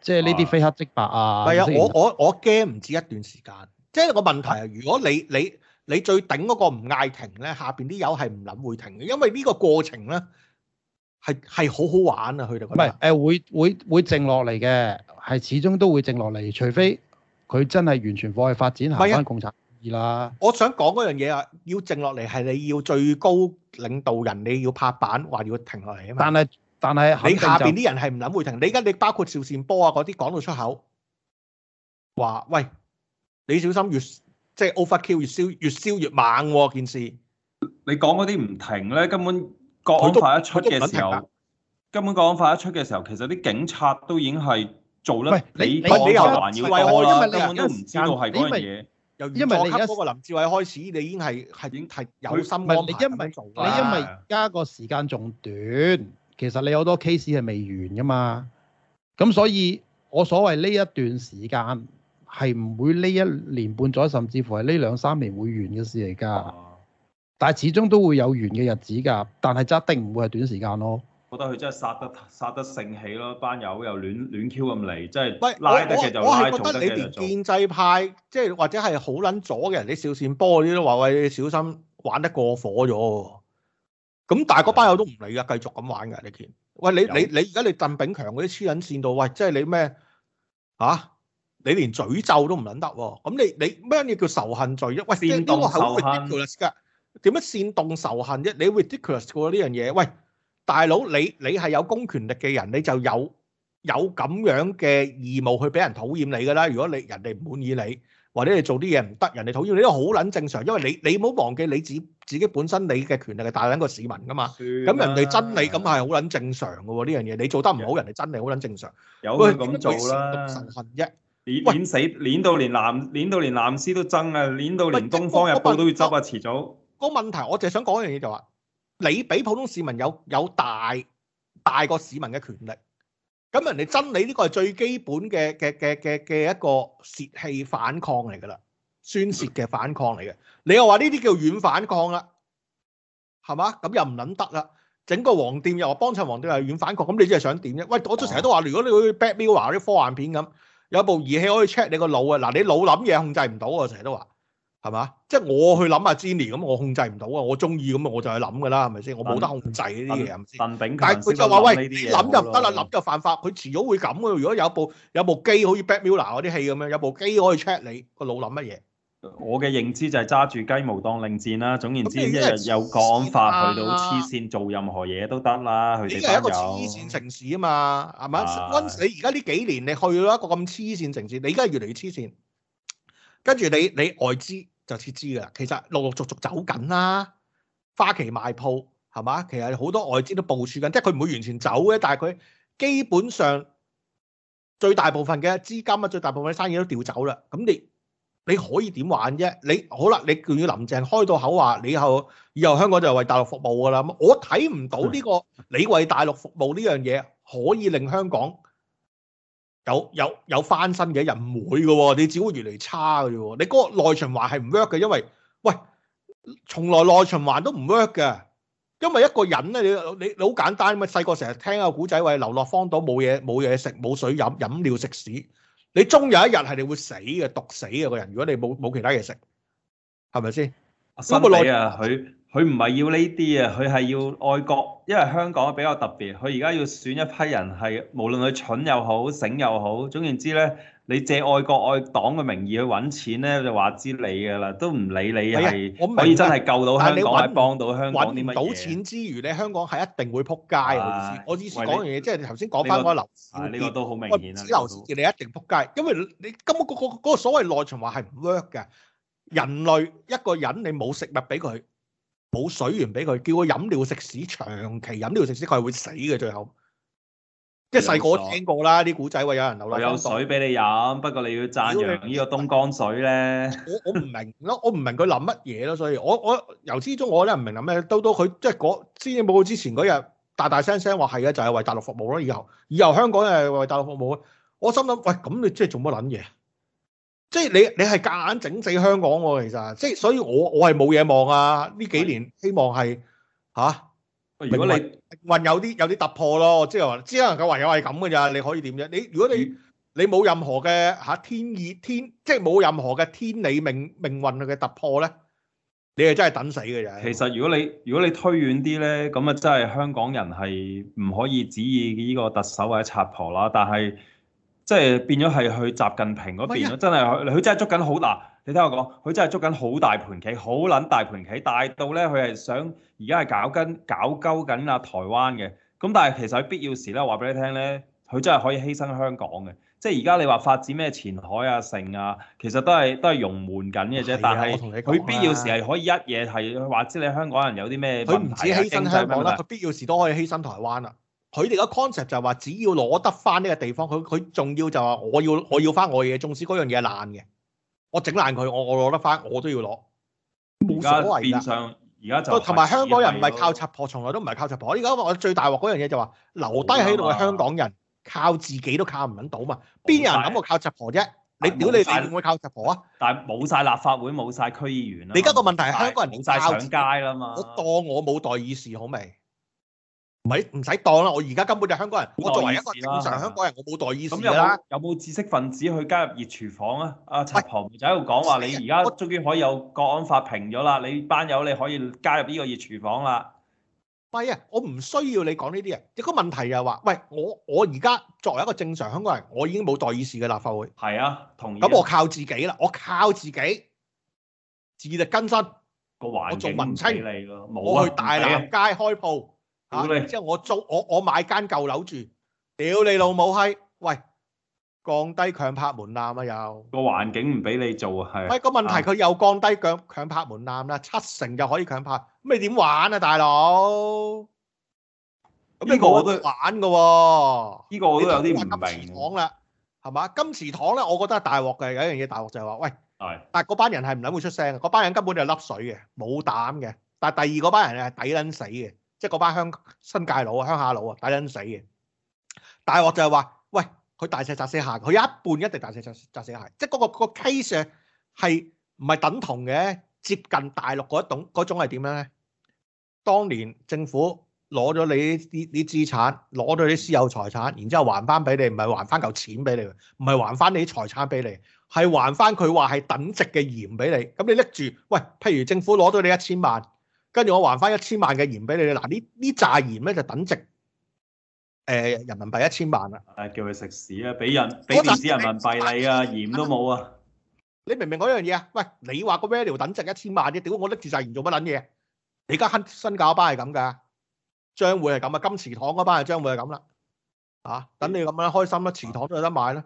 即係呢啲非黑即白啊。係啊，唔我我我驚唔止一段時間，即係個問題。如果你你你最頂嗰個唔嗌停咧，下邊啲友係唔諗會停嘅，因為呢個過程咧係係好好玩啊。佢哋覺得唔係誒，會會會靜落嚟嘅，係始終都會靜落嚟，除非佢真係完全放棄發展行翻共產。啦，我想講嗰樣嘢啊，要靜落嚟係你要最高領導人你要拍板話要停落嚟啊嘛。但係但係你下邊啲人係唔諗會停，你而家你包括邵善波啊嗰啲講到出口話喂，你小心越即係 overkill 越燒越燒越猛喎、喔、件事。你講嗰啲唔停咧，根本國安法一出嘅時候，根本國安法一出嘅時候，其實啲警察都已經係做咧。你你比國安法仲要威㗎咧，根本都唔知道係嗰樣嘢。因為你而家嗰個林志偉開始，你，你已經係係已經係有心安排，你因為而家個時間仲短，其實你好多 case 係未完噶嘛。咁所以我所謂呢一段時間係唔會呢一年半載，甚至乎係呢兩三年會完嘅事嚟噶。但係始終都會有完嘅日子㗎，但係就一定唔會係短時間咯。覺得佢真係殺得殺得勝起咯，班友又亂亂 Q 咁嚟，真係拉得嘅就拉，重得嘅就重。我係覺得你連建制派，即係或者係好撚左嘅人，你小線波啲都話：喂，小心玩得過火咗。咁但係班友都唔理㗎，繼續咁玩㗎。你見？喂，你你你而家你鄧炳強嗰啲黐撚線度，喂，即係你咩？嚇、啊！你連詛咒都唔撚得喎。咁、啊、你你咩嘢叫仇恨罪啫？喂，煽動仇恨點樣煽動仇恨啫？你 ridiculous 過呢樣嘢？喂！大佬，你你係有公權力嘅人，你就有有咁樣嘅義務去俾人討厭你㗎啦。如果你人哋唔滿意你，或者你做啲嘢唔得，人哋討厭你，你都好撚正常。因為你你唔好忘記，你自己自己本身你嘅權力係大撚過個市民㗎嘛。咁人哋憎你咁係好撚正常嘅喎。呢樣嘢你做得唔好，人哋憎你好撚正常。有佢咁做啦。喂，神恨啫，碾死，碾到連藍，碾到連藍絲都憎啊，碾到連《東方日報》都要執啊，遲早。嗰個問題我就係、嗰個、想講一樣嘢，就話。你俾普通市民有有大大個市民嘅權力，咁人哋憎你呢個係最基本嘅嘅嘅嘅嘅一個泄氣反抗嚟噶啦，宣泄嘅反抗嚟嘅。你又話呢啲叫軟反抗啦，係嘛？咁又唔諗得啦。整個黃店又話幫襯黃店又軟反抗，咁你真係想點啫？喂，我都成日都話，如果你去 Black Mirror 啲科幻片咁，有一部儀器可以 check 你個腦啊，嗱，你腦諗嘢控制唔到啊，成日都話。係嘛？即係我去諗阿 Jenny 咁，我控制唔到啊！我中意咁我就去諗㗎啦，係咪先？我冇得控制呢啲嘢，但佢就話喂，諗就唔得啦，諗就犯法，佢遲早會咁㗎。如果有一部有部機，好似 Black Mirror 嗰啲戲咁樣，有部機可以 check 你個腦諗乜嘢。我嘅認知就係揸住雞毛當令箭啦。總言之，一日、啊、有講法，去到黐線，做任何嘢都得啦。佢哋都有。黐線城市啊嘛，係咪啊？你而家呢幾年你去到一個咁黐線城市，你而家越嚟越黐線，跟住你你外資。就撤資㗎啦，其實陸陸續續走緊啦，花旗賣鋪係嘛？其實好多外資都部署緊，即係佢唔會完全走嘅，但係佢基本上最大部分嘅資金啊，最大部分嘅生意都調走啦，咁你你可以點玩啫？你好啦，你仲要林鄭開到口話，你以後以後香港就為大陸服務㗎啦，我睇唔到呢個你為大陸服務呢樣嘢可以令香港。有有有翻身嘅人唔會㗎喎，你只會越嚟越差㗎啫喎。你個內循環係唔 work 嘅，因為喂，從來內循環都唔 work 嘅，因為一個人咧，你你好簡單咁啊，細個成日聽個古仔話流落荒島，冇嘢冇嘢食，冇水飲，飲尿食屎，你終有一日係你會死嘅，毒死嘅個人。如果你冇冇其他嘢食，係咪先？身底啊，佢佢唔係要呢啲啊，佢係要愛國。因為香港比較特別，佢而家要選一批人係，無論佢蠢又好、醒又好，總言之咧，你借愛國愛黨嘅名義去揾錢咧，就話知你㗎啦，都唔理你係可以真係救到香港、幫到香港。揾到錢之餘，你香港係一定會撲街。啊。我以前講樣嘢，即係你頭先講翻嗰個樓市，呢個都好明顯，樓市你一定撲街，因為你根本嗰個嗰個所謂內循環係唔 work 嘅。人類一個人，你冇食物俾佢，冇水源俾佢，叫佢飲料食屎，長期飲料食屎，佢係會死嘅最後。即係細個聽過啦啲古仔話，有人流落。有水俾你飲，不過你要讚揚呢個東江水咧。我我唔明咯，我唔明佢諗乜嘢咯，所以我我由始終我都唔明諗咩。都到佢即係我之之前嗰日大大聲聲話係啊，就係、是、為大陸服務咯。以後以後香港係為大陸服務，我心諗喂，咁你即係做乜撚嘢？即係你你係夾硬整死香港喎、啊，其實即係所以我，我我係冇嘢望啊！呢幾年希望係嚇、啊。如果你運有啲有啲突破咯，即係話只能夠唯有係咁嘅咋，你可以點啫？你如果你你冇任何嘅嚇、啊、天意天，即係冇任何嘅天理命命運嘅突破咧，你係真係等死嘅啫。其實如果你如果你推遠啲咧，咁啊真係香港人係唔可以指意呢個特首或者插婆啦，但係。即係變咗係去習近平嗰邊咯，真係佢真係捉緊好嗱，你聽我講，佢真係捉緊好大盤棋，好撚大盤棋，大到咧佢係想而家係搞緊搞鳩緊啊台灣嘅，咁但係其實喺必要時咧話俾你聽咧，佢真係可以犧牲香港嘅，即係而家你話發展咩前海啊城啊，其實都係都係融緩緊嘅啫，但係佢、啊、必要時係可以一夜係話知你香港人有啲咩問題，佢唔止犧牲香港啦，佢必要時都可以犧牲台灣啦、啊。佢哋嘅 concept 就係話，只要攞得翻呢個地方，佢佢仲要就話，我要我要翻我嘢，縱使嗰樣嘢爛嘅，我整爛佢，我我攞得翻，我都要攞。冇所謂。而家變相，而家就同埋香港人唔係靠插婆，從來都唔係靠插婆。而家我最大鑊嗰樣嘢就話、是，留低喺度嘅香港人靠自己都靠唔撚到嘛。邊有人諗過靠插婆啫？你屌你唔會靠插婆啊？但係冇晒立法會，冇晒區議員。你而家個問題係香港人冇曬上街啦嘛。我當我冇代議士好未？唔係唔使當啦！我而家根本就係香港人，我作為一個正常香港人，我冇代議士啦。咁有冇有冇知識分子去加入熱廚房啊？阿陳伯就喺度講話，你而家終於可以有國安法平咗啦！你班友你可以加入呢個熱廚房啦。唔係啊！我唔需要你講呢啲啊！一個問題就係話，喂，我我而家作為一個正常香港人，我已經冇代議士嘅立法會。係啊，同意。咁我靠自己啦！我靠自己，自力更生，個環境我做文青嚟咯，冇、啊、我去大南街開鋪。之、啊、你！我租我我買間舊樓住，屌你老母閪！喂，降低強拍門檻啊又，這個環境唔俾你做啊。係。喂，這個問題佢、啊、又降低強強拍門檻啦，七成就可以強拍，咁你點玩啊大佬？呢、這個啊這個這個我都玩噶喎。呢個我都有啲唔明。堂啦，係嘛？金祠堂咧，我覺得係大鑊嘅。有一樣嘢大鑊就係、是、話，喂，係、哎。但係嗰班人係唔諗會出聲，嗰班人根本就係甩水嘅，冇膽嘅。但係第二嗰班人咧係抵捻死嘅。即係嗰班鄉新界佬啊，鄉下佬啊，抵撚死嘅！大鑊就係話，喂，佢大石砸死蟹，佢一半一定大石砸砸死蟹。即係、嗰個、嗰個 case 係唔係等同嘅？接近大陸嗰一種嗰種係點樣咧？當年政府攞咗你啲啲資產，攞咗啲私有財產，然之後還翻俾你，唔係還翻嚿錢俾你，唔係還翻你啲財產俾你，係還翻佢話係等值嘅鹽俾你。咁你拎住，喂，譬如政府攞咗你一千萬。跟住我還翻一千萬嘅鹽俾你，嗱呢呢紮鹽咧就等值誒、呃、人民幣一千萬啦。誒叫佢食屎啦，俾人俾電子人民幣你啊，鹽都冇啊！你明唔明我樣嘢啊？喂，你話個 value 等值一千萬嘅，屌我拎住炸鹽做乜撚嘢？你而家新新教班係咁噶，將會係咁啊，金祠堂嗰班係將會係咁啦。啊，等你咁樣開心啦，祠堂都有得買啦，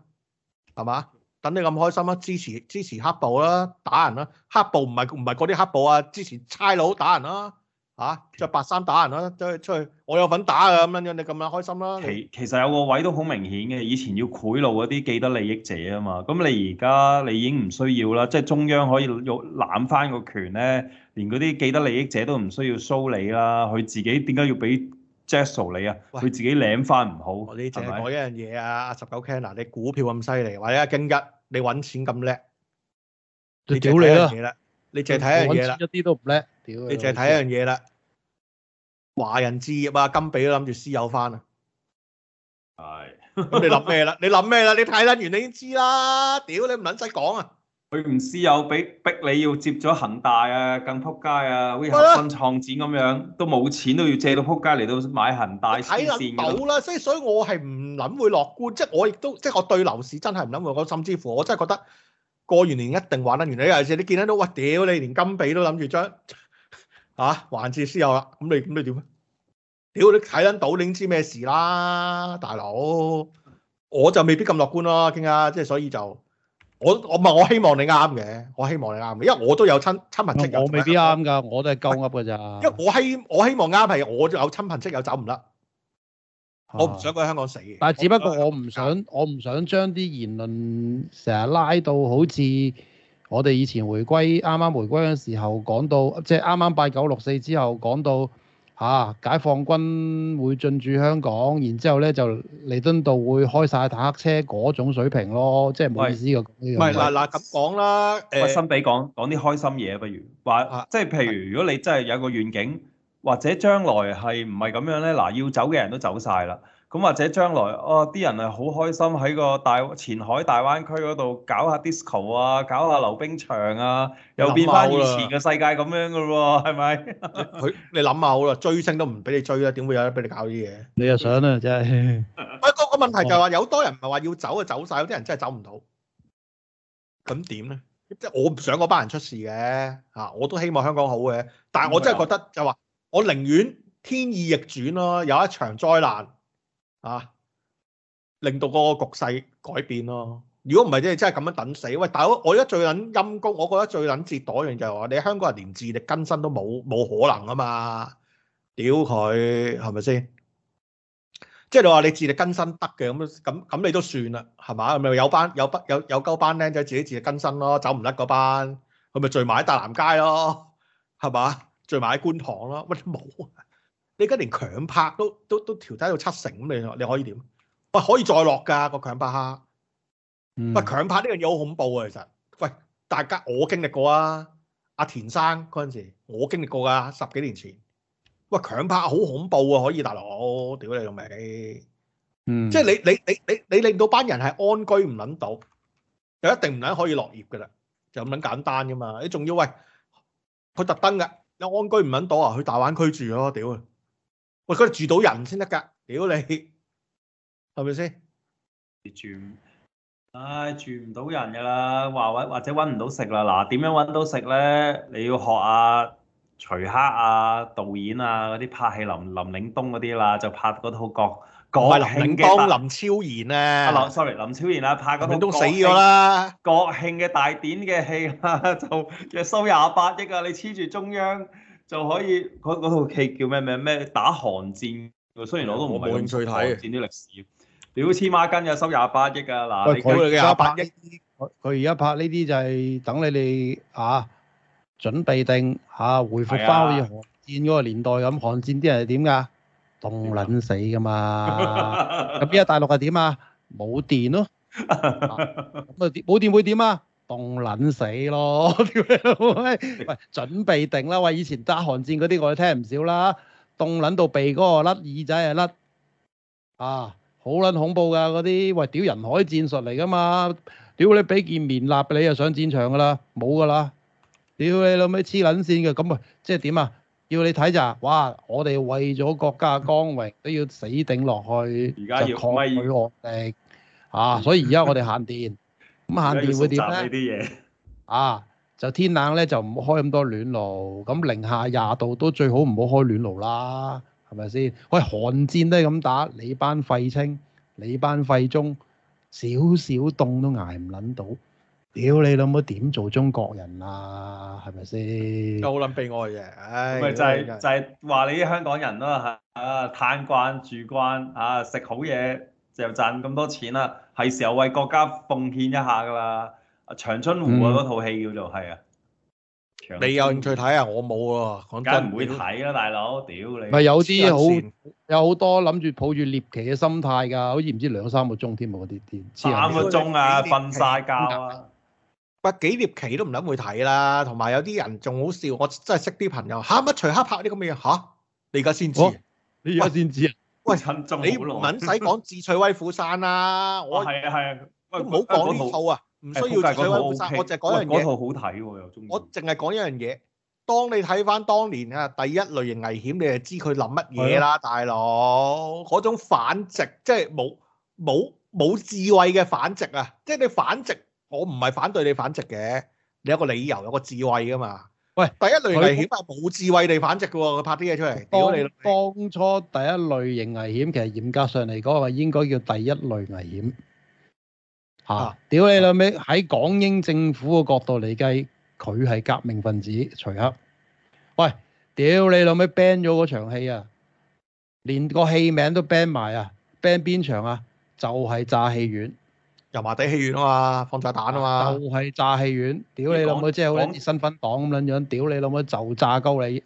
係嘛？等你咁開心啦、啊，支持支持黑暴啦、啊，打人啦、啊，黑暴唔係唔係嗰啲黑暴啊，支持差佬打人啦、啊，嚇、啊，着白衫打人啦、啊，出去出去，我有份打啊，咁樣樣你咁樣開心啦。其其實有個位都好明顯嘅，以前要賄賂嗰啲既得利益者啊嘛，咁你而家你已經唔需要啦，即係中央可以攬翻個權咧，連嗰啲既得利益者都唔需要收理啦，佢自己點解要俾？即係你啊，佢自己領翻唔好。你淨係講一樣嘢啊，阿十九 Ken 嗱你股票咁犀利，或者阿京一，你揾錢咁叻，屌你啦！你淨係睇一樣嘢啦，一啲都唔叻。你淨係睇一樣嘢啦。華人置業啊，金比都諗住私有翻啊。係， 你諗咩啦？你諗咩啦？你睇得完你已經知啦。屌你唔撚使講啊！佢唔私有，俾逼，逼你要接咗恒大啊，更扑街啊，好似合生創展咁樣，啊、都冇錢都要借到扑街嚟到買恒大，睇得到啦。所以所以我係唔諗會樂觀，即係我亦都，即係我對樓市真係唔諗會。我甚至乎我真係覺得過完年一定玩得完，啊。你又知你見得到，我屌你連金地都諗住將啊還至私有啦。咁你咁你點咧？屌你睇得到，你知咩事啦，大佬。我就未必咁樂觀咯，傾下即係所以就。我我唔，我希望你啱嘅，我希望你啱嘅，因為我都有親親朋戚友、嗯。我未必啱噶，我都係鳩噏嘅咋。因為我希我希望啱係我有親朋戚友走唔甩、啊，我唔想佢喺香港死。但係只不過我唔想，想，我唔想將啲言論成日拉到好似我哋以前回歸啱啱回歸嘅時候講到，即係啱啱八九六四之後講到。啊！解放軍會進駐香港，然之後咧就彌敦道會開晒坦克車嗰種水平咯，即係唔好意思嘅。唔係嗱嗱咁講啦，誒，幸、欸、比講講啲開心嘢不如，話、啊、即係譬如如果你真係有個願景，或者將來係唔係咁樣咧，嗱要走嘅人都走晒啦。咁或者將來哦，啲人係好開心喺個大前海大灣區嗰度搞下 disco 啊，搞下溜冰場啊，又變翻以前嘅世界咁樣噶喎，係咪？佢你諗下好啦，追星都唔俾你追啦，點會有得俾你搞啲嘢？你又想啊，真係。不過個問題就係話，有多人唔係話要走就走晒，有啲人真係走唔到，咁點咧？即係我唔想嗰班人出事嘅嚇，我都希望香港好嘅。但我真係覺得就話，我寧願天意逆轉咯，有一場災難。啊！令到個局勢改變咯。如果唔係，即係真係咁樣等死。喂，大佬，我而家最捻陰功，我覺得最捻折墮一樣就係話，你香港人連自力更生都冇冇可能啊嘛！屌佢，係咪先？即係你話你自力更生得嘅咁咁咁，你都算啦，係嘛？咪有班有，有，有，有，有班有有鳩班靚仔自己自力更生咯，走唔甩嗰班，佢咪聚埋喺大南街咯，係嘛？聚埋喺觀塘咯，乜都冇。你家連強拍都都都調低到七成咁，你你可以點？喂，可以再落㗎個強拍下。喂，強拍呢樣嘢好恐怖啊！其實，喂，大家我經歷過啊，阿田生嗰陣時我經歷過㗎，十幾年前。喂，強拍好恐怖啊！可以大佬，屌你老味。即、嗯、係、就是、你你你你你令到班人係安居唔撚到，就一定唔撚可以落業㗎啦。就咁撚簡單㗎嘛。你仲要喂佢特登㗎，有安居唔撚到啊？去大灣區住咯，屌啊！佢住到人先得噶，屌你，係咪先？你住，唉，住唔到人噶啦，華為或者揾唔到食啦。嗱，點樣揾到食咧？你要學啊，徐克啊，導演啊，嗰啲拍戲林林嶺東嗰啲啦，就拍嗰套國國慶嘅林超然啊。Hello，sorry 林超然啊，拍嗰套。林嶺東死咗啦！國慶嘅大典嘅戲、啊、就收廿八億啊！你黐住中央。就可以嗰套劇叫咩咩咩打寒戰，雖然我都冇興趣睇啊！寒戰啲歷史，屌黐孖筋嘅收廿八億啊嗱，佢而家拍呢啲，佢而家拍呢啲就係等你哋嚇準備定嚇、啊、回覆翻好似寒戰嗰、啊嗰個年代咁，寒戰啲人係點㗎？凍撚死㗎嘛！咁而家大陸係點啊？冇電咯，冇 電會點啊？凍撚死咯！ 喂，準備定啦！喂，以前打韓戰嗰啲，我哋聽唔少啦，凍撚到鼻哥啊，甩耳仔啊，甩啊，好撚恐怖噶嗰啲！喂，屌人海戰術嚟噶嘛？屌你俾件棉衲，你又上戰場噶啦，冇噶啦！屌你老味黐撚線嘅，咁啊，即係點啊？要你睇咋、就是？哇！我哋為咗國家嘅光榮， 都要死頂落去，而家要抗拒外敵啊！所以而家我哋限電。 咁夏天會點呢啲嘢？啊，就天冷咧就唔好開咁多暖爐。咁零下廿度都最好唔好開暖爐啦，係咪先？喂，寒戰都係咁打，你班廢青，你班廢中，少少凍都捱唔撚到。屌你老母點做中國人啊？係咪先？夠撚悲哀嘅，唉、哎。咪就係、是哎、就係、是、話、就是、你啲香港人啦、啊，啊，嘆慣住慣，啊，食好嘢。就賺咁多錢啦，係時候為國家奉獻一下㗎啦！長春湖啊，嗰套戲叫做係啊、嗯。你有興趣睇啊？我冇喎，梗唔會睇啦，大佬，屌你！咪有啲好，有好多諗住抱住獵奇嘅心態㗎，好似唔知兩三個鐘添喎啲啲。三、三個鐘啊，瞓晒覺啊！不幾獵奇都唔諗會睇啦，同埋有啲人仲好笑，我真係識啲朋友嚇乜徐克拍啲咁嘅嘢嚇？你而家先知、啊？你而家先知啊？喂，你唔使講智取威虎山啦，我係啊係啊，唔好講呢套啊，唔需要智取威虎山，我就講樣嘢，套好睇又中意。我淨係講一樣嘢，當你睇翻當年啊第一類型危險，你就知佢諗乜嘢啦，大佬嗰種反直即係冇冇冇智慧嘅反直啊！即係你反直，我唔係反對你反直嘅，你有個理由，有個智慧噶嘛。喂，第一類危險係冇智慧地反殖嘅喎，佢拍啲嘢出嚟。當當初第一類型危險，其實嚴格上嚟講係應該叫第一類危險。嚇、啊！屌你老味，喺、啊、港英政府嘅角度嚟計，佢係革命分子，徐克。喂，屌、啊、你老味，ban 咗嗰場戲啊！連個戲名都 ban 埋啊！ban 邊場啊？就係、是、炸戲院。油麻地戲院啊嘛，放炸彈啊嘛，就係炸戲院。屌你老母真係好似身份黨咁樣樣，屌你老母就炸鳩你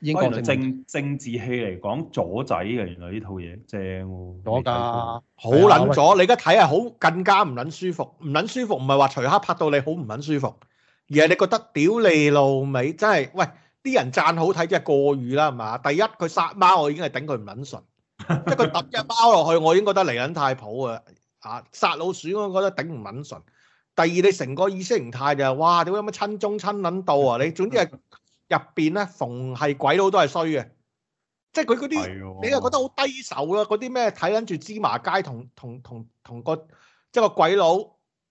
英國政政治戲嚟講，左仔嘅原來呢套嘢正喎，左㗎，好撚左。你而家睇係好更加唔撚舒服，唔撚舒服唔係話隨刻拍到你好唔撚舒服，而係你覺得屌你老味，真係喂啲人贊好睇，即係過譽啦，係嘛？第一佢殺貓，我已經係頂佢唔撚順，即係佢揼隻貓落去，我已經覺得嚟撚太普啊。啊！殺老鼠我覺得頂唔捻順。第二你成個意識形態就係、是、哇點解乜親中親捻到啊？你總之係入邊咧，逢係鬼佬都係衰嘅。即係佢嗰啲，你又覺得好低手咯、啊。嗰啲咩睇緊住芝麻街同同同同個即係個鬼佬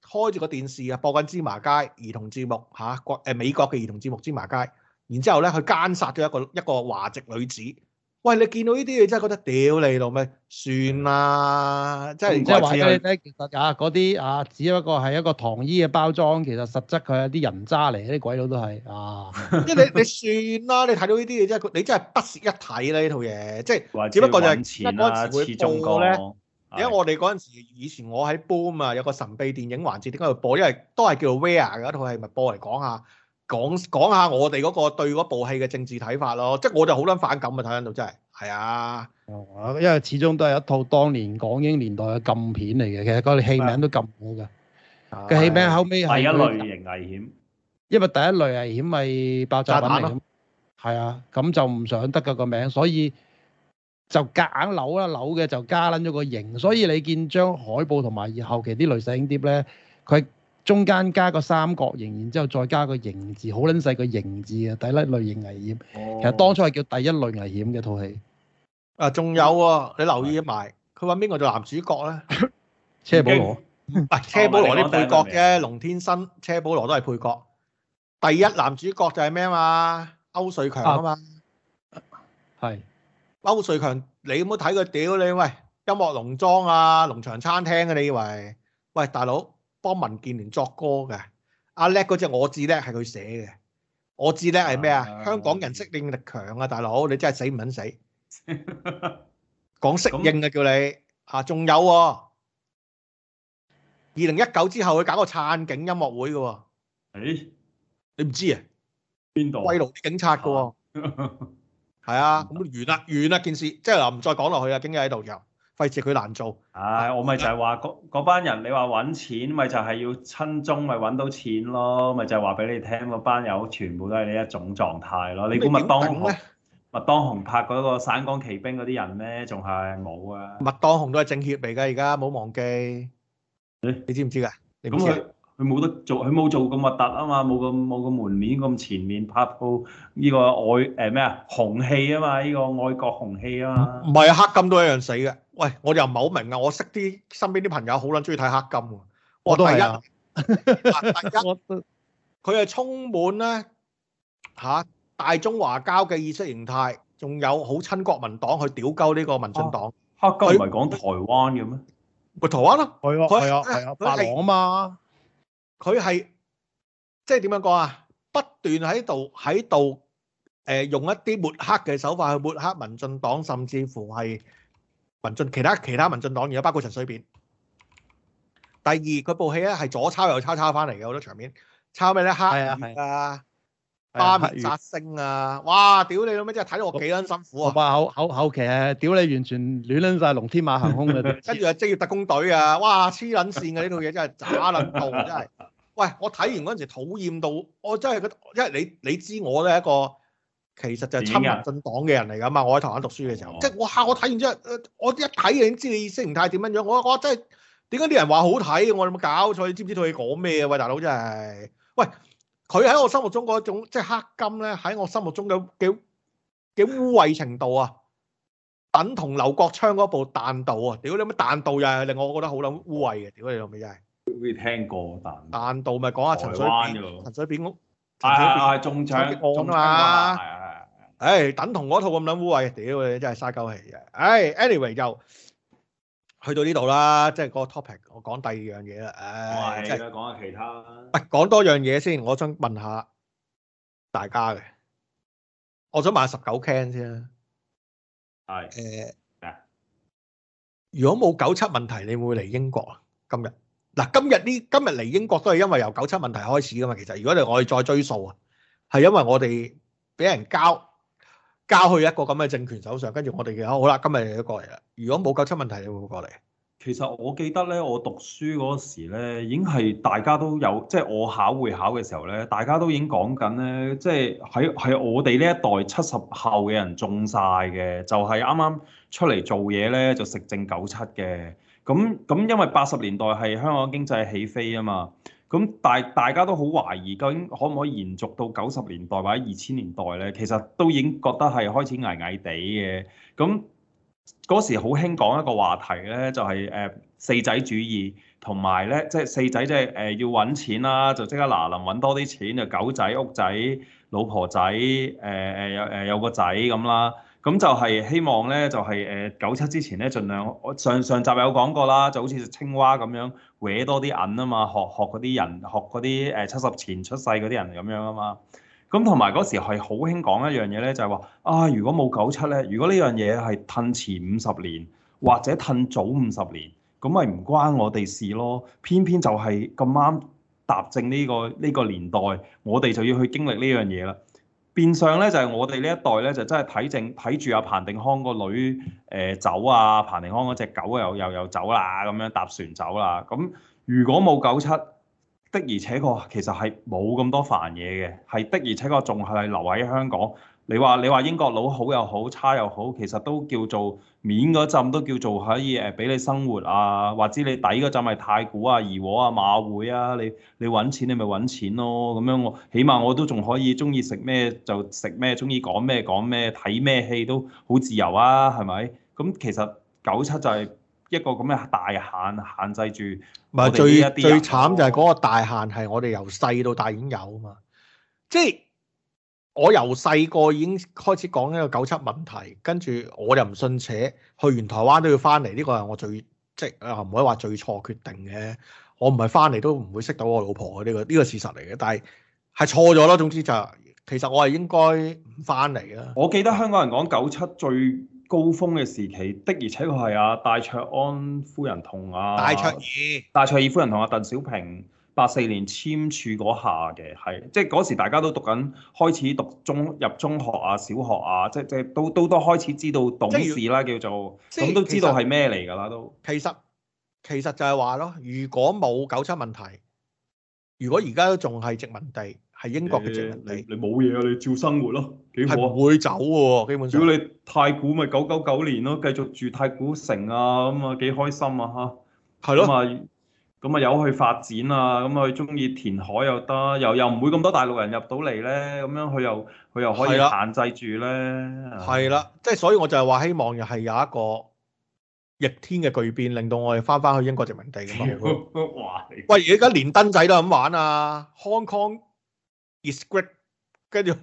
開住個電視啊，播緊芝麻街兒童節目嚇國誒美國嘅兒童節目芝麻街。然之後咧，佢奸殺咗一個一個華籍女子。喂，你見到呢啲嘢真係覺得屌你老咩？算啦，即係即係話咧咧，其實啊，嗰啲啊，只不過係一個糖衣嘅包裝，其實實質佢係啲人渣嚟，啲鬼佬都係啊。即 係你你算啦，你睇到呢啲嘢真係，你真係不屑一睇啦呢套嘢，即係只不過就係錢啦，因為會，始終講。因為我哋嗰陣時以前我喺 boom 啊，有個神秘電影環節，點解會播？因為都係叫做《wear 嘅一套係咪播嚟講下。講講下我哋嗰個對嗰部戲嘅政治睇法咯，即係我就好捻反感啊睇緊到真係，係啊，因為始終都係一套當年港英年代嘅禁片嚟嘅，其實個戲名都禁唔到噶。個戲名後尾係第一類型危險，因為第一類危險咪爆炸品嚟，係啊，咁就唔想得噶個名，所以就夾硬扭一扭，扭嘅就加捻咗個型，所以你見張海報同埋後期啲鐳射影碟咧，佢。中間加個三角形，然之後再加個形字，好撚細個形字啊。第一類型危險。其實當初係叫第一類危險嘅套戲。啊，仲有啊，你留意埋，佢話邊個做男主角咧？車保羅，唔係 車保羅啲配角嘅龍、哦、天生，車保羅都係配角。第一男主角就係咩啊嘛？歐、啊、瑞強啊嘛？係。歐瑞強，你冇睇佢屌你喂？音樂農莊啊，農場餐廳啊，你以為？喂，大佬。幫文建聯作歌嘅，阿叻嗰隻我知叻係佢寫嘅，我知叻係咩啊？香港人適應力強啊，大佬，你真係死唔肯死，講適應啊，叫你嚇，仲有二零一九之後佢搞個撐警音樂會嘅喎，誒，你唔知啊？邊度？威龍警察嘅喎，係啊，咁完啦，完啦件事，即係啦，唔再講落去啦，經已喺度咗。費事佢難做，唉、哎，我咪就係話嗰班人，你話揾錢，咪就係、是、要親中，咪揾到錢囉。咪就話、是、俾你聽，嗰班友全部都係呢一種狀態囉。你估麥當雄，麥當雄拍嗰個《省港旗兵》嗰啲人咩？仲係冇啊？麥當雄都係政協嚟㗎，而家冇忘記。你知唔知㗎？你咁佢。佢冇得做，佢冇做咁核突啊嘛，冇咁冇咁門面咁前面拍到呢個愛誒咩啊紅氣啊嘛，呢、呢個愛國紅氣啊嘛。唔係啊，黑金都一樣死嘅。喂，我又唔係好明啊，我識啲身邊啲朋友好撚中意睇黑金喎。我都第一，哦啊、 第一我佢係充滿咧嚇、啊、大中華交嘅意識形態，仲有好親國民黨去屌鳩呢個民進黨。啊、黑金唔係講台灣嘅咩？喂，台灣啊，係啊，係啊，係啊，白狼啊嘛～佢係即係點樣講啊？不斷喺度喺度誒，用一啲抹黑嘅手法去抹黑民進黨，甚至乎係民進其他其他民進黨而家，包括陳水扁。第二，佢部戲咧係左抄右抄抄翻嚟嘅好多場面，抄咩咧？黑係啊係啊。巴面扎星啊、哎！哇，屌你老味，真係睇到我幾撚辛苦啊！好好好後好好奇啊！屌你完全亂撚晒龍天馬行空嘅。跟住又職業特工隊啊！哇，黐撚線嘅呢套嘢真係渣撚到，真係。喂，我睇完嗰陣時討厭到，我真係覺得，因為你你知我咧一個其實就親民進黨嘅人嚟㗎嘛。我喺台灣讀書嘅時候，哦、即係我嚇我睇完之後，我一睇已經知你意識唔太點樣樣。我我真係點解啲人話好睇？我有冇搞錯？你知唔知道你講咩啊？喂，大佬真係喂。佢喺我心目中嗰一種即係黑金咧，喺我心目中嘅嘅嘅污穢程度啊，等同劉國昌嗰部彈道啊，屌你咩彈道又令我覺得好撚污穢嘅，屌你老味真係。好似聽過彈彈道咪講下陳水扁嘅咯，陳水扁屋啊啊中獎中啊嘛，係係係，唉等同嗰套咁撚污穢嘅，屌你真係嘥鳩氣嘅，唉 anyway 又。去到呢度啦，即係嗰個 topic，我講第二樣嘢啦。誒，即係講下其他。唔係講多樣嘢先，我想問下大家嘅。我想問下十九 Ken 先啦。係。誒。啊。如果冇九七問題，你會嚟英國啊？今日嗱，今日呢？今日嚟英國都係因為由九七問題開始㗎嘛。其實，如果我哋再追溯啊，係因為我哋俾人交。交去一個咁嘅政權手上，跟住我哋嘅好啦，今日嚟咗過嚟啦。如果冇九七問題，你會唔會過嚟？其實我記得咧，我讀書嗰時咧，已經係大家都有，即係我考會考嘅時候咧，大家都已經講緊咧，即係喺係我哋呢一代七十後嘅人中晒嘅，就係啱啱出嚟做嘢咧就食正九七嘅。咁咁因為八十年代係香港經濟起飛啊嘛。咁大，大家都好懷疑，究竟可唔可以延續到九十年代或者二千年代咧？其實都已經覺得係開始捱捱地嘅。咁嗰時好興講一個話題咧，就係誒四仔主義，同埋咧，即係四仔，即係誒要揾錢啦，就即刻嗱臨揾多啲錢，就狗仔、屋仔、老婆仔誒誒有誒有個仔咁啦。咁就係希望咧，就係誒九七之前咧，儘量我上上集有講過啦，就好似青蛙咁樣搲多啲銀啊嘛，學學嗰啲人，學嗰啲誒七十前出世嗰啲人咁樣啊嘛。咁同埋嗰時係好興講一樣嘢咧，就係話啊，如果冇九七咧，如果呢樣嘢係褪遲五十年或者褪早五十年，咁咪唔關我哋事咯。偏偏就係咁啱踏正呢個呢個年代，我哋就要去經歷呢樣嘢啦。變相咧，就係、是、我哋呢一代咧，就真係睇正睇住阿彭定康個女、呃、走啊，彭定康嗰隻狗又又又走啦，咁樣搭船走啦。咁如果冇九七，的而且確其實係冇咁多煩嘢嘅，係的而且確仲係留喺香港。你話你話英國佬好又好，差又好，其實都叫做免嗰陣都叫做可以誒俾你生活啊，或者你抵嗰陣係太古啊、怡和啊、馬會啊，你你揾錢你咪揾錢咯，咁樣我起碼我都仲可以中意食咩就食咩，中意講咩講咩，睇咩戲都好自由啊，係咪？咁其實九七就係一個咁嘅大限限制住我哋呢一啲人。最，最慘就係嗰個大限係我哋由細到大已經有啊嘛，即係。我由細個已經開始講呢個九七問題，跟住我又唔信且去完台灣都要翻嚟，呢個係我最即係唔可以話最錯的決定嘅。我唔係翻嚟都唔會識到我老婆呢、呢個呢個事實嚟嘅。但係係錯咗咯，總之就係、其實我係應該唔翻嚟嘅。我記得香港人講九七最高峰嘅時期的，而且確係阿戴卓安夫人同阿戴卓爾、戴卓爾夫人同阿鄧小平。八四年簽署嗰下嘅，係即係嗰時大家都讀緊，開始讀中入中學啊、小學啊，即係即係都都都開始知道懂事啦，叫做咁都知道係咩嚟㗎喇都。其實其實就係話咯，如果冇九七問題，如果而家都仲係殖民地，係英國嘅殖民地，你冇嘢啊，你照生活咯，幾好啊。會走喎，基本上。如果你太古咪九九九年咯，繼續住太古城啊，咁啊幾開心啊吓，係咯。咁啊有去發展啊，咁啊佢中意填海又得，又又唔會咁多大陸人入到嚟咧，咁樣佢又佢又可以限制住咧。係啦，即係所以我就係話希望又係有一個逆天嘅巨變，令到我哋翻翻去英國殖民地咁啊！咁樣 哇！喂，而家連登仔都咁玩啊！Hong Kong is great，跟住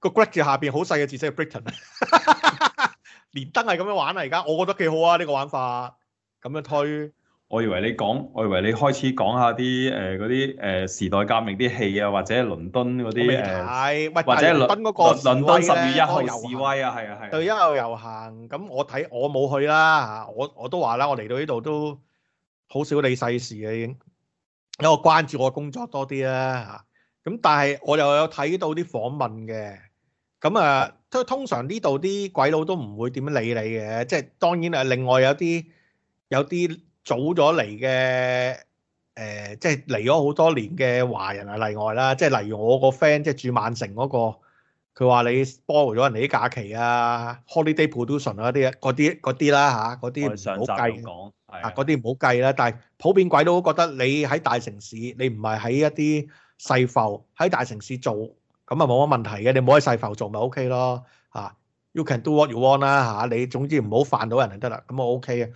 個 great 下邊好細嘅字寫係 Britain 啊！ 連登係咁樣玩啊！而家我覺得幾好啊！呢個玩法咁樣推。我以為你講，我以為你開始講下啲誒嗰啲誒時代革命啲戲啊，或者倫敦嗰啲誒，或者倫敦嗰個倫敦十月一號遊示威啊，係啊係，對一路遊行，咁我睇我冇去啦，我我都話啦，我嚟到呢度都好少理世事嘅已經，因為我關注我工作多啲啦嚇。咁但係我又有睇到啲訪問嘅，咁啊，都通常呢度啲鬼佬都唔會點理你嘅，即係當然啊，另外有啲有啲。早咗嚟嘅，誒、呃，即係嚟咗好多年嘅華人係例外啦。即係例如我個 friend，即係住曼城嗰、那個，佢話你 borrow 咗人哋啲假期啊，holiday production 啲嗰啲啲啦嚇，嗰啲唔好計。啊，嗰啲唔好計啦。但係普遍鬼都覺得你喺大城市，你唔係喺一啲細埠喺大城市做，咁啊冇乜問題嘅。你唔好喺細埠做咪 OK 咯。嚇、啊、You can do what you want 啦、啊、嚇，你總之唔好犯到人就得啦。咁啊 OK 啊。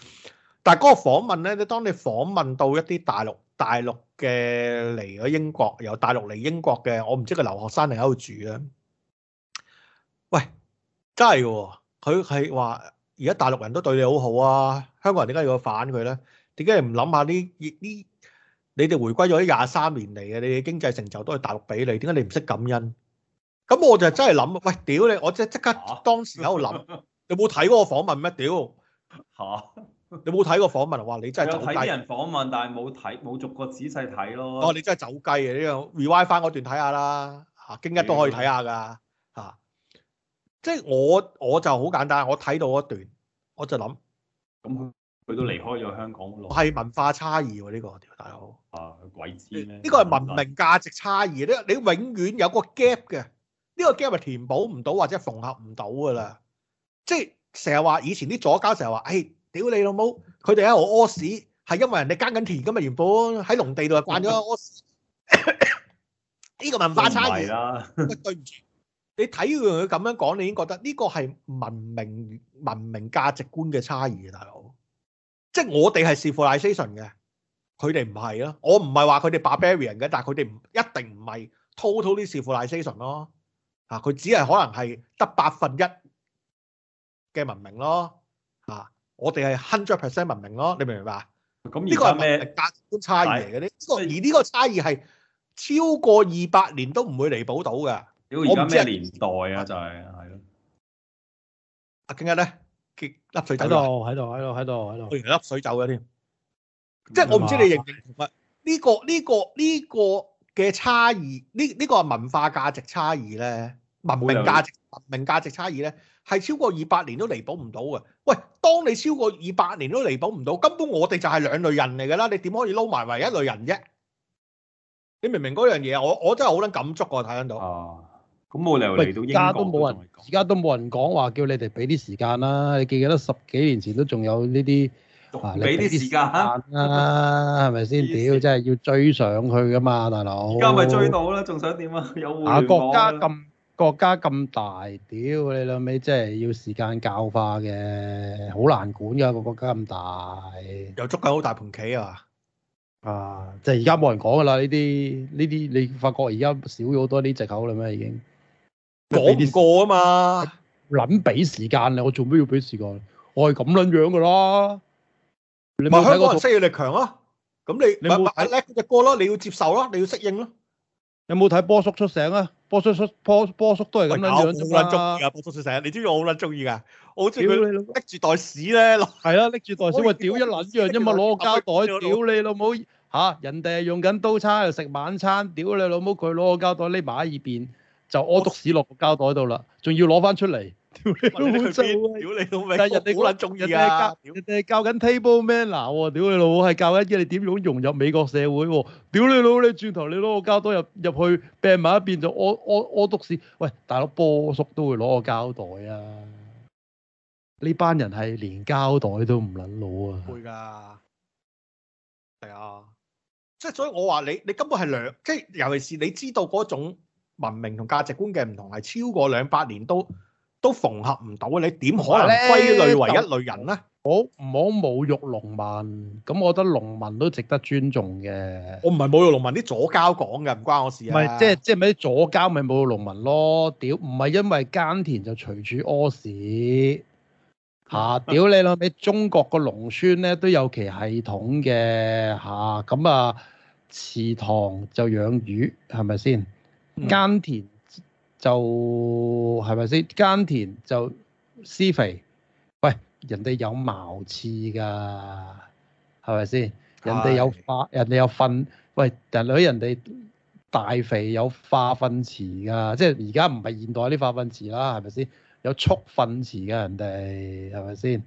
但係嗰個訪問咧，你當你訪問到一啲大陸大陸嘅嚟咗英國，由大陸嚟英國嘅，我唔知佢留學生定喺度住啊。喂，真係喎、哦，佢係話而家大陸人都對你好好啊，香港人點解要反佢咧？點解你唔諗下呢？呢你哋回歸咗啲廿三年嚟嘅，你哋經濟成就都係大陸俾你，點解你唔識感恩？咁我就真係諗，喂，屌你！我即即刻當時喺度諗，你冇睇嗰個訪問咩？屌嚇。啊你冇睇個訪問？話你真係有睇啲人訪問，但係冇睇，冇逐個仔細睇咯。哦，你真係走雞啊！呢個 re-wifi 嗰段睇下啦，嚇京一都可以睇下噶嚇。即係我我就好簡單，我睇到一段我就諗。咁佢都離開咗香港咯。係文化差異喎，呢、呢個屌大佬。啊鬼知咧？呢個係文明價值差異咧，你永遠有個 gap 嘅，呢、呢個 gap 係填補唔到或者係縫合唔到噶啦。即係成日話以前啲左膠成日話，哎。屌你老母！佢哋喺度屙屎，係因為人哋耕緊田㗎嘛？原本喺農地度就慣咗屙屎。呢個文化差異啊！對唔住，你睇佢咁樣講，你已經覺得呢個係文明、文明價值觀嘅差異啊，大佬。即係我哋係 civilisation 嘅，佢哋唔係咯。我唔係話佢哋 barbarian 嘅，但係佢哋唔一定唔係 totalistic civilisation 咯。啊，佢只係可能係得百分一嘅文明咯。我哋係 hundred percent 文明咯，你明唔明白？咁呢個係咩價值差異嚟嘅。呢個而呢個差異係超過二百年都唔會彌補到嘅。我唔知咩年代啊，就係係咯。阿京一咧，甩水喺度，喺度，喺度，喺度，喺度，甩水走嘅添。即係我唔知你認唔認同？係呢個呢、呢個呢、呢個嘅差異呢？呢、呢個係、呢個、文化價值差異咧，文明價值。名價值差異咧，係超過二百年都彌補唔到嘅。喂，當你超過二百年都彌補唔到，根本我哋就係兩類人嚟㗎啦。你點可以撈埋為一類人啫？你明唔明嗰樣嘢啊？我我真係好撚感觸㗎，睇緊到。哦。咁冇理由嚟到英國。唔係，而家都冇人，而家都冇人講話叫你哋俾啲時間啦。你記唔記得十幾年前都仲有呢啲？啊，俾啲時間啊，係咪先？屌，真係要追上去㗎嘛，大佬。而家咪追到啦，仲想點啊？有換啊？國家咁。國家咁大，屌你老味，真係要時間教化嘅，好難管㗎。個國家咁大，又捉緊好大盤棋啊！啊，即係而家冇人講㗎啦。呢啲呢啲，你發覺而家少咗好多呢隻口啦咩？已經講唔過啊嘛，諗俾時間啦！我做咩要俾時間？我係咁撚樣㗎啦。你問香港人適應力強啊！咁你唔係叻隻歌咯？你要接受咯、啊，你要適應咯、啊。有冇睇波叔出聲啊？波叔叔波波叔都係咁樣樣啫嘛，我好撚中意啊！波叔叔成日，你知唔知我好撚中意噶？好似佢拎住袋屎咧，係咯，拎住袋屎。我咪屌、 啊、一撚樣啫嘛，攞個膠袋屌你老母嚇！人哋用緊刀叉又食晚餐，屌你老母佢攞個膠袋匿埋喺耳邊，就屙篤屎落個膠袋度啦，仲要攞翻出嚟。屌你老母屌你老味、啊，但、 就是、人哋好撚中意㗎。日教緊 table manner 喎，屌你老母，係教緊啲你點樣融入美國社會喎。屌你老，你轉頭你攞個膠袋入入去病，病埋一邊就屙屙屙篤屎。喂，大佬波叔都會攞個膠袋啊！呢、嗯、班人係連膠袋都唔撚攞啊！會㗎，係啊，即係所以我話你，你根本係兩即係，尤其是你知道嗰種文明同價值觀嘅唔同係超過兩百年都。都縫合唔到啊！你點可能歸類為一類人呢？好唔好侮辱農民？咁我覺得農民都值得尊重嘅。我唔係侮辱農民，啲左膠講嘅唔關我事啊！咪即係即係咪啲左膠咪侮辱農民咯？屌唔係因為耕田就隨處屙屎嚇？屌你老味，你中國個農村咧都有其系統嘅吓，咁啊池塘、啊、就養魚係咪先？耕、嗯、田。就係咪先耕田就施肥？喂，人哋有茅廁㗎，係咪先？人哋有化人哋有糞，喂人哋人哋大肥有化糞池㗎，即係而家唔係現代啲化糞池啦，係咪先？有畜糞池㗎、啊，人哋係咪先？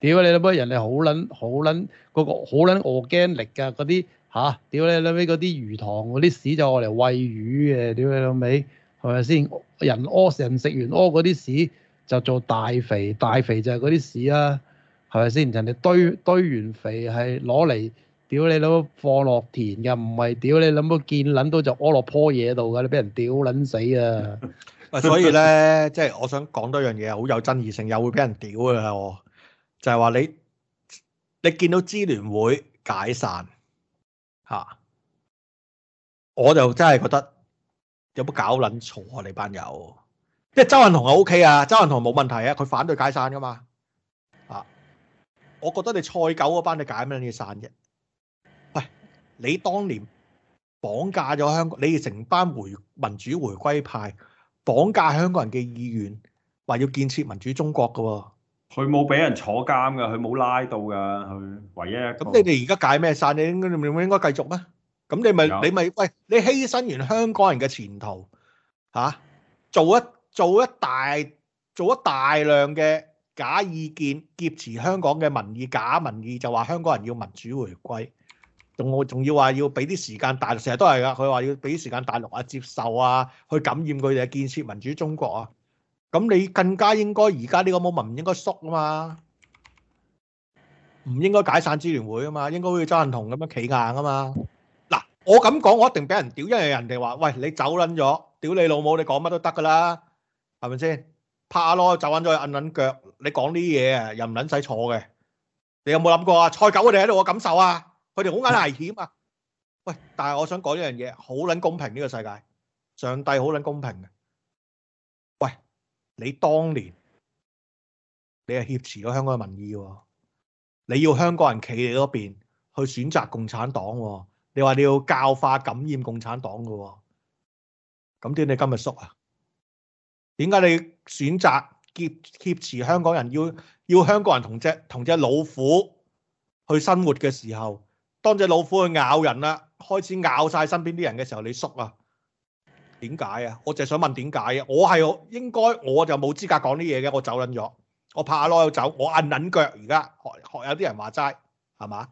屌、啊啊、你老尾，人哋好撚好撚嗰個好撚惡驚力㗎嗰啲吓，屌你老尾嗰啲魚塘嗰啲屎就我嚟餵魚嘅，屌你老味。係咪先？人屙，成，食完屙嗰啲屎就做大肥，大肥就係嗰啲屎啦、啊。係咪先？人哋堆堆完肥係攞嚟，屌你老母，放落田噶，唔係屌你諗到見捻到就屙落棵嘢度噶，你俾人屌捻死啊！ 所以咧，即、就、係、是、我想講多樣嘢，好有爭議性，又會俾人屌噶。就係話你，你見到支聯會解散，吓、啊，我就真係覺得。有冇搞撚錯啊？你班友，即係周云同啊 OK 啊，周云同冇問題啊，佢反對解散噶嘛啊？我覺得你賽狗嗰班，你解咩嘢散啫？喂、哎，你當年綁架咗香港，你哋成班回民主回歸派綁架香港人嘅意願，話要建設民主中國噶、啊？佢冇俾人坐監噶，佢冇拉到噶，佢唯一咁你哋而家解咩散？你應唔應該繼續咩？咁你咪你咪喂，你犧牲完香港人嘅前途吓，做一做一大做一大量嘅假意見劫持香港嘅民意，假民意就話香港人要民主回歸，仲我仲要話要俾啲時間大陸，成日都係㗎，佢話要俾啲時間大陸啊接受啊，去感染佢哋啊建設民主中國啊，咁你更加應該而家呢個冇文唔應該縮啊嘛，唔應該解散支聯會啊嘛，應該好似鄒幸彤咁樣企硬啊嘛。我咁講，我一定俾人屌，因為人哋話，喂，你走捻咗，屌你老母，你講乜都得噶啦，係咪先？怕咯，走捻咗去揞捻腳，你講呢啲嘢啊，又唔捻使坐嘅。你有冇諗過啊？賽狗佢哋喺度嘅感受啊，佢哋好捻危險啊！ 喂，但係我想講一樣嘢，好捻公平呢個世界，上帝好捻公平嘅。喂，你當年你係挾持咗香港嘅民意，你要香港人企你嗰邊去選擇共產黨啊。你話你要教化感染共產黨嘅喎，咁點你今日縮啊？點解你選擇劫劫持香港人？要要香港人同隻同隻老虎去生活嘅時候，當隻老虎去咬人啦，開始咬晒身邊啲人嘅時候，你縮啊？點解啊？我就係想問點解啊？我係應該我就冇資格講啲嘢嘅，我走撚咗，我拍下攞走，我摁撚腳。而家學學有啲人話齋係嘛？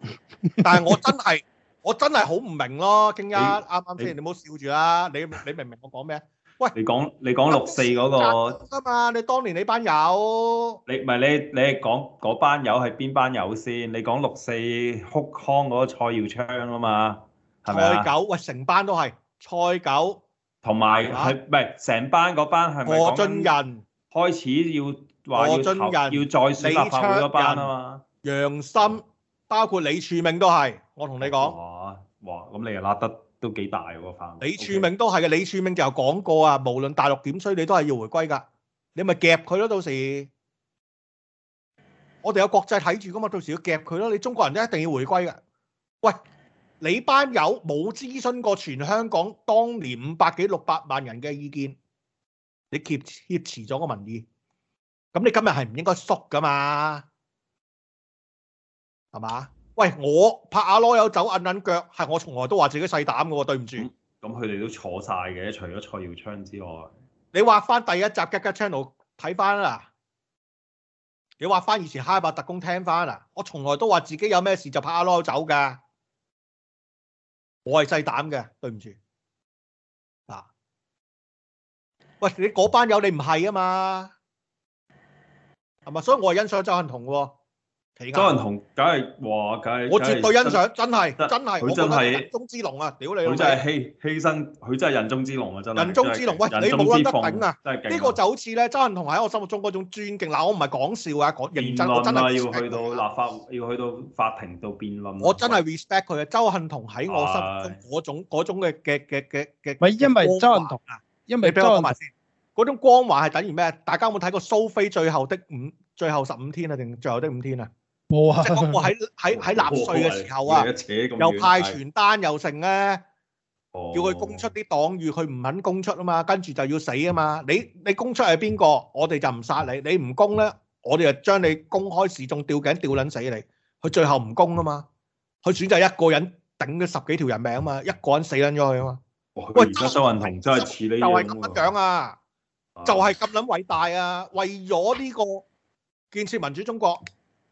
但係我真係。 我真係好唔明咯，京一，啱啱先你唔好笑住啦，你你明唔明我講咩？喂，你講你講六四嗰個啊嘛，你當年你班友，你唔係你你係講嗰班友係邊班友先？你講六四哭腔嗰個蔡耀昌啊嘛，係咪啊？蔡狗，喂，成班都係蔡狗，同埋係唔係成班嗰班係咪講？何俊仁開始要話要要再選立法會嗰班啊嘛，楊森。包括李柱銘都係，我同你講。哇，咁你又拉得都幾大喎，反李柱銘都係嘅。李柱銘就講過啊，無論大陸點衰，你都係要回歸噶。你咪夾佢咯，到時我哋有國際睇住噶嘛，到時要夾佢咯。你中國人都一定要回歸噶。喂，你班友冇諮詢過全香港當年五百幾六百萬人嘅意見，你挾挾持咗個民意，咁你今日係唔應該縮噶嘛？係嘛？喂，我拍阿羅有走，揞揞腳，係我從來都話自己細膽嘅，對唔住。咁佢哋都坐晒嘅，除咗蔡耀昌之外。你話翻第一集 Gadget Channel 睇翻啦，你話翻以前《哈伯特工》聽翻啦，我從來都話自己有咩事就拍阿羅有走噶，我係細膽嘅，對唔住。嗱、啊，喂，你嗰班友你唔係啊嘛，係嘛？所以我係欣賞周欣同喎。周幸彤梗係話，梗係我絕對欣賞，真係真係，佢真係人中之龍啊！屌你老！佢真係犧犧牲，佢真係人中之龍啊！真係人中之龍，喂，你冇得頂啊！呢個就好似咧，周幸彤喺我心目中嗰種尊敬。嗱，我唔係講笑啊，講認真，我真係要去到立法，要去到法庭度辯論。我真係 respect 佢啊！周幸彤喺我心中嗰種嗰種嘅嘅嘅嘅嘅，唔係因為周幸彤啊，因為畀我講埋先，嗰種光環係等於咩？大家有冇睇過《蘇菲最後的五最後十五天》啊？定《最後的五天》啊？即係我喺喺喺納稅嘅時候啊，又派傳單又剩咧，叫佢供出啲黨羽，佢唔肯供出啊嘛，跟住就要死啊嘛。你你供出係邊個，我哋就唔殺你；你唔供咧，我哋就將你公開示眾，吊頸吊撚死你。佢最後唔供啊嘛，佢選擇一個人頂咗十幾條人命啊嘛，一個人死撚咗佢啊嘛。喂，而家蘇雲同真係似呢樣嘢，就係咁樣講啊，就係咁撚偉大啊，為咗呢個建設民主中國。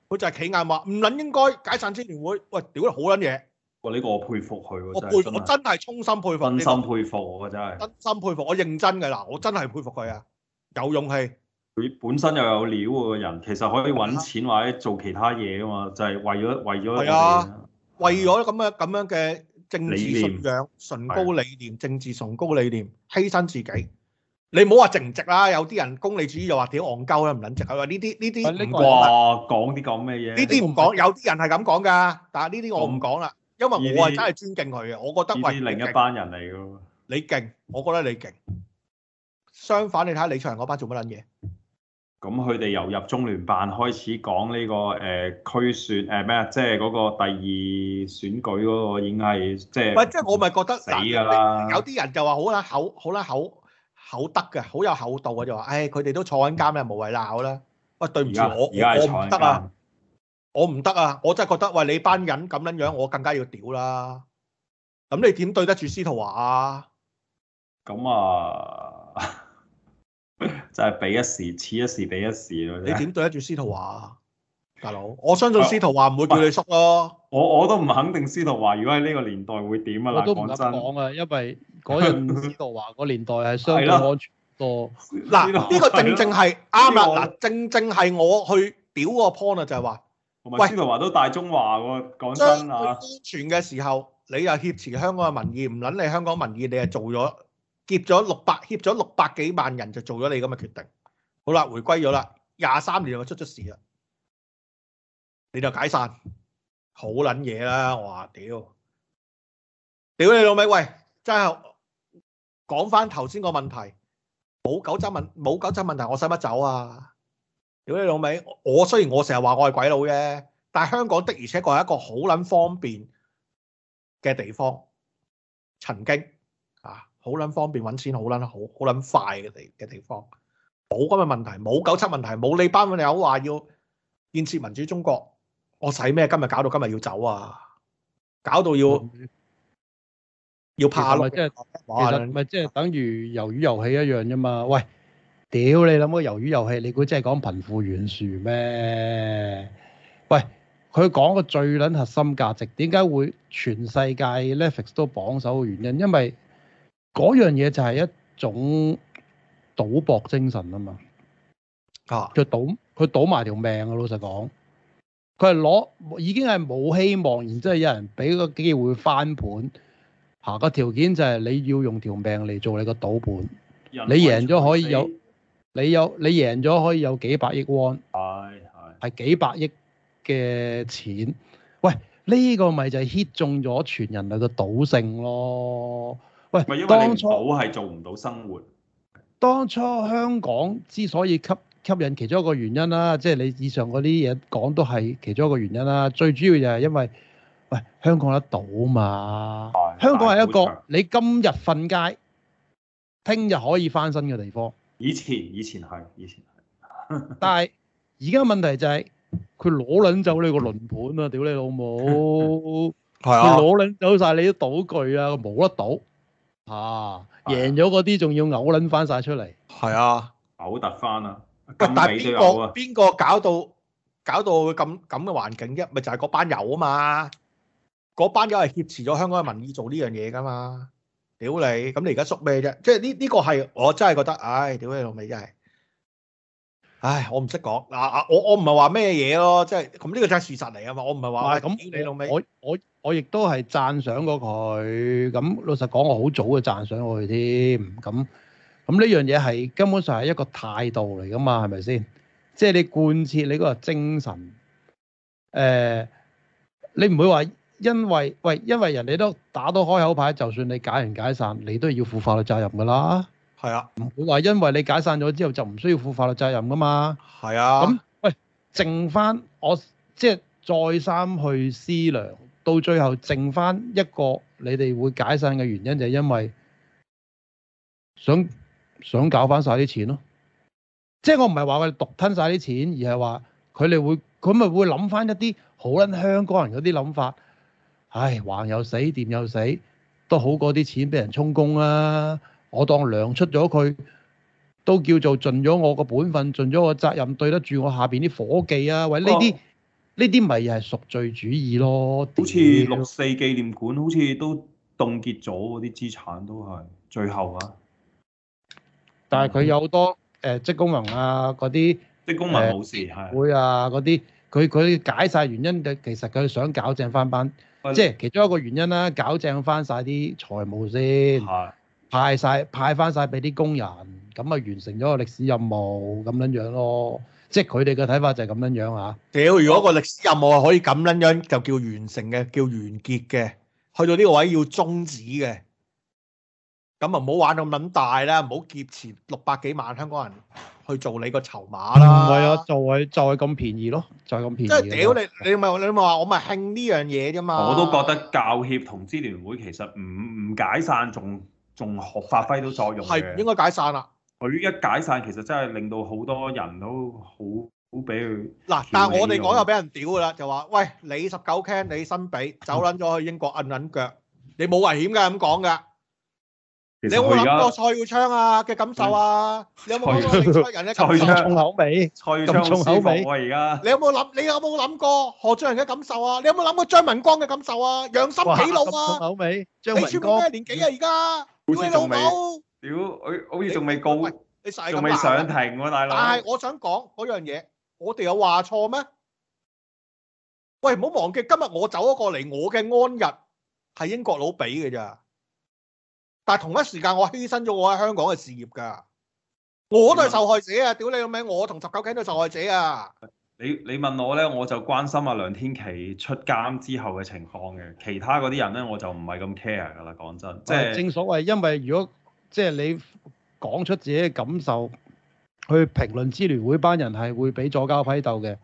佢就係企硬話唔撚應該解散支聯會，喂，屌得好撚嘢！喂，呢個我佩服佢，我佩我真係衷心佩服，真心佩服我真係真心佩服，我認真嘅嗱，我真係佩服佢啊，有勇氣，佢本身又有料嘅人，其實可以揾錢或者做其他嘢啊嘛，就係為咗為咗係啊，為咗咁嘅咁樣嘅政治信仰崇高理念、政治崇高理念犧牲自己。你唔好話值唔值啦，有啲人功利主義又話屌戇鳩啦，唔捻值，佢話呢啲呢啲唔啩，講啲講咩嘢。呢啲唔講，有啲人係咁講噶，但係呢啲我唔講啦，因為我係真係尊敬佢嘅，我覺得喂。呢啲另一班人嚟噶咯。你勁，我覺得你勁。相反，你睇下李卓人嗰班做乜捻嘢？咁佢哋由入中聯辦開始講呢個誒區選誒咩啊？即係嗰個第二選舉嗰個已經係即係。唔係，即係我咪覺得死噶啦！有啲人就話好啦口，好啦口。口德嘅，好有厚道嘅就話，唉、哎，佢哋都坐緊監嘅，無謂鬧啦。喂，對唔住，我而家我唔得啊，我唔得啊，我真係覺得喂，你班人咁樣樣，我更加要屌啦。咁你點對得住司徒華啊？咁啊，真係彼一時，此一時彼一時，你點對得住司徒華、啊？大佬，我相信司徒華唔會叫你叔咯、啊。我我都唔肯定司徒華如果喺呢個年代會點啊？啦，講真。講啊，因為。嗰陣司徒華個年代係相對安全多。嗱，呢個正正係啱啦。嗱，正正係我去屌個 point 啊，就係話，同埋司徒華都大中華喎。講真啊，將佢依存嘅時候，你又挾持香港嘅民意，唔撚你香港民意，你係做咗劫咗六百，劫咗六百幾萬人就做咗你咁嘅決定。好啦，回歸咗啦，廿三年就出咗事啦，你就解散，好撚嘢啦！我話屌，屌你老味！喂，真係～講翻頭先個問題，冇九七問冇九七問題，問題我使乜走啊？屌你老味，我雖然我成日話我係鬼佬啫，但係香港的而且確係一個好撚方便嘅地方，曾經啊，好撚方便揾錢，好撚好好撚快嘅地嘅地方。冇咁嘅問題，冇九七問題，冇你班友話要建設民主中國，我使咩今日搞到今日要走啊？搞到要。嗯要怕咪即係，其即係、就是、等於魷魚遊戲一樣啫嘛。喂，屌你諗個魷魚遊戲，你估真係講貧富懸殊咩，嗯？喂，佢講個最捻核心價值，點解會全世界 Netflix 都榜首嘅原因？因為嗰樣嘢就係一種賭博精神啊嘛。啊，佢賭，佢賭埋條命啊！老實講，佢係攞已經係冇希望，然之後有人俾個機會翻盤。啊個條件就係你要用條命嚟做你個賭本，你贏咗可以有，你有你贏咗可以有幾百億彎，係幾百億嘅錢喂，呢個咪就係 hit 中咗全人類嘅賭性咯。喂，當初賭係做唔到生活當。當初香港之所以吸吸引其中一個原因啦，即係你以上嗰啲嘢講都係其中一個原因啦。最主要就係因為。喂，香港得賭嘛？香港係一個你今日瞓街，聽日可以翻身嘅地方。以前、以前係、以前係。 但係而家問題就係佢攞撚走你個輪盤啊！屌你老母，佢攞撚走晒你啲賭具啊！冇得賭嚇、啊啊，贏咗嗰啲仲要嘔撚翻晒出嚟。係啊，嘔突翻啊！但係邊個邊個搞到搞到咁咁嘅環境啫？咪就係嗰班友啊嘛！嗰班友係挾持咗香港嘅民意做呢樣嘢㗎嘛？屌你！咁你而家縮咩啫？即係呢呢個係我真係覺得，唉、哎，屌你老味真係，唉，我唔識講，嗱嗱，我我唔係話咩嘢咯，即係咁呢個就係事實嚟啊嘛，我唔係話屌你老味。我我我亦都係讚賞過佢。咁老實講，我好早就讚賞過佢添。咁咁呢樣嘢係根本上係一個態度嚟㗎嘛，係咪先？即係你貫徹你嗰個精神，誒、呃，你唔會話。因為喂，因為人哋都打到開口牌，就算你解人解散，你都要負法律責任噶啦。係啊，唔會話因為你解散咗之後就唔需要負法律責任噶嘛。係啊，咁喂，剩翻我即再三去思量，到最後剩翻一個你哋會解散嘅原因，就係因為想想搞翻晒啲錢咯。即係我唔係話我哋獨吞晒啲錢，而係話佢哋會佢咪會諗翻一啲好撚香港人嗰啲諗法。唉，橫又死，掂又死，都好過啲錢俾人充公啊！我當糧出咗佢，都叫做盡咗我個本分，盡咗我責任，對得住我下邊啲伙計啊！喂，呢啲呢啲咪又係贖罪主義咯？好似六四紀念館好似都凍結咗嗰啲資產都，都係最後啊！但係佢有好多誒、呃、職工盟啊，嗰啲職工盟冇事會、呃、啊，嗰啲佢佢解晒原因，其實佢想搞正翻班。即係其中一個原因啦，搞正翻晒啲財務先，派曬派翻曬俾啲工人，咁啊完成咗個歷史任務咁樣樣咯。即係佢哋嘅睇法就係咁樣樣啊。屌，如果個歷史任務係可以咁樣樣就叫完成嘅，叫完結嘅，去到呢個位要終止嘅，咁啊唔好玩到咁撚大啦，唔好劫持六百幾萬香港人。去做你個籌碼啦！唔係啊，就係就係咁便宜咯，就係咁便宜。即係屌你，你咪你咪話我咪興呢樣嘢啫嘛！我都覺得教協同支聯會其實唔唔解散，仲仲可發揮到作用嘅。係應該解散啦！佢一解散，其實真係令到好多人都好好俾佢。嗱，但係我哋講又俾人屌噶啦，就話：喂，你十九 Ken，你幸比走撚咗去英國印撚腳，你冇危險㗎，咁講㗎。你有冇諗過蔡耀昌啊嘅感受啊？你有冇何俊輝人咧？蔡耀昌重口味，蔡耀昌重口味。而家你有冇諗？你有冇諗過何俊仁嘅感受啊？你有冇諗過張文光嘅感受啊？良心幾老啊？重口味。張文光咩年紀啊？而家好似仲未，屌佢，好似仲未告，仲未上庭喎大佬。但係我想講嗰樣嘢，我哋有話錯咩？喂，唔好忘記今日我走咗過嚟，我嘅安逸係英國佬俾嘅咋。但同一時間，我犧牲咗我喺香港嘅事業㗎，我都係受害者啊！屌你個名，我同十九 Ken 都受害者啊！你你問我咧，我就關心啊梁天琦出監之後嘅情況嘅，其他嗰啲人咧我就唔係咁 care 㗎啦，講真。即係正所謂，因為如果即係你講出自己嘅感受去評論支聯會班人係會俾左交批鬥嘅，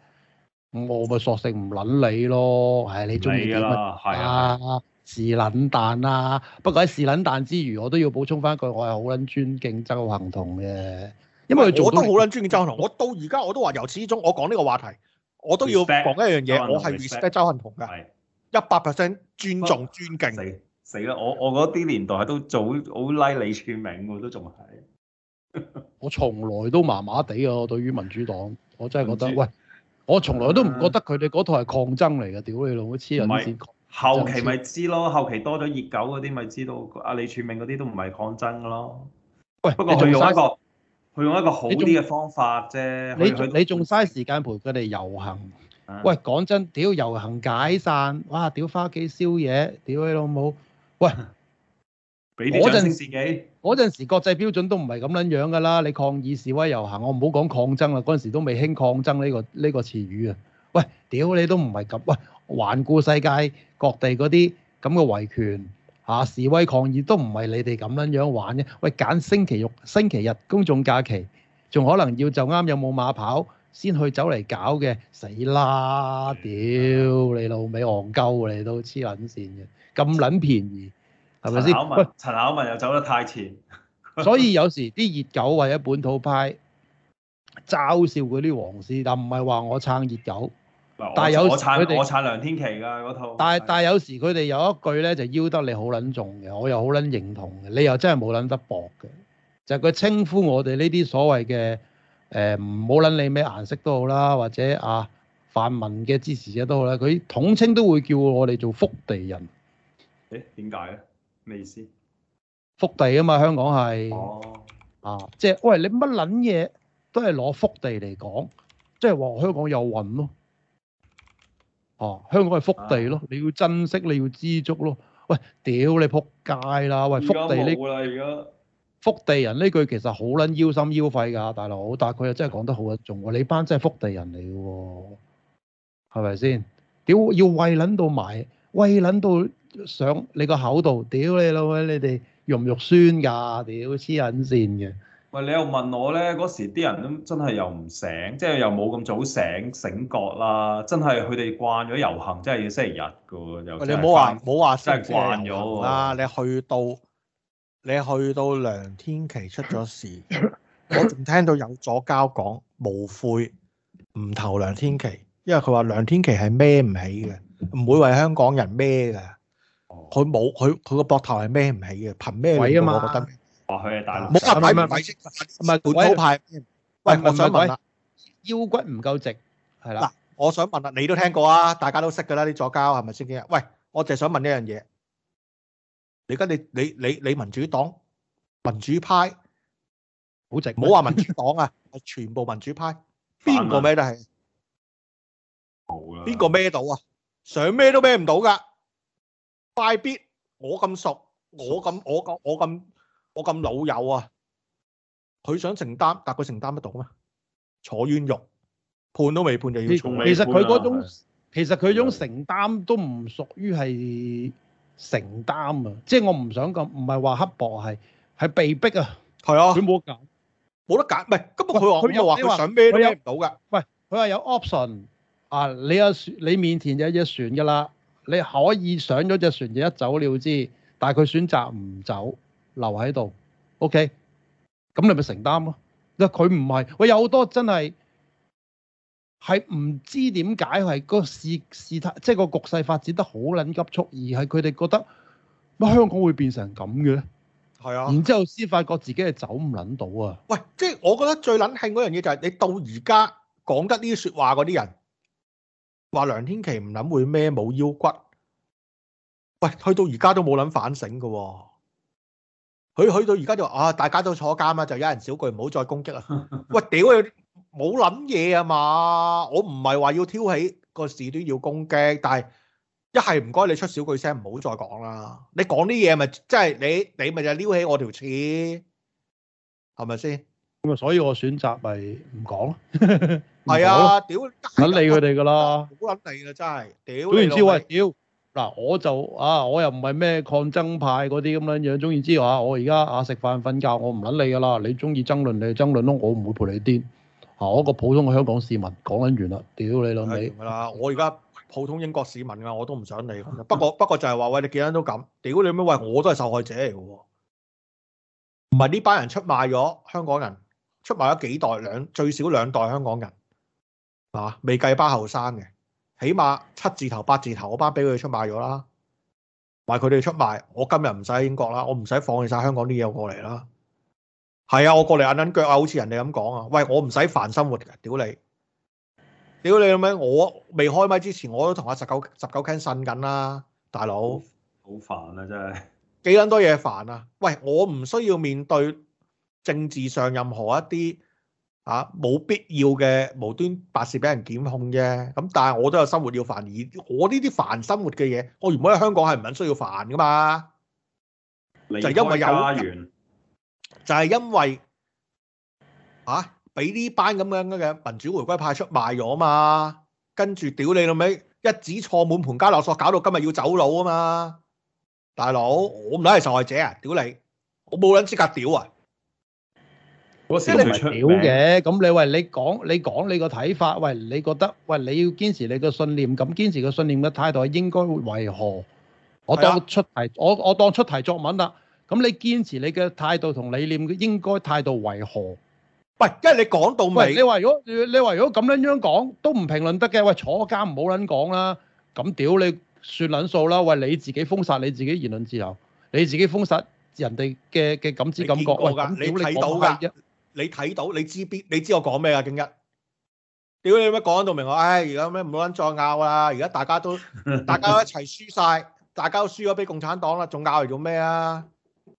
我咪索性唔揾你咯，係你中意啲乜啊？是冷淡啊，不過喺「是冷淡」之餘，我都要補充翻一句，我係好撚尊敬周幸彤嘅，因為我都好撚尊敬周幸彤。我到而家我都話，由始至終，我講呢個話題，我都要講一樣嘢，我係 respect 周幸彤㗎，一百 percent 尊重尊敬。你！死啦！我我嗰啲年代都做好拉你李柱銘喎，都仲係。 我從來都麻麻地啊！我對於民主黨，我真係覺得喂，我從來都唔覺得佢哋嗰套係抗爭嚟嘅，屌你老母黐後期咪知咯，後期多咗熱狗嗰啲咪知道，阿李柱銘嗰啲都唔係抗爭噶咯。喂，不過佢用一個佢用一個好啲嘅方法啫。你他他你仲嘥時間陪佢哋遊行？啊、喂，講真，屌遊行解散，哇，屌翻屋企宵夜，屌你老母！喂，嗰陣時嗰陣時國際標準都唔係咁撚樣噶啦，你抗議示威遊行，我唔好講抗爭啦，嗰陣時都未興抗爭呢個呢個詞語啊。喂，屌你都唔係咁，喂。環顧世界各地嗰啲咁嘅維權嚇、啊、示威抗議都唔係你哋咁樣樣玩嘅。喂，揀星期六、星期日公眾假期，仲可能要就啱有冇馬跑先去走嚟搞嘅，死啦！嗯、屌你老尾，戇鳩你都黐撚線嘅，咁撚便宜係咪先？陳巧文，文又走得太前， 所以有時啲熱狗為咗本土派嘲笑嗰啲黃絲，但唔係話我撐熱狗。但係有時佢哋，我撐梁天琦㗎嗰套。但係但係有時佢哋有一句咧，就邀得你好撚重嘅，我又好撚認同嘅，你又真係冇撚得博嘅。就佢、係、稱呼我哋呢啲所謂嘅誒，冇、呃、撚你咩顏色都好啦，或者啊泛民嘅支持者都好啦，佢統稱都會叫我哋做福地人。誒點解咧？咩意思？福地啊嘛，香港係、哦。啊，即係喂，你乜撚嘢都係攞福地嚟講，即係話香港有運咯、啊。哦、啊，香港係福地咯，你要珍惜，你要知足咯。喂，屌你仆街啦！喂，福地呢，福地人呢句其實好撚腰心腰肺㗎，大佬，但係佢又真係講得好一重喎。你班真係福地人嚟㗎，係咪先？屌要為撚到埋，為撚到上你個口度，屌你老味，你哋肉唔肉酸㗎？屌黐撚線嘅！喂，你又問我咧？嗰時啲人都真係又唔醒，即係又冇咁早醒醒，醒覺啦。真係佢哋慣咗遊行，真係要星期日嘅喎。又真係慣咗啦。你去到你去到梁天琦出咗事， 我仲聽到有左膠講無悔唔投梁天琦，因為佢話梁天琦係孭唔起嘅，唔會為香港人孭嘅。佢冇佢佢個膊頭係孭唔起嘅，憑咩？鬼啊嘛！我覺得話佢係大陸，唔係派唔係，唔係本土派。喂，我想問啦，腰骨唔夠直，係啦。嗱，我想問啦，你都聽過啊，大家都識噶啦，啲左膠係咪先？喂，我淨係想問一樣嘢，你而家你你你你民主黨民主派好直，唔好話民主黨啊，係全部民主派，邊個咩都係好噶，邊個咩到啊？想咩都咩唔到噶，快必！我咁熟，我咁我咁我咁。我咁老友啊，佢想承擔，但佢承擔得到咩？坐冤獄判都未判就要坐。其實佢嗰種其實佢種承擔都唔屬於係承擔啊，即係我唔想咁，唔係話刻薄，係係被逼啊。係啊，佢冇得揀，冇得揀。喂，根本佢話佢冇話佢想咩佢揀唔到嘅。喂，佢話有 option 啊，你有你面前有隻船噶啦，你可以上咗隻船就一走了之，但係佢選擇唔走。留喺度，OK，咁你咪承擔咯。嗱，佢唔係，我有好多真係係唔知點解係個事事態，即、就、係、是、個局勢發展得好撚急速，而係佢哋覺得乜香港會變成咁嘅咧？係、嗯、啊。然之後先發覺自己係走唔撚到啊！喂，即係我覺得最撚慶嗰樣嘢就係你到而家講得呢啲説話嗰啲人，話梁天琦唔撚會咩冇腰骨，喂，去到而家都冇撚反省嘅喎、哦。佢去到而家就話啊，大家都坐監啊，就有人少句，唔好再攻擊啦。喂，屌你，冇諗嘢啊嘛！我唔係話要挑起個事端要攻擊，但係一係唔該你出少句聲，唔好再講啦。你講啲嘢咪即係你你咪就撩起我條刺，係咪先？咁啊，所以我選擇咪唔講咯。係啊，屌你，唔理佢哋噶啦，冇諗你啦，真係。有人知喂，屌！嗱，我就啊，我又唔係咩抗爭派嗰啲咁樣樣，中意之話，我而家啊食飯瞓覺，我唔撚你噶啦，你中意爭論你爭論咯，我唔會陪你癲。啊，我一個普通嘅香港市民講緊完啦，屌你老味！係啦，我而家普通英國市民啊，我都唔想理。不過不過就係話喂，你幾人都咁，屌你咩？喂，我都係受害者嚟嘅喎，唔係呢班人出賣咗香港人，出賣咗幾代兩最少兩代香港人，係、啊、未計班後生嘅。起碼七字頭、八字頭，我班俾佢哋出賣咗啦，埋佢哋出賣，我今日唔使去英國啦，我唔使放棄晒香港啲嘢過嚟啦。係啊，我過嚟眼捻腳啊，好似人哋咁講啊。喂，我唔使煩生活嘅，屌你，屌你咁樣，我未開咪之前，我都同阿十九十九 Ken 呻緊啦，大佬。好煩啊，真係幾捻多嘢煩啊！喂，我唔需要面對政治上任何一啲。嚇、啊、冇必要嘅無端白事俾人檢控啫，咁但係我都有生活要煩，而我呢啲煩生活嘅嘢，我原本喺香港係唔肯需要煩噶嘛？離開家園就係、是、因為嚇俾呢班咁樣嘅民主回歸派出賣咗嘛，跟住屌你老味，一指錯滿盤皆落索，搞到今日要走佬啊嘛！大佬我唔係受害者啊，屌你！我冇撚資格屌啊！即係你唔係屌嘅，咁你話你講你講你個睇法，喂你覺得喂你要堅持你個信念，咁堅持個信念嘅態度應該為何？我當出題，我我當出題作文啦。咁你堅持你嘅態度同理念，應該態度為何？唔係，因為你講到尾。喂，你話如果你話如果咁樣樣講，都唔評論得嘅。喂，坐監唔好撚講啦。咁屌你算撚數啦。喂，你自己封殺你自己言論自由，你自己封殺人哋嘅嘅感知感覺。喂，屌你講乜嘢？你睇到，你知邊，你知我講咩啊？京一，屌你咩？講到明我？唉，而家咩唔好撚再拗啦！而家大家都，大家都一齊輸晒，大家都輸咗俾共產黨啦，仲拗嚟做咩啊？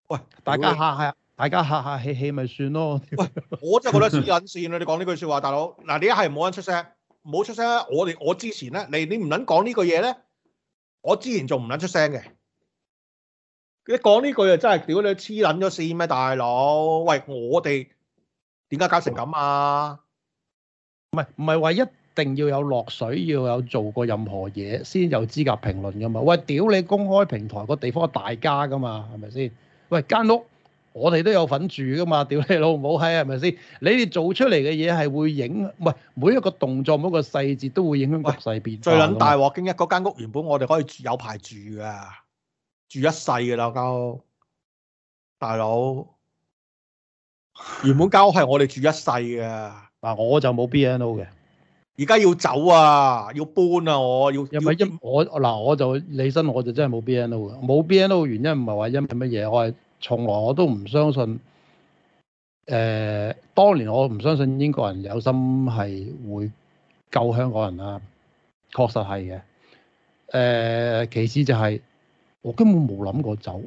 喂，大家嚇嚇喂，大家嚇嚇，大家客客氣氣咪算咯。喂， 我真係覺得黐撚線啦！你講呢句説話，大佬嗱，你一係唔好撚出聲，唔好出聲。我哋我之前咧，你你唔撚講呢句嘢咧，我之前仲唔撚出聲嘅。你講呢句又真係屌你黐撚咗線咩，大佬？喂，我哋。點解搞成咁啊？唔係唔係話一定要有落水，要有做過任何嘢先有資格評論噶嘛？喂，屌你！公開平台個地方係大家噶嘛？係咪先？喂，間屋我哋都有份住噶嘛？屌你老母閪係咪先？你哋做出嚟嘅嘢係會影，唔係每一個動作，每一個細節都會影響局勢變化。最捻大鑊，驚一嗰間屋原本我哋可以住，有排住啊，住一世噶啦，交大佬。原本間屋係我哋住一世嘅，嗱我就冇 B N O 嘅，而家要走啊，要搬啊我要，我要。係咪因我嗱我就你身，我就，我就真係冇 B N O 嘅，冇 B N O 嘅原因唔係話因乜嘢，我係從來我都唔相信，誒、呃、當年我唔相信英國人有心係會救香港人啊，確實係嘅，誒、呃、其次就係、是、我根本冇諗過走。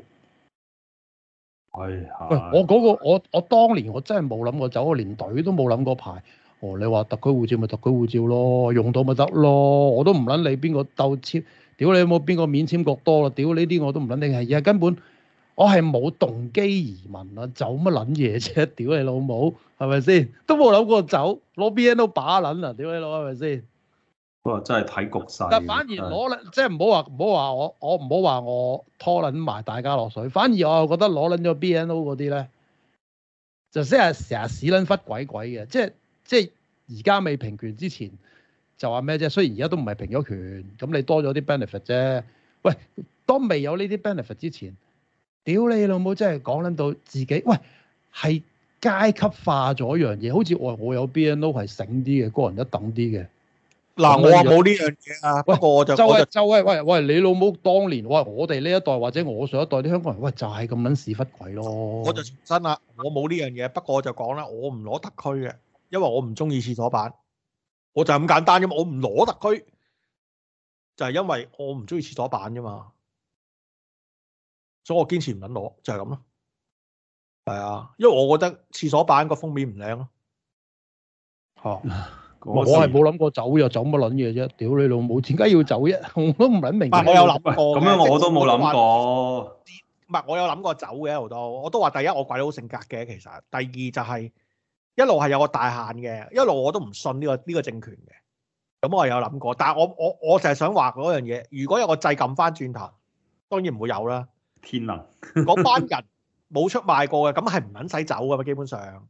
係、哎、係，我嗰、嗰個我我當年我真係冇諗過走，我連隊都冇諗過排。哦，你話特區護照咪特區護照咯，用到咪得咯。我都唔捻你邊個鬥簽，屌你有冇邊個免簽國多啦？屌呢啲我都唔捻理，係根本我係冇動機移民啦、啊，走乜捻嘢啫？屌你老母，係咪先？都冇諗過走，攞 BNO 把捻啦，屌你老母，係咪先？真係睇局勢，但反而攞即係唔好話唔好話我，我唔好話我拖撚埋大家落水。反而我又覺得攞撚咗 BNO 嗰啲咧，就即係成日屎撚忽鬼鬼嘅。即係即係而家未平權之前，就話咩啫？雖然而家都唔係平咗權，咁你多咗啲 benefit 啫。喂，當未有呢啲 benefit 之前，屌你老母，真係講撚到自己。喂，係階級化咗一樣嘢，好似我我有 BNO 係醒啲嘅，個人一等啲嘅。嗱，我話冇呢樣嘢啊，不過我就周威周威，喂喂，你老母當年喂，我哋呢一代或者我上一代啲香港人喂，就係咁撚屎忽鬼咯。我就重申啦，我冇呢樣嘢，不過我就講啦，我唔攞特區嘅，因為我唔中意廁所板。我就係咁簡單啫嘛，我唔攞特區，就係因為我唔中意廁所板啫嘛。所以我堅持唔撚攞，就係咁咯。係啊，因為我覺得廁所板個封面唔靚咯。嚇～我係冇諗過走又走乜撚嘢啫，屌你老母，點解要走啫？我都唔諗明白。白。我有諗過，過，咁樣我都冇諗過。唔係我有諗過走嘅，我都說我，我都話第一我怪你好性格嘅，其實第二就係、是、一路係有個大限嘅，一路我都唔信呢、呢個呢、呢個政權嘅。咁我有諗過，但係我我我就係想話嗰樣嘢，如果有個制撳翻轉頭，當然唔會有啦。天啊！嗰 班人冇出賣過嘅，咁係唔撚使走嘅嘛，基本上。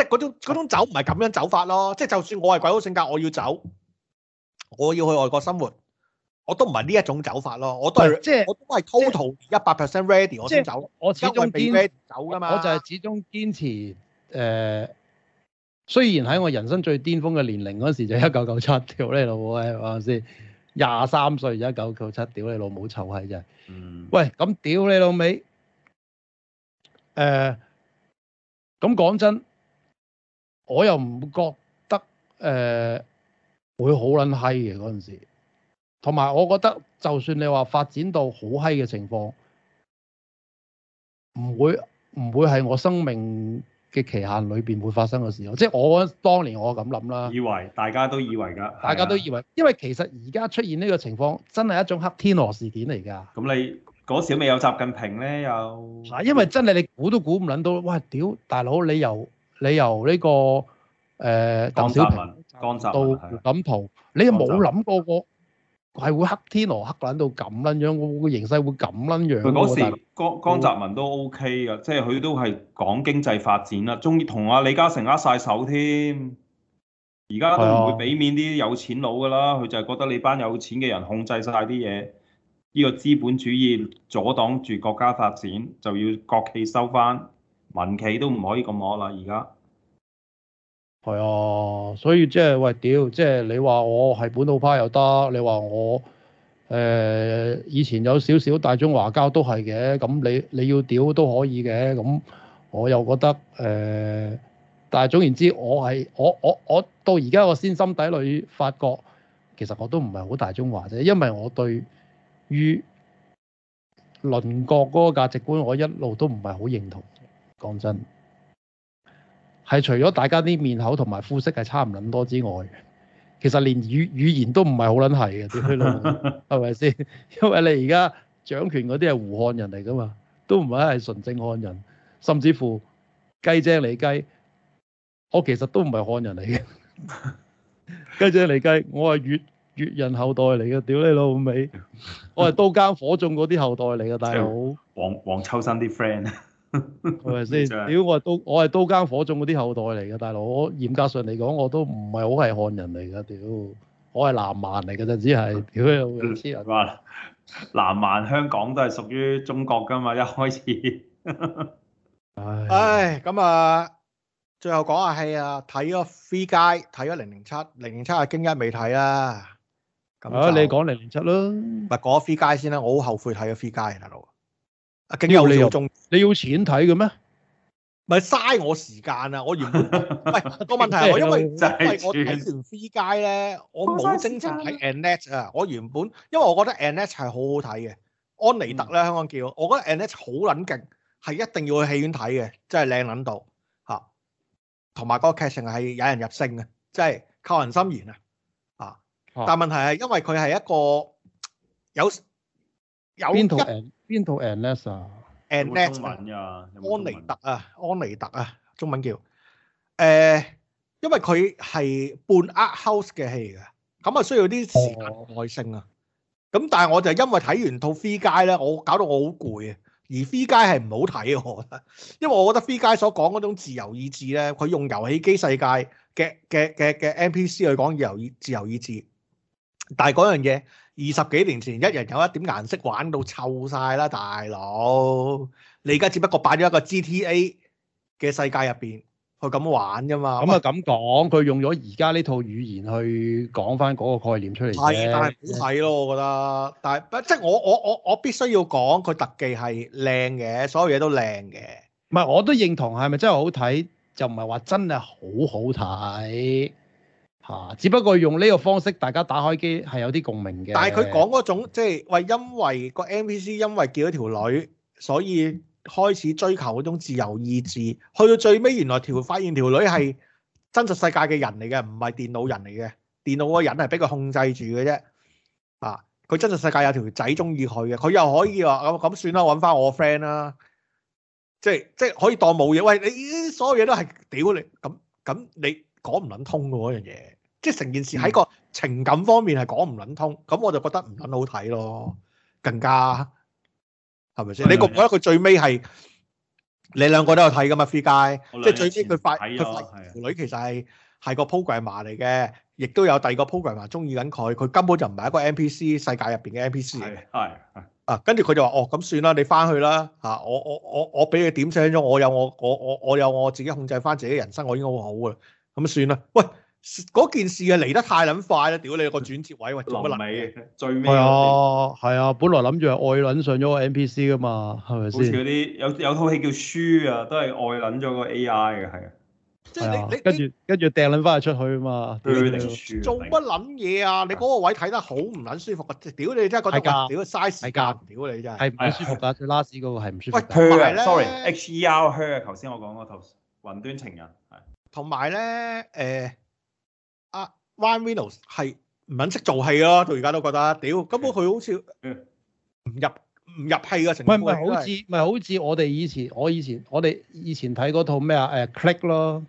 即係嗰種嗰種走唔係咁樣走法咯，即係就算我係鬼佬性格，我要走，我要去外國生活，我都唔係呢一種走法咯。我都係即係，我都係 total 一百 percent ready，我先走。我始終 ready 走噶嘛，我,我就係始終堅持誒、呃。雖然喺我人生最巔峰嘅年齡嗰時就一九九七，屌你老母係話先，廿三歲就一九九七，嗯、屌你老母臭閪真係。喂，咁屌你老味。誒，咁講真。我又唔覺得誒、呃、會好撚閪嘅嗰陣時，同埋我覺得就算你話發展到好閪嘅情況，唔會唔會係我生命嘅期限裏邊會發生嘅時候。即係我當年我咁諗啦。以為大家都以為㗎，大家都以為，的都以為的的，因為其實而家出現呢個情況，真係一種黑天鵝事件嚟㗎。咁你嗰時未有習近平咧，又嚇，因為真係你估都估唔撚到，哇屌大佬你又～你由呢、這個誒、呃、鄧小平江澤民到胡錦濤，你又冇諗過個係會黑天鵝黑撚到咁撚樣，個個形勢會咁撚樣、樣。嗰時江江、江澤民都 OK 嘅，即係佢都係講經濟發展啦，中意同阿李嘉誠握晒手添。而家都唔會俾面啲有錢佬噶啦，佢就係覺得你班有錢嘅人控制晒啲嘢，呢、這個資本主義阻擋住國家發展，就要國企收翻。民企都唔可以咁惡啦，而家係啊，所以即係喂屌，即係你話我係本土派又得，你話我誒以前有少少大中華膠都係嘅，咁你你要屌都可以嘅，咁我又覺得誒，但係總言之，我係我我我到而家我先心底裏發覺，其實我都唔係好大中華啫，因為我對於鄰國嗰個價值觀，我一路都唔係好認同。講真，係除咗大家啲面口同埋膚色係差唔撚多之外，其實連語語言都唔係好撚係嘅，屌你老味，係咪先？因為你而家掌權嗰啲係胡漢人嚟噶嘛，都唔係係純正漢人，甚至乎計正嚟計，我其實都唔係漢人嚟嘅，計正嚟計，我係粵粵人後代嚟嘅，屌你老味，我係刀耕火種嗰啲後代嚟嘅 大佬，黃黃秋生啲 friend。係咪先？屌，我係刀，我係刀耕火種嗰啲後代嚟嘅，大佬。我嚴格上嚟講，我都唔係好係漢人嚟嘅。屌，我係南蠻嚟嘅啫，只係屌黐乜瓜。南蠻香港都係屬於中國㗎嘛，一開始。唉，咁啊，最後講下戲啊，睇咗《Free Guy》，睇咗《零零七》，《零零七》阿京一未睇啊？咁你講《零零七》啦。唔係講《Free Guy》先啦，我好後悔睇咗《Free Guy》，大佬。啊！竟然你要仲你要錢睇嘅咩？咪嘥我時間啊！我原本喂，個問題係我因為因為我睇完 V 街咧，我冇精神睇《Annette》啊！我原本因為我覺得《Annette》係好好睇嘅，《安妮特》咧香港叫，我覺得《Annette》好撚勁，係一定要去戲院睇嘅，真係靚撚到嚇。同埋嗰個劇情係引人入勝嘅，即係扣人心弦啊！啊，但係問題係因為佢係一個有有一。邊套 Annette 啊？Annette 啊，有有安妮特啊，安妮特啊，中文叫誒、呃，因為佢係半 art house 嘅戲嘅，咁啊需要啲時間外性啊。咁、哦、但係我就因為睇完套 free 街咧，我搞到我好攰啊。而 free 街係唔好睇我，因為我覺得 free 街所講嗰種自由意志咧，佢用遊戲機世界嘅嘅嘅嘅 NPC 去講自由意自由意志，但係嗰樣嘢。二十幾年前，一人有一點顏色玩到臭晒啦，大佬！你而家只不過擺咗一個 GTA 嘅世界入邊去咁玩啫嘛。咁啊咁講，佢用咗而家呢套語言去講翻嗰個概念出嚟啫。係，但係好睇咯，我覺得。但不即係我我我我必須要講佢特技係靚嘅，所有嘢都靚嘅。唔係，我都認同係咪真係好睇？就唔係話真係好好睇。啊！只不過用呢個方式，大家打開機係有啲共鳴嘅。但係佢講嗰種即係喂，就是、因為個 NPC 因為叫咗條女，所以開始追求嗰種自由意志。去到最尾，原來條發現條女係真實世界嘅人嚟嘅，唔係電腦人嚟嘅。電腦嗰個人係俾佢控制住嘅啫。啊！佢真實世界有條仔中意佢嘅，佢又可以話咁咁算啦，揾翻我 friend 啦，啊。即係即係可以當冇嘢。喂，你所有嘢都係屌你咁咁，你講唔撚通嘅嗰樣嘢。即係成件事喺個情感方面係講唔捻通，咁我就覺得唔捻好睇咯，更加係咪先？你覺唔覺得佢最尾係你兩個都有睇噶嘛？Free Guy，即係最尾佢發佢發現條女，其實係係個 programmer 嚟嘅，亦都有第二個 programmer 中意緊佢，佢根本就唔係一個 NPC 世界入邊嘅 NPC 嚟嘅。係係啊，跟住佢就話哦，咁算啦，你翻去啦吓，我我我我俾佢點醒咗，我有我我我我有我自己控制翻自己人生，我已經好好噶啦，咁算啦，喂。嗰件事啊，嚟得太捻快啦！屌你個轉折位，喂做乜捻？最尾係啊，係啊，本來諗住係愛捻上咗個 NPC 噶嘛，係咪先？好似嗰啲有有套戲叫輸啊，都係愛捻咗個 AI 嘅，係啊。即係你你跟住跟住掟捻翻佢出去啊嘛。對，做乜捻嘢啊？你嗰個位睇得好唔捻舒服啊？屌你真係覺得，屌嘥時間，屌你真係。係唔舒服啊？佢 last 嗰個係唔舒服。喂，sorry，H E R，sorry，頭先我講嗰套雲端情人係。同埋咧，誒。阿 One Windows 係唔肯識做戲咯，到而家都覺得屌，根本佢好似唔入唔入戲嘅情況。唔係好似，係好似我哋以前，我以前，我哋以前睇嗰套咩啊？誒，Click 咯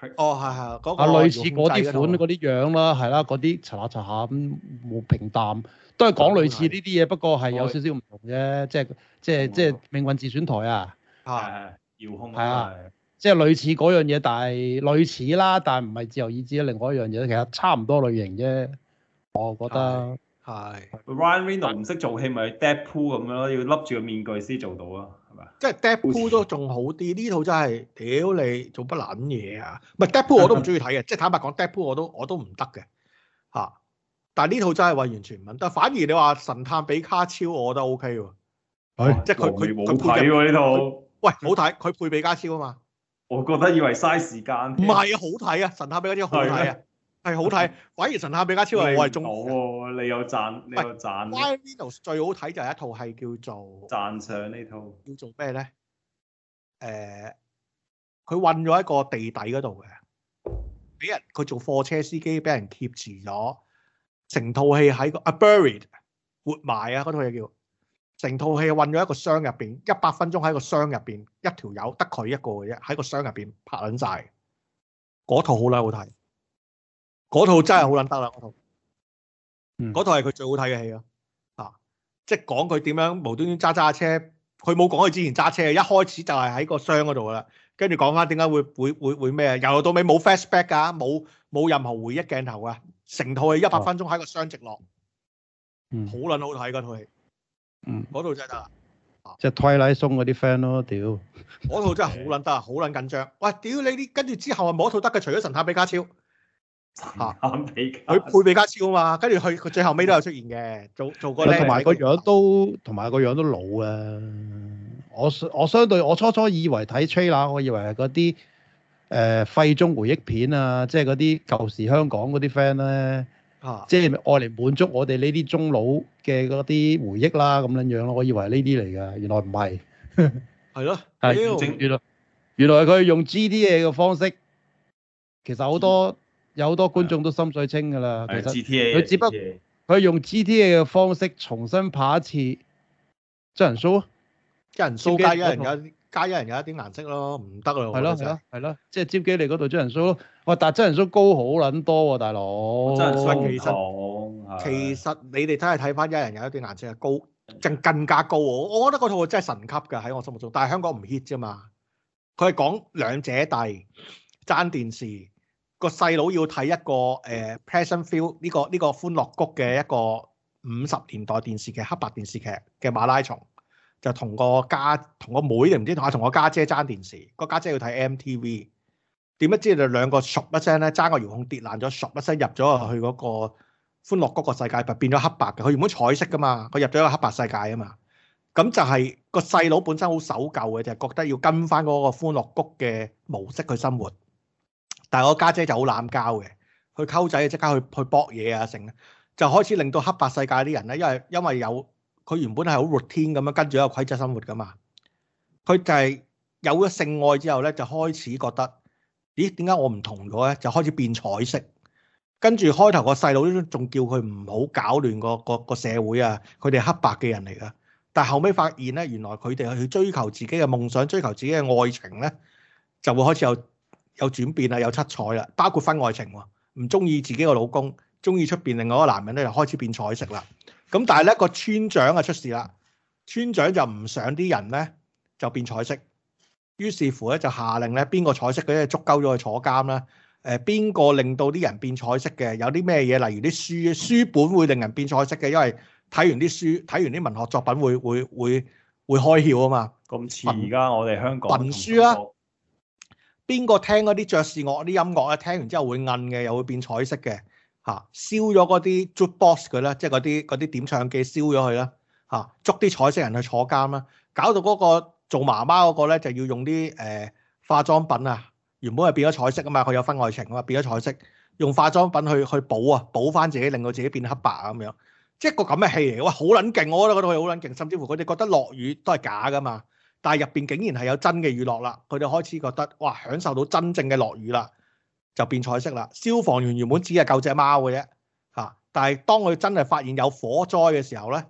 Click 哦，係係，嗰個，啊，類似嗰啲款嗰啲樣啦，係啦，嗰啲查下查下咁冇平淡，都係講類似呢啲嘢，不過係有少少唔同啫。即係即係即係命運自選台啊，係係遙控啊。即係類似嗰樣嘢，但係類似啦，但係唔係自由意志啊！另外一樣嘢其實差唔多類型啫。我覺得係。Ryan Reynolds 唔識做戲，咪 Deadpool 咁樣咯，要笠住個面具先做到咯，係咪即係 Deadpool 都仲好啲，呢 套真係屌你做乜撚嘢啊！唔係 Deadpool 我都唔中意睇嘅，即係坦白講，Deadpool 我都我都唔得嘅嚇。但係呢套真係話完全唔得，但反而你話神探比卡超，我覺得 O K 喎。即係佢佢冇睇喎呢套。喂，冇睇佢配比卡超啊嘛～ 我覺得以為嘥時間，唔係啊，好睇啊，神探比卡超好睇啊，係好睇，反而神探比卡超係我係中。你有讚，你有讚。Ryan Reynolds 最好睇就係一套係叫做，讚賞呢套。叫做咩咧？誒、呃，佢困咗一個地底嗰度嘅，俾人佢做貨車司機，俾人劫持咗，成套戲喺個 A Buried 活埋啊，嗰套嘢叫。成套戲混咗一個箱入邊，一百分鐘喺個箱入邊，一條友得佢一個嘅啫，喺個箱入邊拍撚晒。嗰套好撚好睇，嗰套真係好撚得啦！嗰套，嗰套係佢最好睇嘅戲咯。啊，即係講佢點樣無端端揸揸車，佢冇講佢之前揸車，一開始就係喺個箱嗰度啦。跟住講翻點解會會會會咩啊？由到尾冇 flashback 㗎，冇冇任何回憶鏡頭啊！成套戲一百分鐘喺個箱直落，啊、很很好撚好睇嗰套戲。.嗯，嗰套真得啊！即係推拉松嗰啲 fan 咯，屌！嗰套真係好撚得啊，好撚緊張。喂，屌你啲，跟住之後啊，冇一套得嘅，除咗神探比家超，神佢、啊、配比家超啊嘛，跟住佢佢最後尾都有出現嘅，做做個咧。同埋個樣都同埋 個樣都老啊。我相我相對我初初以為睇 trailer，我以為係嗰啲誒廢中回憶片啊，即係嗰啲舊時香港嗰啲 fan 咧。啊、即係愛嚟滿足我哋呢啲中老嘅嗰啲回憶啦，咁樣樣咯。我以為呢啲嚟噶，原來唔係。係咯，係用精原來佢用 GTA 嘅方式，其實好多有好多觀眾都心水清噶啦。係 GTA 佢只不過佢用 GTA 嘅方式重新拍一次真人 show 啊！真人 show 低咗人家。加一人有一點顏色咯，唔得咯，係咯係咯係咯，即係接機你嗰度真人 show 咯。我話但真人 show 高好撚多喎、啊，大佬。真人 show 係新奇，其實，其實你哋真係睇翻一人有一點顏色係高，更更加高喎。我覺得嗰套真係神級嘅喺我心目中，但係香港唔 hit 啫嘛。佢係講兩姐弟爭電視，個細佬要睇一個誒《呃、Person Feel、這個》呢個呢個歡樂谷嘅一個五十年代電視劇、黑白電視劇嘅馬拉松。就同個家同個妹定唔知同啊同我家姐爭電視，個家姐姐要睇 MTV，點不知就兩個熟一聲咧，爭個遙控跌爛咗，熟一聲入咗去嗰個歡樂谷個世界，變變咗黑白嘅。佢原本彩色㗎嘛，佢入咗一個黑白世界啊嘛。咁就係個細佬本身好守舊嘅，就係覺得要跟返嗰個歡樂谷嘅模式去生活。但係我家姐就好濫交嘅，去溝仔即刻去去博嘢啊成，就開始令到黑白世界啲人咧，因為因為有。佢原本係好 routine 咁樣跟住一個規則生活噶嘛，佢就係有咗性愛之後咧，就開始覺得咦點解我唔同咗咧？就開始變彩色。跟住開頭個細佬都仲叫佢唔好搞亂個個個社會啊！佢哋黑白嘅人嚟噶，但後尾發現咧，原來佢哋去追求自己嘅夢想、追求自己嘅愛情咧，就會開始有有轉變啊，有七彩啦，包括分愛情喎，啊，唔中意自己個老公，中意出邊另外一個男人咧，就開始變彩色啦。咁但係咧個村長啊出事啦，村長就唔想啲人咧就變彩色，於是乎咧就下令咧邊個彩色嘅啲捉鳩咗去坐監啦。誒，邊個令到啲人變彩色嘅？有啲咩嘢？例如啲書書本會令人變彩色嘅，因為睇完啲書睇完啲文學作品會會會會開竅啊嘛。咁似而家我哋香港文書啊，邊個聽嗰啲爵士樂啲音樂咧？聽完之後會韌嘅，又會變彩色嘅。嚇燒咗嗰啲 Jukebox 佢啦，即係嗰啲啲點唱機燒咗佢啦。嚇捉啲彩色人去坐監啦，搞到嗰個做媽媽嗰個咧就要用啲誒、呃、化妝品啊。原本係變咗彩色啊嘛，佢有婚外情啊嘛，變咗彩色，用化妝品去去補啊，補翻自己令到自己變黑白啊咁樣。即係個咁嘅戲嚟嘅，哇！好撚勁，我都覺得佢好撚勁。甚至乎佢哋覺得落雨都係假噶嘛，但係入邊竟然係有真嘅雨落啦，佢哋開始覺得哇，享受到真正嘅落雨啦。就變彩色啦！消防員原本只係救隻貓嘅啫，吓，但係當佢真係發現有火災嘅時候咧，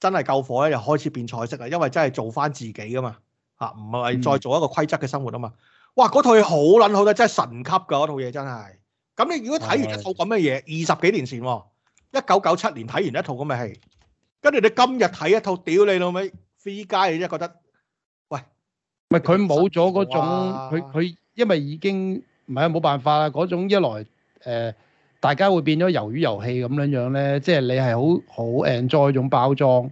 真係救火咧又開始變彩色啦，因為真係做翻自己噶嘛，吓，唔係再做一個規則嘅生活啊嘛、嗯。哇，嗰套嘢好撚好得，真係神級噶，嗰套嘢真係。咁你如果睇完一套咁嘅嘢，二十幾年前，一九九七年睇完一套咁嘅戲，跟住你今日睇一套，屌你老味，Free Guy，你真係覺得，喂，咪佢冇咗嗰種，佢佢因為已經。唔係啊，冇辦法啦。嗰種一來誒、呃，大家會變咗魷魚遊戲咁樣樣咧，即係你係好好 enjoy 種包裝誒、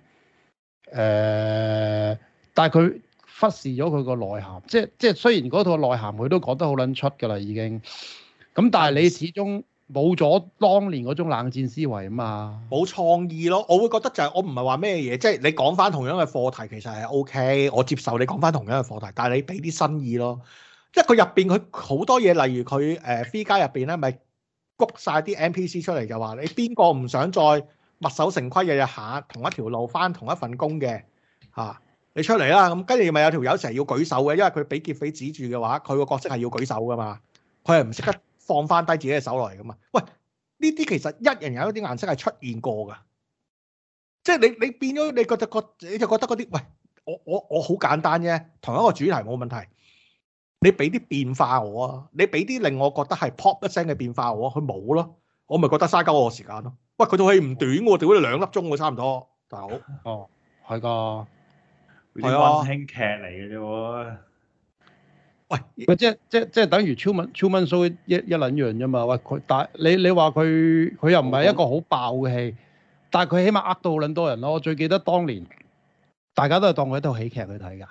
呃，但係佢忽視咗佢個內涵。即係即係雖然嗰套內涵佢都講得好撚出㗎啦，已經。咁但係你始終冇咗當年嗰種冷戰思維啊嘛。冇創意咯，我會覺得就係、是、我唔係話咩嘢，即係你講翻同樣嘅課題其實係 OK，我接受你講翻同樣嘅課題，但係你俾啲新意咯。即係佢入邊，佢好多嘢，例如佢誒 V 家入邊咧，咪谷晒啲 NPC 出嚟，就話你邊個唔想再墨守成規，日日行同一條路，返同一份工嘅嚇、啊？你出嚟啦！咁跟住咪有條友成日要舉手嘅，因為佢俾劫匪指住嘅話，佢個角色係要舉手噶嘛，佢係唔識得放返低自己嘅手落嚟噶嘛。喂，呢啲其實一人有一啲顏色係出現過噶，即係你你變咗，你覺得覺你就覺得嗰啲喂，我我我好簡單啫，同一個主題冇問題。你俾啲變化我啊！你俾啲令我覺得係 pop 一聲嘅變化我，佢冇咯，我咪覺得嘥鳩我時間咯。喂，佢套戲唔短嘅，我哋嗰啲兩粒鐘嘅差唔多，多。大佬，哦，係噶，係啊，溫馨劇嚟嘅啫。喂喂，即係即係即係等於超文超文 show 一一撚樣啫嘛。喂，佢但係你你話佢佢又唔係一個爆戲好爆嘅戲，但係佢起碼呃到好捻多人咯。我最記得當年大家都係當佢一套喜劇去睇噶，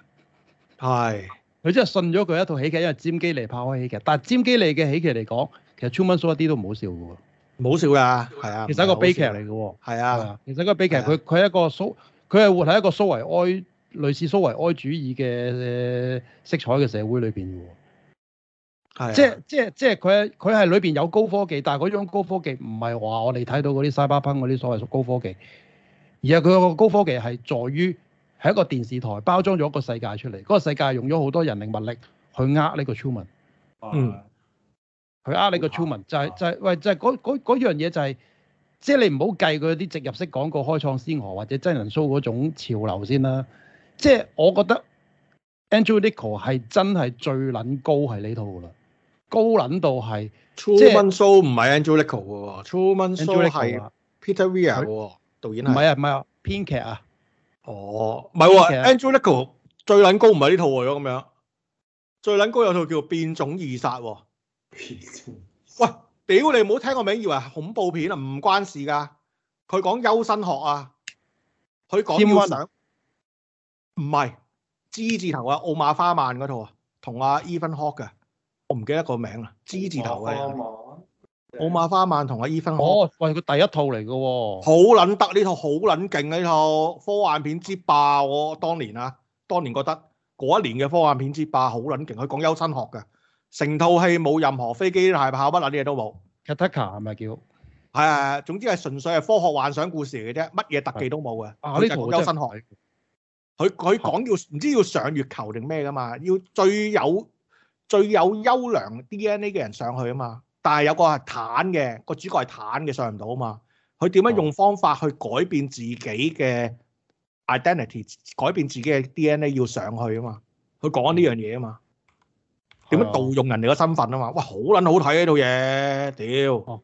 係。佢真係信咗佢一套喜劇，因為詹基利拍開喜劇，但係詹基利嘅喜劇嚟講，其實《Truman Show》一啲都唔好笑嘅喎，唔好笑㗎，係啊，啊，啊，啊，其實一個悲劇嚟嘅喎，係啊，其實個悲劇佢佢係一個蘇，佢係活喺一個蘇維埃類似蘇維埃主義嘅色彩嘅社會裏邊嘅喎，係、啊，即係即係即係佢佢係裏邊有高科技，但係嗰種高科技唔係話我哋睇到嗰啲沙巴烹嗰啲所謂屬高科技，而係佢個高科技係在於。喺一個電視台包裝咗一個世界出嚟，嗰、那個世界用咗好多人力物力去呃呢個 Truman、啊。嗯。佢呃呢個 Truman、啊、就係、是、就係、是就是、喂就係、是、嗰樣嘢就係、是，即、就、係、是、你唔好計佢啲植入式廣告開創先河或者真人 show 嗰種潮流先啦。即、就、係、是、我覺得 Andrew Niccol 係真係最撚高喺呢套㗎啦。高撚到係。Truman Show 唔係 Andrew Niccol 喎，Truman Show 係 Peter Weir 喎，導演係。唔係啊唔係啊，編劇啊。哦，唔係 Andrew Niccol 最撚高，唔係呢套嚟咗咁樣，最撚高有一套叫做變種異煞、啊，喂，屌你唔好聽個名，以為恐怖片啊，唔關事噶，佢講優生學啊，佢講要想，唔係，G 字頭啊，奧馬花曼嗰套啊，同阿 Even Hawke 嘅，我唔記得個名啊，G 字頭啊。奧馬花曼同阿伊芬學哦，喂，佢第一套嚟嘅、哦，好捻得呢套得，好捻勁呢套科幻片之霸，我當年啊，當年覺得嗰一年嘅科幻片之霸好捻勁，佢講優生學嘅，成套戲冇任何飛機、大炮不嗱啲嘢都冇。Gattaca 係咪叫？係啊，總之係純粹係科學幻想故事嚟嘅啫，乜嘢特技都冇嘅。啊，呢套優生學，佢佢講要唔知要上月球定咩噶嘛？要最有最有優良 DNA 嘅人上去啊嘛？但係有個係坦嘅個主角係坦嘅上唔到啊嘛。佢點樣用方法去改變自己嘅 identity，改變自己嘅 DNA 要上去啊嘛。佢講呢樣嘢啊嘛。點樣盜用人哋個身份啊嘛？哇，好撚好睇呢套嘢，屌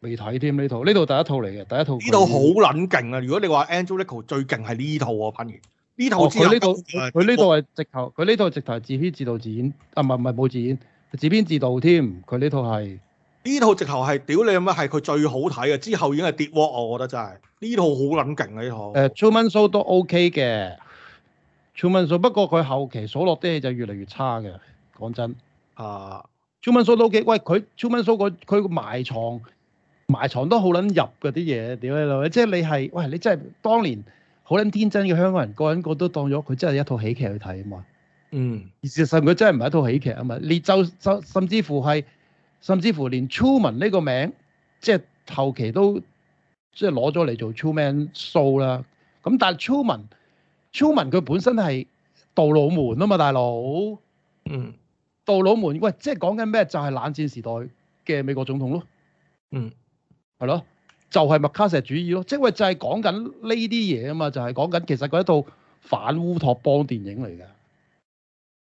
未睇添呢套？呢套第一套嚟嘅，第一套。呢套好撚勁啊！如果你話 Angelico 最勁係呢套喎，反而呢套。哦，佢呢套佢呢套係直頭，佢呢套係直頭自編自導自演啊，唔係唔係冇自演自編自導添。佢呢套係。呢套直頭係屌你乜，係佢最好睇嘅，之後已經係跌鑊，我覺得真係呢套好撚勁啊、uh, okay！呢套誒，Truman Show 都 OK 嘅，Truman Show 不過佢後期所落啲嘢，就越嚟越差嘅，講真啊，Truman Show 都 OK，喂佢 Truman Show 佢埋藏埋藏都好撚入嗰啲嘢，屌、就是、你老，即係你係喂你真係當年好撚天真嘅香港人，個人個都當咗佢真係一套喜劇去睇啊嘛，嗯、mm.，事實上佢真係唔係一套喜劇啊嘛，你就就甚,甚至乎係。甚至乎連 Truman 呢個名，即係後期都即係攞咗嚟做 Truman Show 啦。咁但係 Truman，Truman 佢本身係杜魯門啊嘛，大佬。嗯。杜魯門，喂，即係講緊咩？就係冷戰時代嘅美國總統咯。嗯。係咯，就係、是、麥卡錫主義咯。即係話就係講緊呢啲嘢啊嘛，就係講緊其實佢一套反烏托邦電影嚟嘅，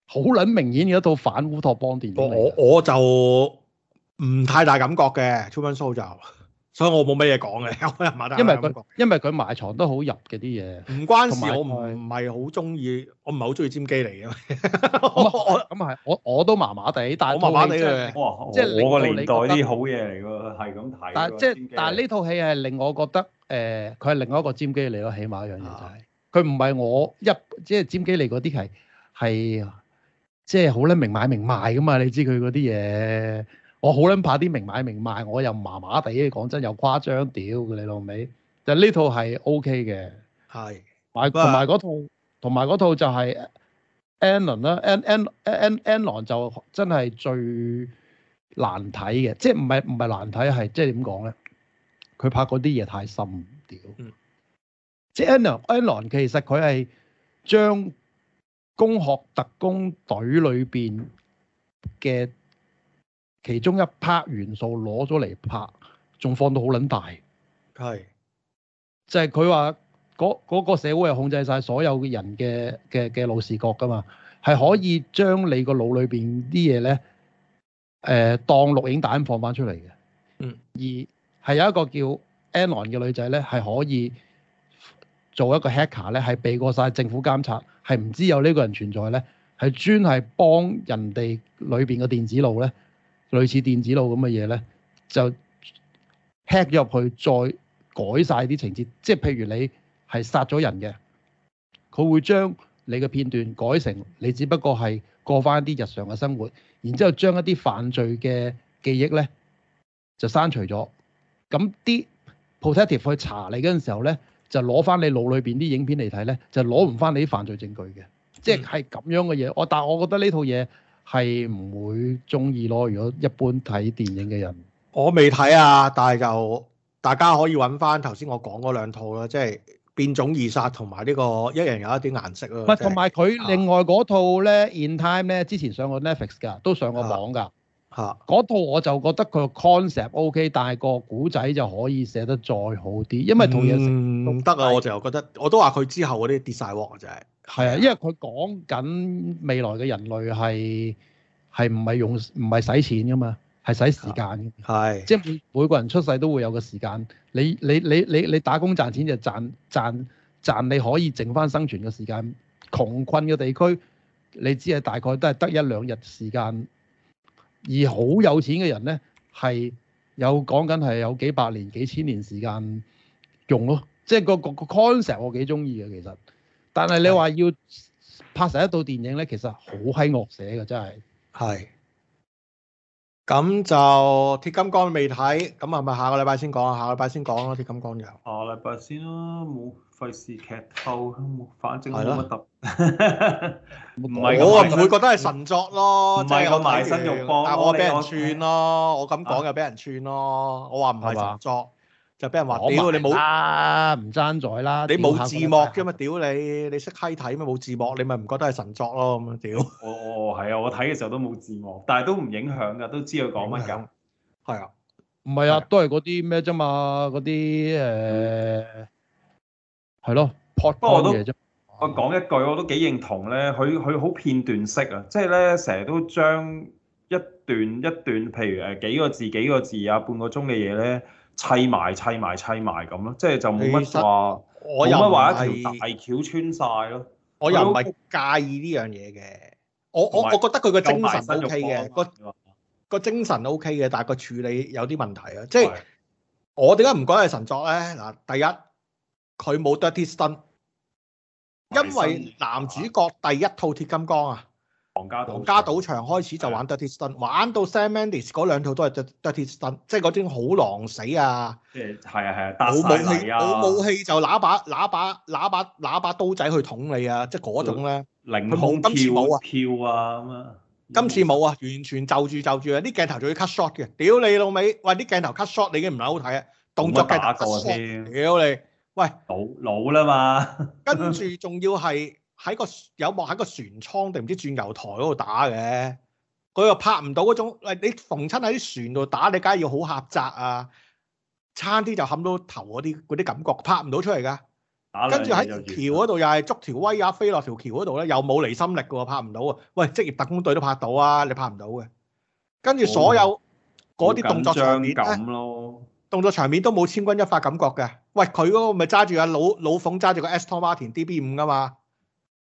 好撚明顯嘅一套反烏托邦電影嚟。我我就～唔太大感覺嘅，超人蘇就，所以我冇咩嘢講嘅，我又麻麻。因為佢因為佢埋藏都好入嘅啲嘢，唔關事。我唔唔係好中意，我唔係好中意尖機嚟嘅。咁啊，我咁啊係，我我都麻麻地，但係我麻麻地嘅。哇！即係我個年代啲好嘢嚟喎，係咁睇。但係即係，但係呢套戲係令我覺得誒，佢係另外一個尖機嚟咯，起碼一樣嘢就係佢唔係我一即係尖機嚟嗰啲係係即係好撚明買明賣㗎嘛，你知佢嗰啲嘢。我好撚怕啲明買明賣，我又麻麻地，講真又誇張，屌你老味！就呢套係 OK 嘅，係，同埋嗰套，同埋嗰套就係 Allen 啦 Allen Allen Allen 就真係最難睇嘅，即係唔係唔係難睇，係即係點講咧？佢拍嗰啲嘢太深，屌、嗯，即係 Allen Allen 其實佢係將工學特工隊裏邊嘅。其中一 part 元素攞咗嚟拍，仲放到好撚大。係，即係佢話嗰、嗰個社會係控制晒所有嘅人嘅嘅嘅腦視覺噶嘛，係可以將你個腦裏邊啲嘢咧，誒、呃、當錄影帶放翻出嚟嘅。嗯，而係有一個叫 Anon 嘅女仔咧，係可以做一個 hacker 咧，係避過晒政府監察，係唔知有呢個人存在咧，係專係幫人哋裏邊嘅電子腦咧。類似電子腦咁嘅嘢咧，就 hack 咗入去，再改晒啲情節。即係譬如你係殺咗人嘅，佢會將你嘅片段改成你只不過係過翻啲日常嘅生活，然之後將一啲犯罪嘅記憶咧就刪除咗。咁啲 prosecutor 去查你嗰陣時候咧，就攞翻你腦裏邊啲影片嚟睇咧，就攞唔翻你犯罪證據嘅、嗯。即係咁樣嘅嘢。我但係我覺得呢套嘢。係唔會中意咯。如果一般睇電影嘅人，我未睇啊，但係就大家可以揾翻頭先我講嗰兩套啦，即係變種異煞同埋呢個一樣有一啲顏色而啊。同埋佢另外嗰套呢 In Time 咧，之前上過 Netflix 㗎，都上過網㗎。嚇！嗰套我就覺得佢個 concept OK，但係個故仔就可以寫得再好啲。因為套嘢唔得啊，我就覺得我都話佢之後嗰啲跌晒鑊就真係。係啊，因為佢講緊未來嘅人類係係唔係用唔係使錢噶嘛，係使時間的。係，即係每每個人出世都會有個時間。你你你你你打工賺錢，就賺賺賺，你可以剩翻生存嘅時間。窮困嘅地區，你只係大概都係得一兩日時間。而好有錢嘅人咧，係有講緊係有幾百年、幾千年時間用咯。即係個個 concept 我幾中意嘅，其實。但係你話要拍成一套電影咧，其實好閪惡寫嘅真係。係。咁就鐵金剛未睇，咁係咪下個禮拜先講，下個禮拜先講咯，鐵金剛又。啊，下個禮拜先啦，冇費事劇透，冇，反正冇乜特。唔係， 我唔會覺得係神作咯，即係個埋身肉幫我俾人、啊、人串咯，我咁講又俾人串咯，我話唔係神作。就俾人話屌你冇啦，唔爭在啦。你冇字幕啫嘛，屌你，你識閪睇咩？冇字幕你咪唔覺得係神作咯咁樣屌！哦，係啊，我睇嘅時候都冇字幕，但係都唔影響噶，都知佢講乜咁。係啊，唔係啊，啊，啊，啊，都係嗰啲咩啫嘛，嗰啲誒係咯。不、嗯、過我都我講一句，我都幾認同咧。佢佢好片段式啊，即係咧成日都將一段一段，譬如誒幾個字幾個字啊，半個鐘嘅嘢咧。砌埋砌埋砌埋咁咯，即係就冇乜話，冇乜話一條大橋穿晒咯。我又唔介意呢樣嘢嘅，我我我覺得佢個精神 O K 嘅，個個，啊、精神 O K 嘅，但係個處理有啲問題啊！即係我點解唔講係神作咧？嗱，第一佢冇 dirty stunt，因為男主角第一套鐵金剛啊。皇家皇家賭場開始就玩 dirty stun，玩到 Sam Mendes 嗰兩套都係 dirty stun，即係嗰種好狼死啊！即係係啊係啊，冇武器冇武器就拿把拿把拿把拿把刀仔去捅你啊！即係嗰種咧，零好，今次冇啊，跳啊咁啊！今次冇啊，完全就住就住啊！啲鏡頭仲要 cut shot，嘅，屌你老味，喂啲鏡頭 cut shot 你已經唔係好睇！啊！動作計打過添，屌你喂老老啦嘛，跟住仲要係。喺個有冇喺個船艙定唔知鑽油台嗰度打嘅，佢又拍唔到嗰種，哎。你逢親喺啲船度打，你梗係要好狹窄啊，差啲就冚到頭嗰啲啲感覺，拍唔到出嚟㗎。跟住喺橋嗰度又係捉條威亞，啊、飛落條橋嗰度咧，又冇離心力㗎喎，拍唔到啊！喂，職業特工隊都拍到啊，你拍唔到嘅。跟住所有嗰啲動，動作場面咧，動作場面都冇千鈞一髮感覺嘅。喂，佢嗰個咪揸住阿老老馮揸住個 Aston Martin DB5 㗎嘛？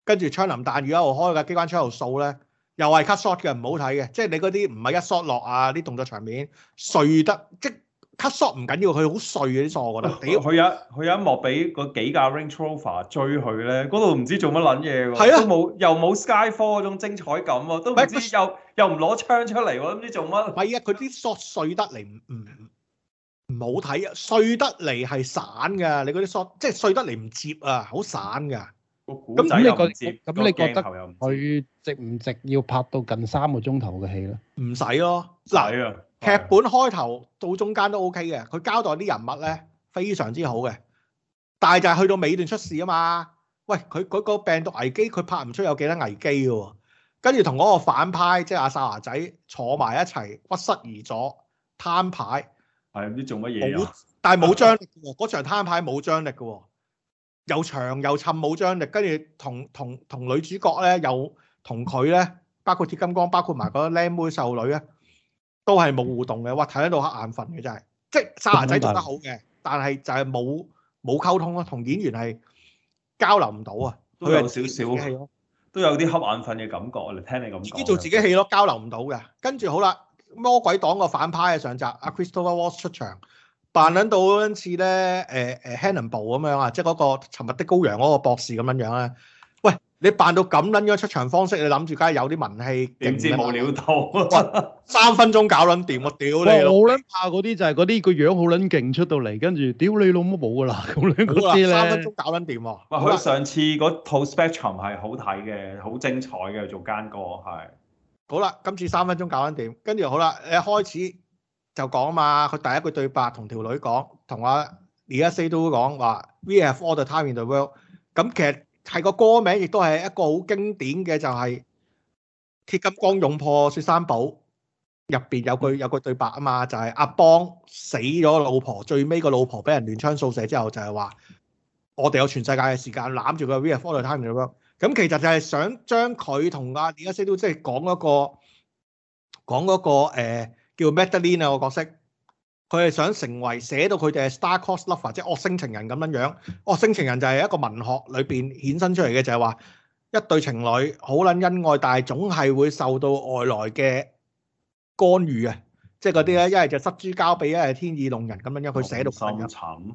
跟住槍林彈雨一路開架機關槍一路掃咧，又係 cut shot 嘅唔好睇嘅，即係你嗰啲唔係一 shot 落啊啲動作場面碎得即係 cut shot 唔緊要，佢好碎嘅啲 shot 我覺得。佢啊佢有一幕俾嗰幾架 Ring Trooper 追佢咧，嗰度唔知做乜撚嘢喎，都冇又冇 Skyfall 嗰種精彩感喎，都唔知又又唔攞槍出嚟喎，都唔知做乜。唔係啊，佢啲 shot 碎得嚟唔唔唔好睇啊，碎得嚟係散嘅，你嗰啲 shot 即係碎得嚟唔接啊，好散嘅。咁咁你覺咁你覺得佢、那個、值唔值要拍到近三個鐘頭嘅戲咧？唔使咯，嗱，劇本開頭到中間都 OK 嘅，佢交代啲人物咧非常之好嘅，但係就係去到尾段出事啊嘛。喂，佢佢個病毒危機佢拍唔出有幾多危機嘅，跟住同嗰個反派即係、就是、阿沙牙仔坐埋一齊屈膝而坐攤牌，係你做乜嘢啊？冇，但係冇張力，嗰 場攤牌冇張力嘅。又長又襯冇張力，跟住同同同女主角咧，又同佢咧，包括鐵金剛，包括埋個靚妹少女咧，都係冇互動嘅，哇睇得到瞌眼瞓嘅真係，即係沙男仔做得好嘅，但係就係冇冇溝通咯，同演員係交流唔到啊，都有少少，都有啲瞌眼瞓嘅感覺，我哋聽你咁講，自己做自己戲咯，交流唔到嘅，跟住好啦，魔鬼黨個反派嘅上集，Christoph Waltz 出場。扮緊到嗰陣次咧，誒、欸、誒、欸、Hannibal 咁樣啊，即係嗰、嗰個沉默的羔羊嗰個博士咁樣樣咧。喂，你扮到咁撚樣出場方式，你諗住梗係有啲文氣？點知冇料到，三分鐘搞撚掂我屌你了！我冇撚怕嗰啲，就係嗰啲個樣好撚勁出到嚟，跟住屌你老母冇㗎啦！我唔知三分鐘搞撚掂啊！哇，佢上次嗰套 Spectrum 係好睇嘅，好精彩嘅，做奸歌係。好啦，今次三分鐘搞撚掂，跟住好啦，誒開始。就講嘛，佢第一句對白同條女講，同阿 l i a s a y 都講話，We have all the time in the world。咁其實係個歌名，亦都係一個好經典嘅、就是，就係《鐵金剛勇破雪山堡》入邊有句有個對白啊嘛，就係、是、阿邦死咗老婆，最尾個老婆俾人亂槍掃射之後就，就係話我哋有全世界嘅時間攬住佢 We have all the time in the world。咁其實就係想將佢同阿 l i a s a y 都即係講嗰個講嗰個誒。叫 Madeline 啊個角色，佢係想成為寫到佢哋係 Star Cross Lover，即係惡星情人咁樣樣。惡星情人就係一個文學裏邊衍生出嚟嘅，就係話一對情侶好撚恩愛，但係總係會受到外來嘅干預啊，即係嗰啲咧，一係就失之交臂，一係天意弄人咁樣樣。佢寫到好慘，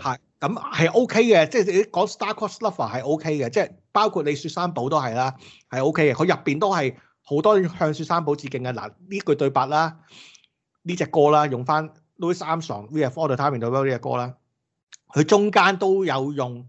係咁係 OK 嘅，即係你講 Star Cross Lover 係 OK 嘅，即係包括你雪山堡都係啦，係 OK 嘅，佢入邊都係。好多向雪山寶致敬嘅嗱，呢句對白啦，呢隻歌啦，用翻《Louis Armstrong》《We Have All The Time In The World》呢隻歌啦，佢中間都有用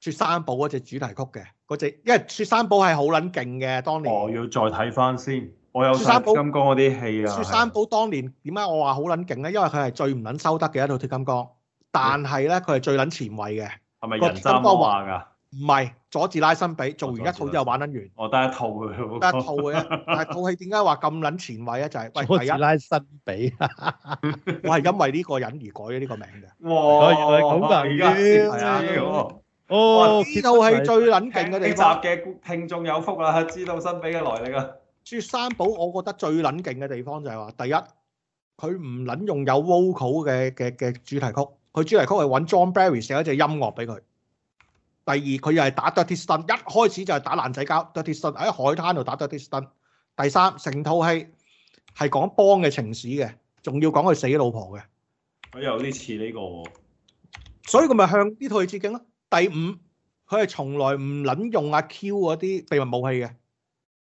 雪山寶嗰隻主題曲嘅嗰隻，因為雪山寶係好撚勁嘅當年。我要再睇翻先，我有雪山寶金剛嗰啲戲啊。雪山寶當年點解我話好撚勁咧？因為佢係最唔撚收得嘅一套鐵金剛，但係咧佢係最撚前衞嘅。係咪人山話噶？唔係，佐治拉辛比做完一套之後玩得完。我得一套嘅，得一套嘅。但係套戲點解話咁撚前衛啊？就係喂，佐治拉辛比，我係因為呢個人而改咗呢個名嘅。哇，咁突然，係啊，哦，呢套戲最撚勁嘅地方。嘅聽眾有福啦，知道辛比嘅來歷啦。《珠三寶》我覺得最撚勁嘅地方就係話，第一，佢唔撚用有 vocal 嘅嘅嘅主題曲，佢主題曲係揾 John Barry 寫一隻音樂俾佢。第二，佢又係打得鐵盾，一開始就係打爛仔交得鐵盾，喺海灘度打得鐵盾。第三，成套戲係講幫嘅情史嘅，仲要講佢死老婆嘅。佢有啲似呢個，所以佢咪向呢套戲致敬咯。第五，佢係從來唔撚用阿 Q 嗰啲秘密武器嘅。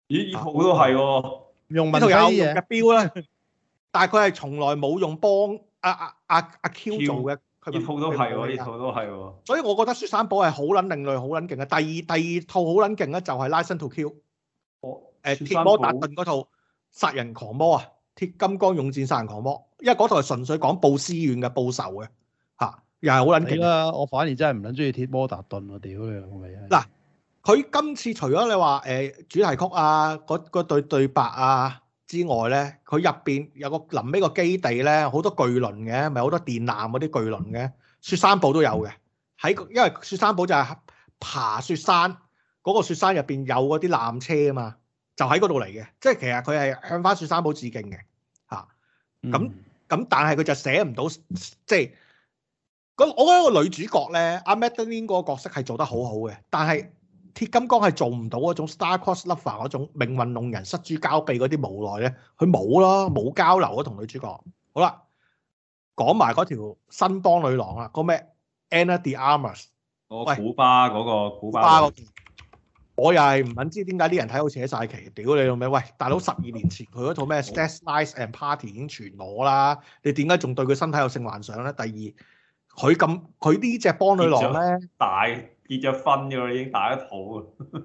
咦，依套都係喎，用文仔嘅嘢，但係佢係從來冇用幫阿阿阿阿 Q 做嘅。呢套都係喎，呢套都係喎。所以我覺得雪另類，就是哦呃《雪山堡》係好撚另類，好撚勁嘅。第二第二套好撚勁咧，就係《Licence To Kill》。我誒鐵摩達頓嗰套《殺人狂魔》啊，《鐵金剛勇戰殺人狂魔》，因為嗰套係純粹講報私怨嘅，報仇嘅嚇，又係好撚勁啦！我反而真係唔撚中意鐵摩達頓，我屌你，嗱，佢今次除咗你話，呃、主題曲啊，嗰、嗰個、對對白啊。之外咧，佢入邊有個臨尾個基地咧，好多巨輪嘅，咪好多電纜嗰啲巨輪嘅，雪山堡都有嘅。喺因為雪山堡就係爬雪山，嗰、嗰個雪山入邊有嗰啲纜車啊嘛，就喺嗰度嚟嘅。即係其實佢係向翻雪山堡致敬嘅嚇。咁、啊、咁、嗯，但係佢就寫唔到即係。我覺得個女主角咧，阿 Madeline 嗰個角色係做得好好嘅，但係。鐵金剛係做唔到嗰種 Star Crossed Lover 嗰種命運弄人、失諸交臂嗰啲無奈咧，佢冇咯，冇交流啊。同女主角。好啦，講埋嗰條新幫女郎啊，個咩 Ana de Armas，個古巴嗰、嗰個古巴、嗰個古巴嗰個嗰個，我又係唔肯知點解啲人睇好似喺晒期，屌你老味！喂，大佬十二年前佢嗰套咩《Sex Lies and Party》已經全裸啦，你點解仲對佢身體有性幻想咧？第二，佢咁佢呢隻幫女郎咧，大。結咗婚㗎啦，已經第一套啊！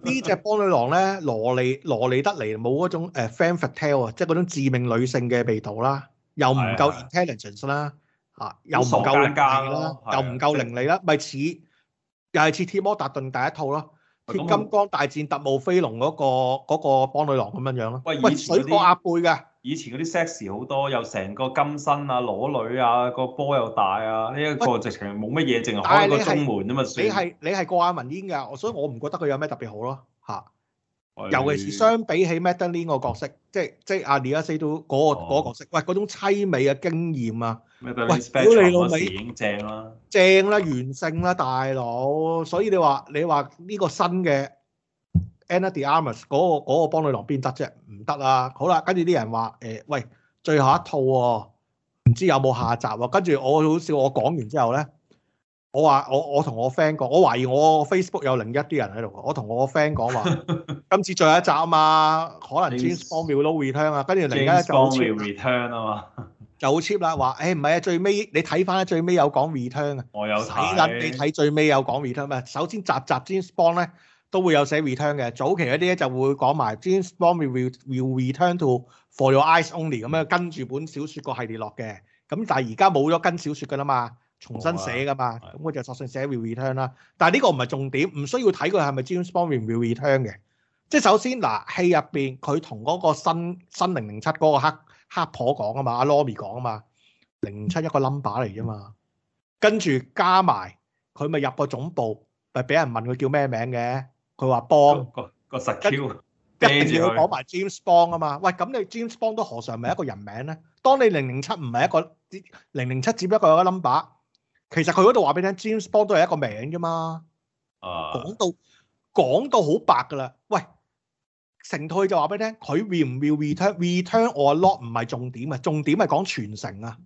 呢隻幫女郎咧，羅莉羅莉得嚟冇嗰種誒 femme fatale 啊，即係嗰種致命女性嘅味道啦，又唔夠 intelligence 啦，嚇又唔夠靈俐啦，又唔夠靈俐啦，咪似又係似鐵魔達頓第一套咯，鐵金剛大戰特務飛龍嗰個嗰個幫女郎咁樣樣咯，喂水過鴨背㗎。以前嗰啲 sex 好多，又成個金身啊，裸女啊，個波又大啊，呢、這個、一個直情冇乜嘢，淨係開個中門啫嘛。你係你係過阿文英㗎，所以我唔覺得佢有咩特別好咯、啊、嚇。尤其是相比起 Madeline 個角色，即係即係阿 Léa Seydoux 嗰個角色，喂嗰種悽美嘅經驗啊。喂，屌你老味正啦，正啦，完勝啦，大佬。所以你話你話呢個新嘅。Anadiarmus 嗰、那個那個幫你落邊得啫，唔得啦。好啦，跟住啲人話誒、欸，喂，最後一套喎、哦，唔知有冇下集喎、啊。跟住我好笑，我講完之後咧，我話我我同我 friend 講，我懷疑我 Facebook 有另一啲人喺度。我同我 friend 講話， 今次最後一集啊嘛，可能 James Bond will、no、return 啊。跟住另一間就啊 return 啊嘛， 就好 cheap 啦、啊。話誒唔係啊，最尾你睇翻咧，最尾有講 return 啊。我有睇，你睇最尾有講 return 啊。首先集集 James Bond 咧，都會有寫 return 嘅，早期嗰啲咧就會講埋 James Bond will return to for your eyes only 咁樣，跟住本小説個系列落嘅。咁但係而家冇咗跟小説㗎啦嘛，重新寫㗎嘛，咁、嗯、我、嗯、就索性寫 return 啦。但係呢個唔係重點，唔需要睇佢係咪 James Bond will return 嘅。即係首先嗱，戲入邊佢同嗰個新新零零七嗰個黑黑婆講啊嘛，阿羅咪講啊嘛，零七一個 number 嚟啫嘛，跟住加埋佢咪入個總部，咪俾人問佢叫咩名嘅。佢話幫個個實 Q，一定要講埋 James Bond 啊嘛。喂，咁你 James Bond 都何嘗唔係一個人名咧？當你零零七唔係一個啲零零七只不過一個 number，其實佢嗰度話俾你聽，James Bond 都係一個名啫嘛。啊，講到講到好白㗎啦。喂，成套佢就話俾你聽，佢 will 唔 will return returnor not 唔係重點啊，重點係講傳承啊，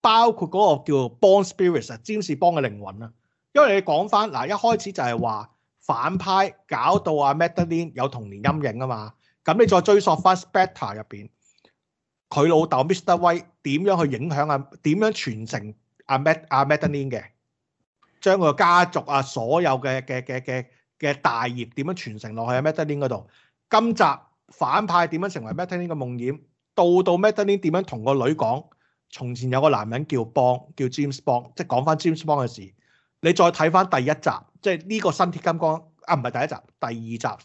包括嗰個叫 Bond Spirit 啊，James Bond 嘅靈魂啊。因為你講翻嗱，一開始就係話，反派搞到阿 Madeline 有童年陰影啊嘛，咁你再追溯翻 Spectre 入邊，佢老豆 Mr. White 點樣去影響阿點樣傳承阿 Mad 阿 Madeline 嘅，將個家族啊所有嘅嘅嘅嘅嘅大業點樣傳承落去阿 Madeline 嗰度？今集反派點樣成為 Madeline 嘅夢魘？到到 Madeline 點樣同個女講，從前有個男人叫邦叫 James Bond，即係講翻 James Bond 嘅事。你再睇翻第一集。即係呢個新鐵金剛啊，唔係第一集，第二集啊，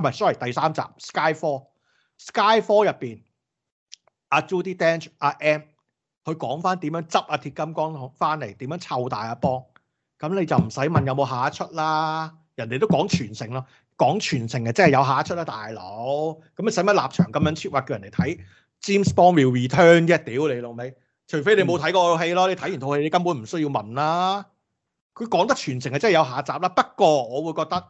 唔係，sorry，第三集 Skyfall，Skyfall 入邊阿、啊、Judi Dench 阿 M，佢講翻點樣執阿鐵金剛翻嚟，點樣湊大阿邦，咁你就唔使問有冇下一出啦。人哋都講傳承咯，講傳承嘅即係有下一出啦，大佬。咁你使乜立場咁樣話叫人哋睇 James Bond will return 啫？屌你老味，除非你冇睇過套戲咯、嗯，你睇完套戲你根本唔需要問啦。佢講得全城係真係有下集啦，不過我會覺得，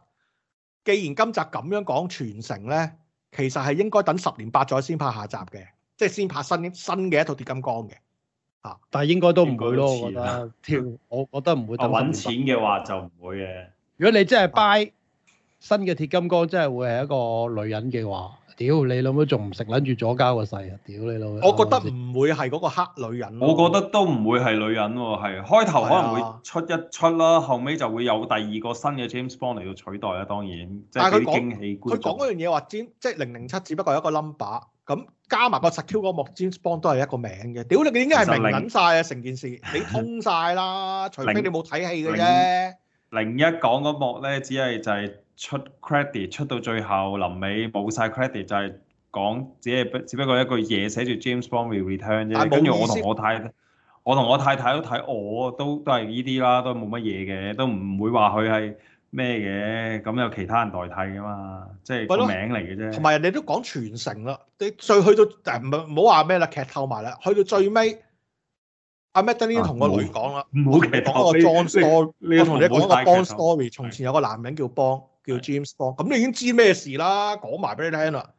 既然今集咁樣講全城呢，其實係應該等十年八載先拍下集嘅，即係先拍新新嘅一套鐵金剛嘅、啊，但係應該都唔會咯，我覺得跳， 我覺得唔會。啊，搵錢嘅話就唔會嘅。如果你、啊、的真係 buy 新嘅鐵金剛，真係會係一個女人嘅話。屌你老母仲唔食撚住左膠個勢啊！屌你老母！我覺得唔會係嗰個黑女人、啊。我覺得都唔會係女人喎，係開頭可能會出一出啦，後尾就會有第二個新嘅 James Bond 嚟到取代啦。當然，即係佢驚喜。佢講嗰樣嘢話 James 即係零零七，就是、只不過係一個 number。咁加埋個 secure 幕 James Bond 都係一個名嘅。屌你，佢應該係明撚晒啊？成件事你通晒啦，除非你冇睇戲嘅啫。零一講嗰幕咧，只係就係、是。出 credit 出到最後臨尾冇晒 credit 就係講，只係只不過一個嘢寫住 James Bond will return 啫，我跟住我同我太，太我同我太太都睇，我都都係依啲啦，都冇乜嘢嘅，都唔會話佢係咩嘅，咁有其他人代替㗎嘛，即係名嚟嘅啫。同埋人哋都講全城啦，你最去到誒唔好話咩啦，劇透埋啦，去到最尾阿 Madden 已經同個女講啦，唔好劇透你。我同你，你講個 Bond story，, 個 story, 個 story 從前有個男人叫邦。叫 James Bond，咁你已經知咩事啦？講埋俾你聽啦。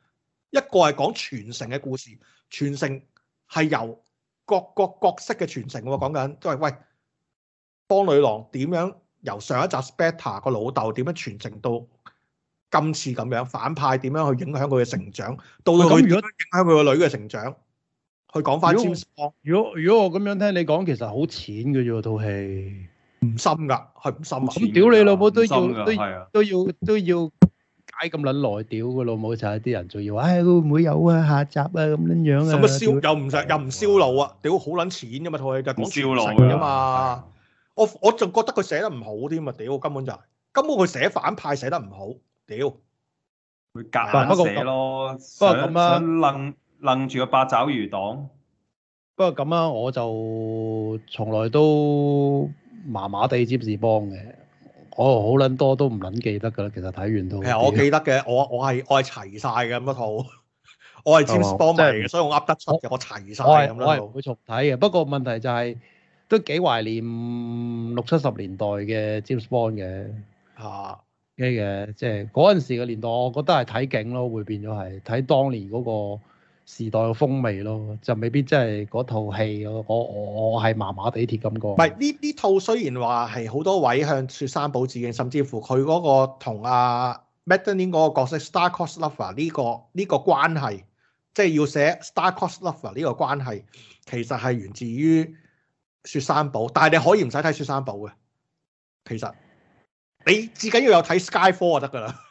一個係講傳承嘅故事，傳承係由各個角色嘅傳承喎。講緊都係喂，邦女郎點樣由上一集 Spectre 個老豆點樣傳承到今次咁樣？反派點樣去影響佢嘅成長，到到佢如果影響佢個女嘅成長。去講翻 James Bond。如果如果我咁樣聽你講，其實好淺嘅啫，套戲。唔深噶，係唔深啊！咁屌你老母都要，都要都要解咁卵耐，屌嘅老母就係啲人仲要，唉，會唔會有啊？下集啊，咁樣樣啊？燒又唔實，又唔燒腦啊！屌好卵錢噶嘛，台劇講燒腦噶嘛。我我就覺得佢寫得唔好添啊！屌，根本就係根本佢寫反派寫得唔好，屌，佢假寫咯。不過咁啊，掕掕住個八爪魚黨。不過咁啊，我就從來都。麻麻地 James Bond 嘅，我好撚多都唔撚記得㗎啦，其實睇完套，係我記得嘅，我我係我係齊晒嘅咁一套，我係 James Bond 嚟嘅，所以我噏得出嘅，我齊晒咁咯。我我係唔會重睇嘅，不過問題就係都幾懷念六七十年代嘅 James Bond 嘅。嘅即係嗰陣時嘅年代，我覺得係睇景咯，會變咗係睇當年嗰個。時代嘅風味咯，就未必真係嗰套戲咯。我我我係麻麻地鐵咁講。唔係呢，呢套雖然話係好多位向雪山堡致敬，甚至乎佢嗰個同阿 Madeline 嗰個角色 Star Cross Lover 呢個呢個關係，即係要寫 Star Cross Lover 呢個關係，其實係源自於雪山堡。但係你可以唔使睇雪山堡嘅，其實你至緊要有睇 Skyfall 就得㗎啦。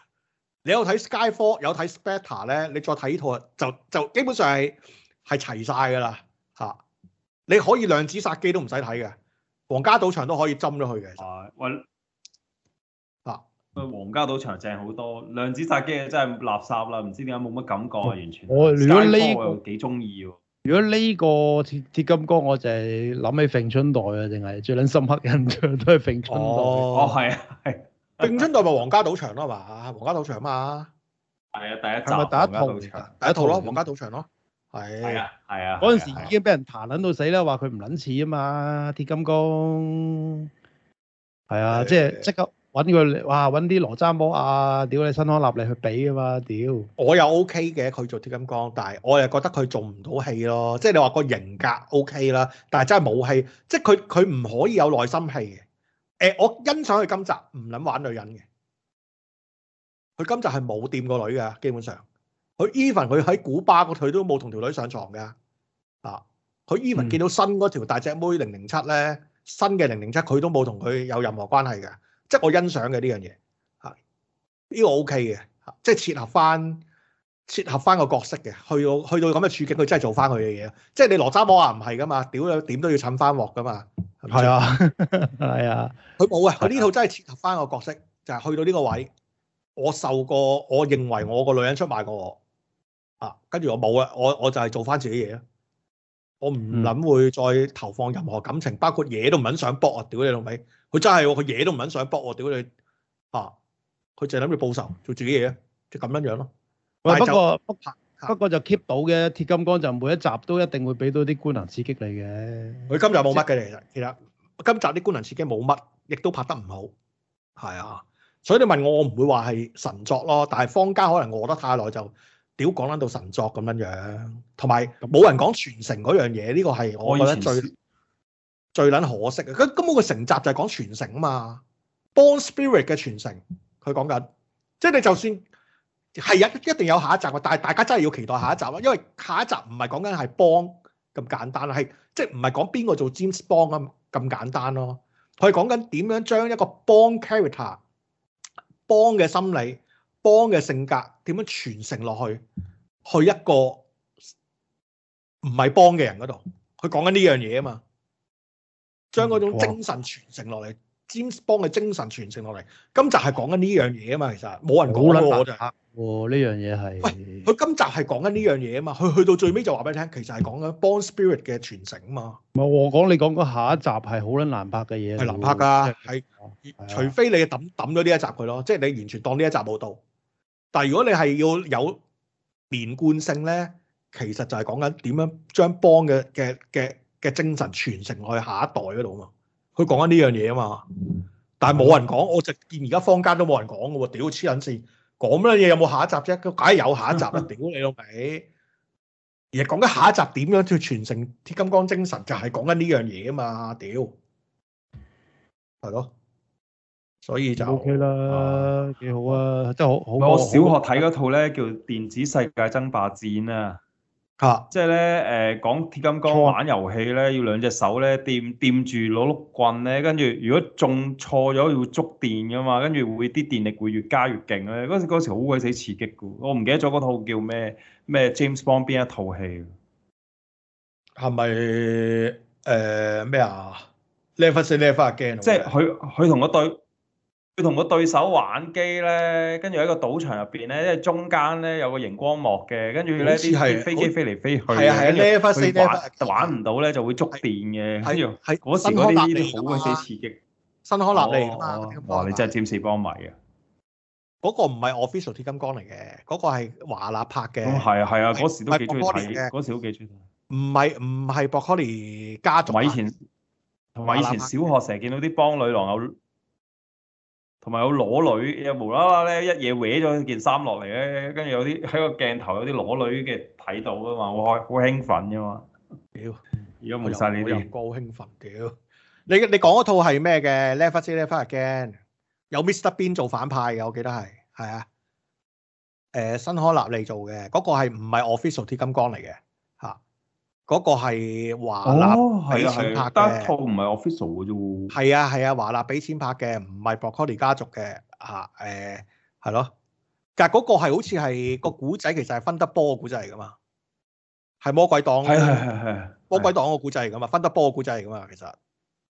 你有睇 Skyfall，有睇 Spectre 咧，你再睇套啊，就就基本上係係齊晒噶啦嚇！你可以量子殺機都唔使睇嘅，皇家賭場都可以針咗佢嘅。係喂，啊，皇家賭場正好多，量子殺機真係垃圾啦，唔知點解冇乜感覺啊，完全。我如果呢個幾中意喎。如果呢個鐵鐵金剛，我就係諗起馮春代啊，定係最撚深刻印象都係馮春代。哦，係、哦、啊，係。定春代表皇家賭場咯，係嘛？皇家賭場嘛，係啊，第一套。皇家，家，家賭場，第一套咯，皇家賭場咯，係啊，係啊，嗰陣、啊、時候已經俾人彈撚到死啦，話佢唔撚似啊嘛，鐵金剛，係啊，啊，即係即刻揾佢哇揾啲羅渣摩啊屌你、啊、辛康納利嚟去比嘛啊嘛屌！我又 OK 嘅，佢做鐵金剛，但係我又覺得佢做唔到戲咯，即係你話個型格 OK 啦，但係真係冇戲，即係佢佢唔可以有內心戲嘅。誒、欸，我欣賞佢今集唔諗玩女人嘅，佢今集係冇掂過女嘅，基本上，佢 even 佢喺古巴嗰，佢都冇同條女上床噶啊，佢 even 見到新嗰條大隻妹零零七咧，新嘅零零七，佢都冇同佢有任何關係嘅，即係我欣賞嘅呢樣嘢，啊，呢、這個 O K 嘅，即係切合翻，切合翻個角色嘅，去到去到咁嘅處境，佢真係做翻佢嘅嘢，即係你羅渣摩啊，唔係噶嘛，屌，點都要襯翻鑊噶嘛。係啊，係啊，佢冇啊，佢呢套真係切合翻個角色，就係、是、去到呢個位，我受過，我認為我個女人出賣過我，啊，跟住我冇啊，我我就係做翻自己嘢啊，我唔諗會再投放任何感情，嗯、包括嘢都唔肯想搏啊，屌你老味。佢真係，佢嘢都唔肯想搏我，屌你，啊，佢淨係諗住報仇做自己嘢啊，是就咁樣樣咯。不過，不過就 keep 到嘅，鐵金剛就每一集都一定會俾到啲官能刺激你嘅。佢今集冇乜嘅，其實其實今集啲官能刺激冇乜，亦都拍得唔好，係啊。所以你問我，我唔會話係神作咯。但係方家可能餓得太耐，就屌講撚到神作咁樣樣，同埋冇人講傳承嗰樣嘢。呢個係我覺得最最撚可惜嘅。佢根本個成集就係講傳承啊嘛。Bond Spirit 嘅傳承，佢講緊，即係你就算。係啊，一定有下一集喎。但係大家真係要期待下一集啦，因為下一集唔係講緊係幫咁簡單啦，係即係唔係講邊個做 James Bond 咁咁簡單咯？佢講緊點樣將一個幫的 character 幫嘅心理、幫嘅性格點樣傳承落去去一個唔係幫嘅人嗰度？佢講緊呢樣嘢啊嘛，將嗰種精神傳承落嚟，James Bond 嘅精神傳承落嚟。今集係講緊呢樣嘢啊嘛，其實冇人估撚我就是。哦，呢樣嘢係喂，佢今集係講緊呢樣嘢啊嘛，佢去，去到最尾就話俾你聽，其實係講緊 Bond Spirit 嘅傳承啊嘛。唔係我講你講嗰下一集係好撚難拍嘅嘢，係難拍噶、啊，係、就係啊啊、除非你抌抌咗呢一集佢咯，即係你完全當呢一集冇到。但係如果你係要有連貫性咧，其實就係講緊點樣將 Bond 嘅嘅嘅嘅精神傳承落去下一代嗰度啊嘛。佢講緊呢樣嘢啊嘛，但係冇人講，我直見而家坊間都冇人講嘅喎，屌黐撚線！講乜嘢有冇下一集啫？梗係有下一集啦，集 屌你老味！而係講緊下一集點樣去傳承鐵金剛精神，就係講緊呢樣嘢啊嘛，屌係咯，所以就 O K 啦，幾好啊，啊啊真係好好。我小學睇嗰套咧叫《電子世界爭霸戰》啊。啊！即係咧，誒、呃，講鐵金剛玩遊戲咧，要兩隻手咧，掂掂住攞碌棍咧，跟住如果中錯咗要觸電噶嘛，跟住會啲電力會越加越勁咧。嗰陣嗰時好鬼死刺激噶，我唔記得咗嗰套叫咩咩 James Bond 邊一套戲？係咪誒咩啊？即係佢佢同嗰對。要同個對手玩機咧，跟住喺個賭場入邊咧，因為中間咧有個熒光幕嘅，跟住咧啲係飛機飛嚟飛去。係啊係啊，呢一玩唔到咧，就會觸電嘅。跟住嗰時嗰啲好鬼死刺激，新康納利啊！哇，你真係占士幫迷啊！嗰、那個唔係 official 鐵金剛嚟嘅，嗰、那個係華納拍嘅。係啊係啊，嗰時都幾中意睇，嗰時都幾中意。唔係唔係，博柯利家族。以前同埋以前小學成日見到啲幫女郎有。同埋有裸女，又無啦啦咧一嘢搲咗件衫落嚟咧，跟住有啲喺個鏡頭有啲裸女嘅睇到噶嘛，好開，好興奮噶嘛。屌，而家冇晒呢啲。我好興奮，屌！你你講嗰套係咩嘅？《Never Say Never Again》，有 Mr. Bean 做反派嘅，我記得係，係啊。誒，辛康納利做嘅嗰個係唔係 official 鐵金剛嚟嘅？嗰、那個係華納俾錢拍嘅，但、哦、係、啊啊、套唔係 official 嘅啫喎。係啊係啊，華納俾錢拍嘅，唔係 Broccoli 家族嘅吓，誒、啊，係、欸、咯、啊。但嗰個係好似係、那個古仔、啊啊啊啊，其實係芬德波嘅古仔嚟噶嘛，係魔鬼黨，係係係魔鬼黨嘅古仔嚟噶嘛，芬德波嘅古仔嚟噶嘛，其實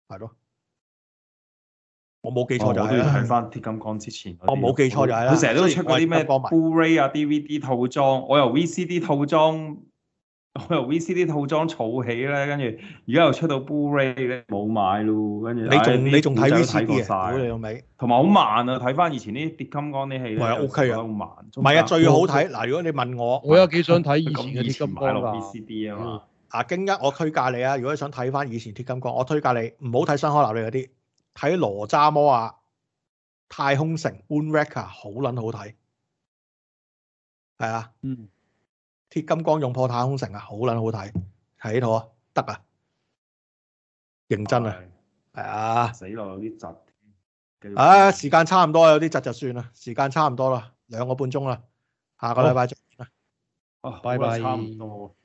係咯。我冇記錯就係、是。我都翻《鐵金剛》之前、啊。我冇記錯就係、是、啦。佢成日都出嗰啲咩 Blu-ray 啊 DVD 套裝我，我由 VCD 套裝。我由 VCD 套裝儲起咧，跟住而家又出到 Blu-ray 咧，冇買咯。跟住你仲你仲睇咗 VCD 啊？你有尾，同埋好慢啊！睇翻以前啲鐵金剛啲戲啊 OK 啊，好慢。唔係啊，最好睇嗱。如果你問我，我有幾想睇以前嘅鐵金剛啊。咁以 VCD 啊嘛。嗱、京一我推介你啊，如果你想睇翻以前鐵金剛，我推介你唔好睇新海立嗰啲，睇羅渣摩啊、太空城、Moonraker 啊，很好撚好睇。係啊。嗯。鐵金剛勇破太空城啊，好捻好睇，睇呢套啊，得啊，認真啊，係、哎、啊，死咯，有啲窒，唉、啊，時間差唔多有啲窒就算啦，時間差唔多啦，兩個半鐘啦，下個禮拜，再見啦，拜拜。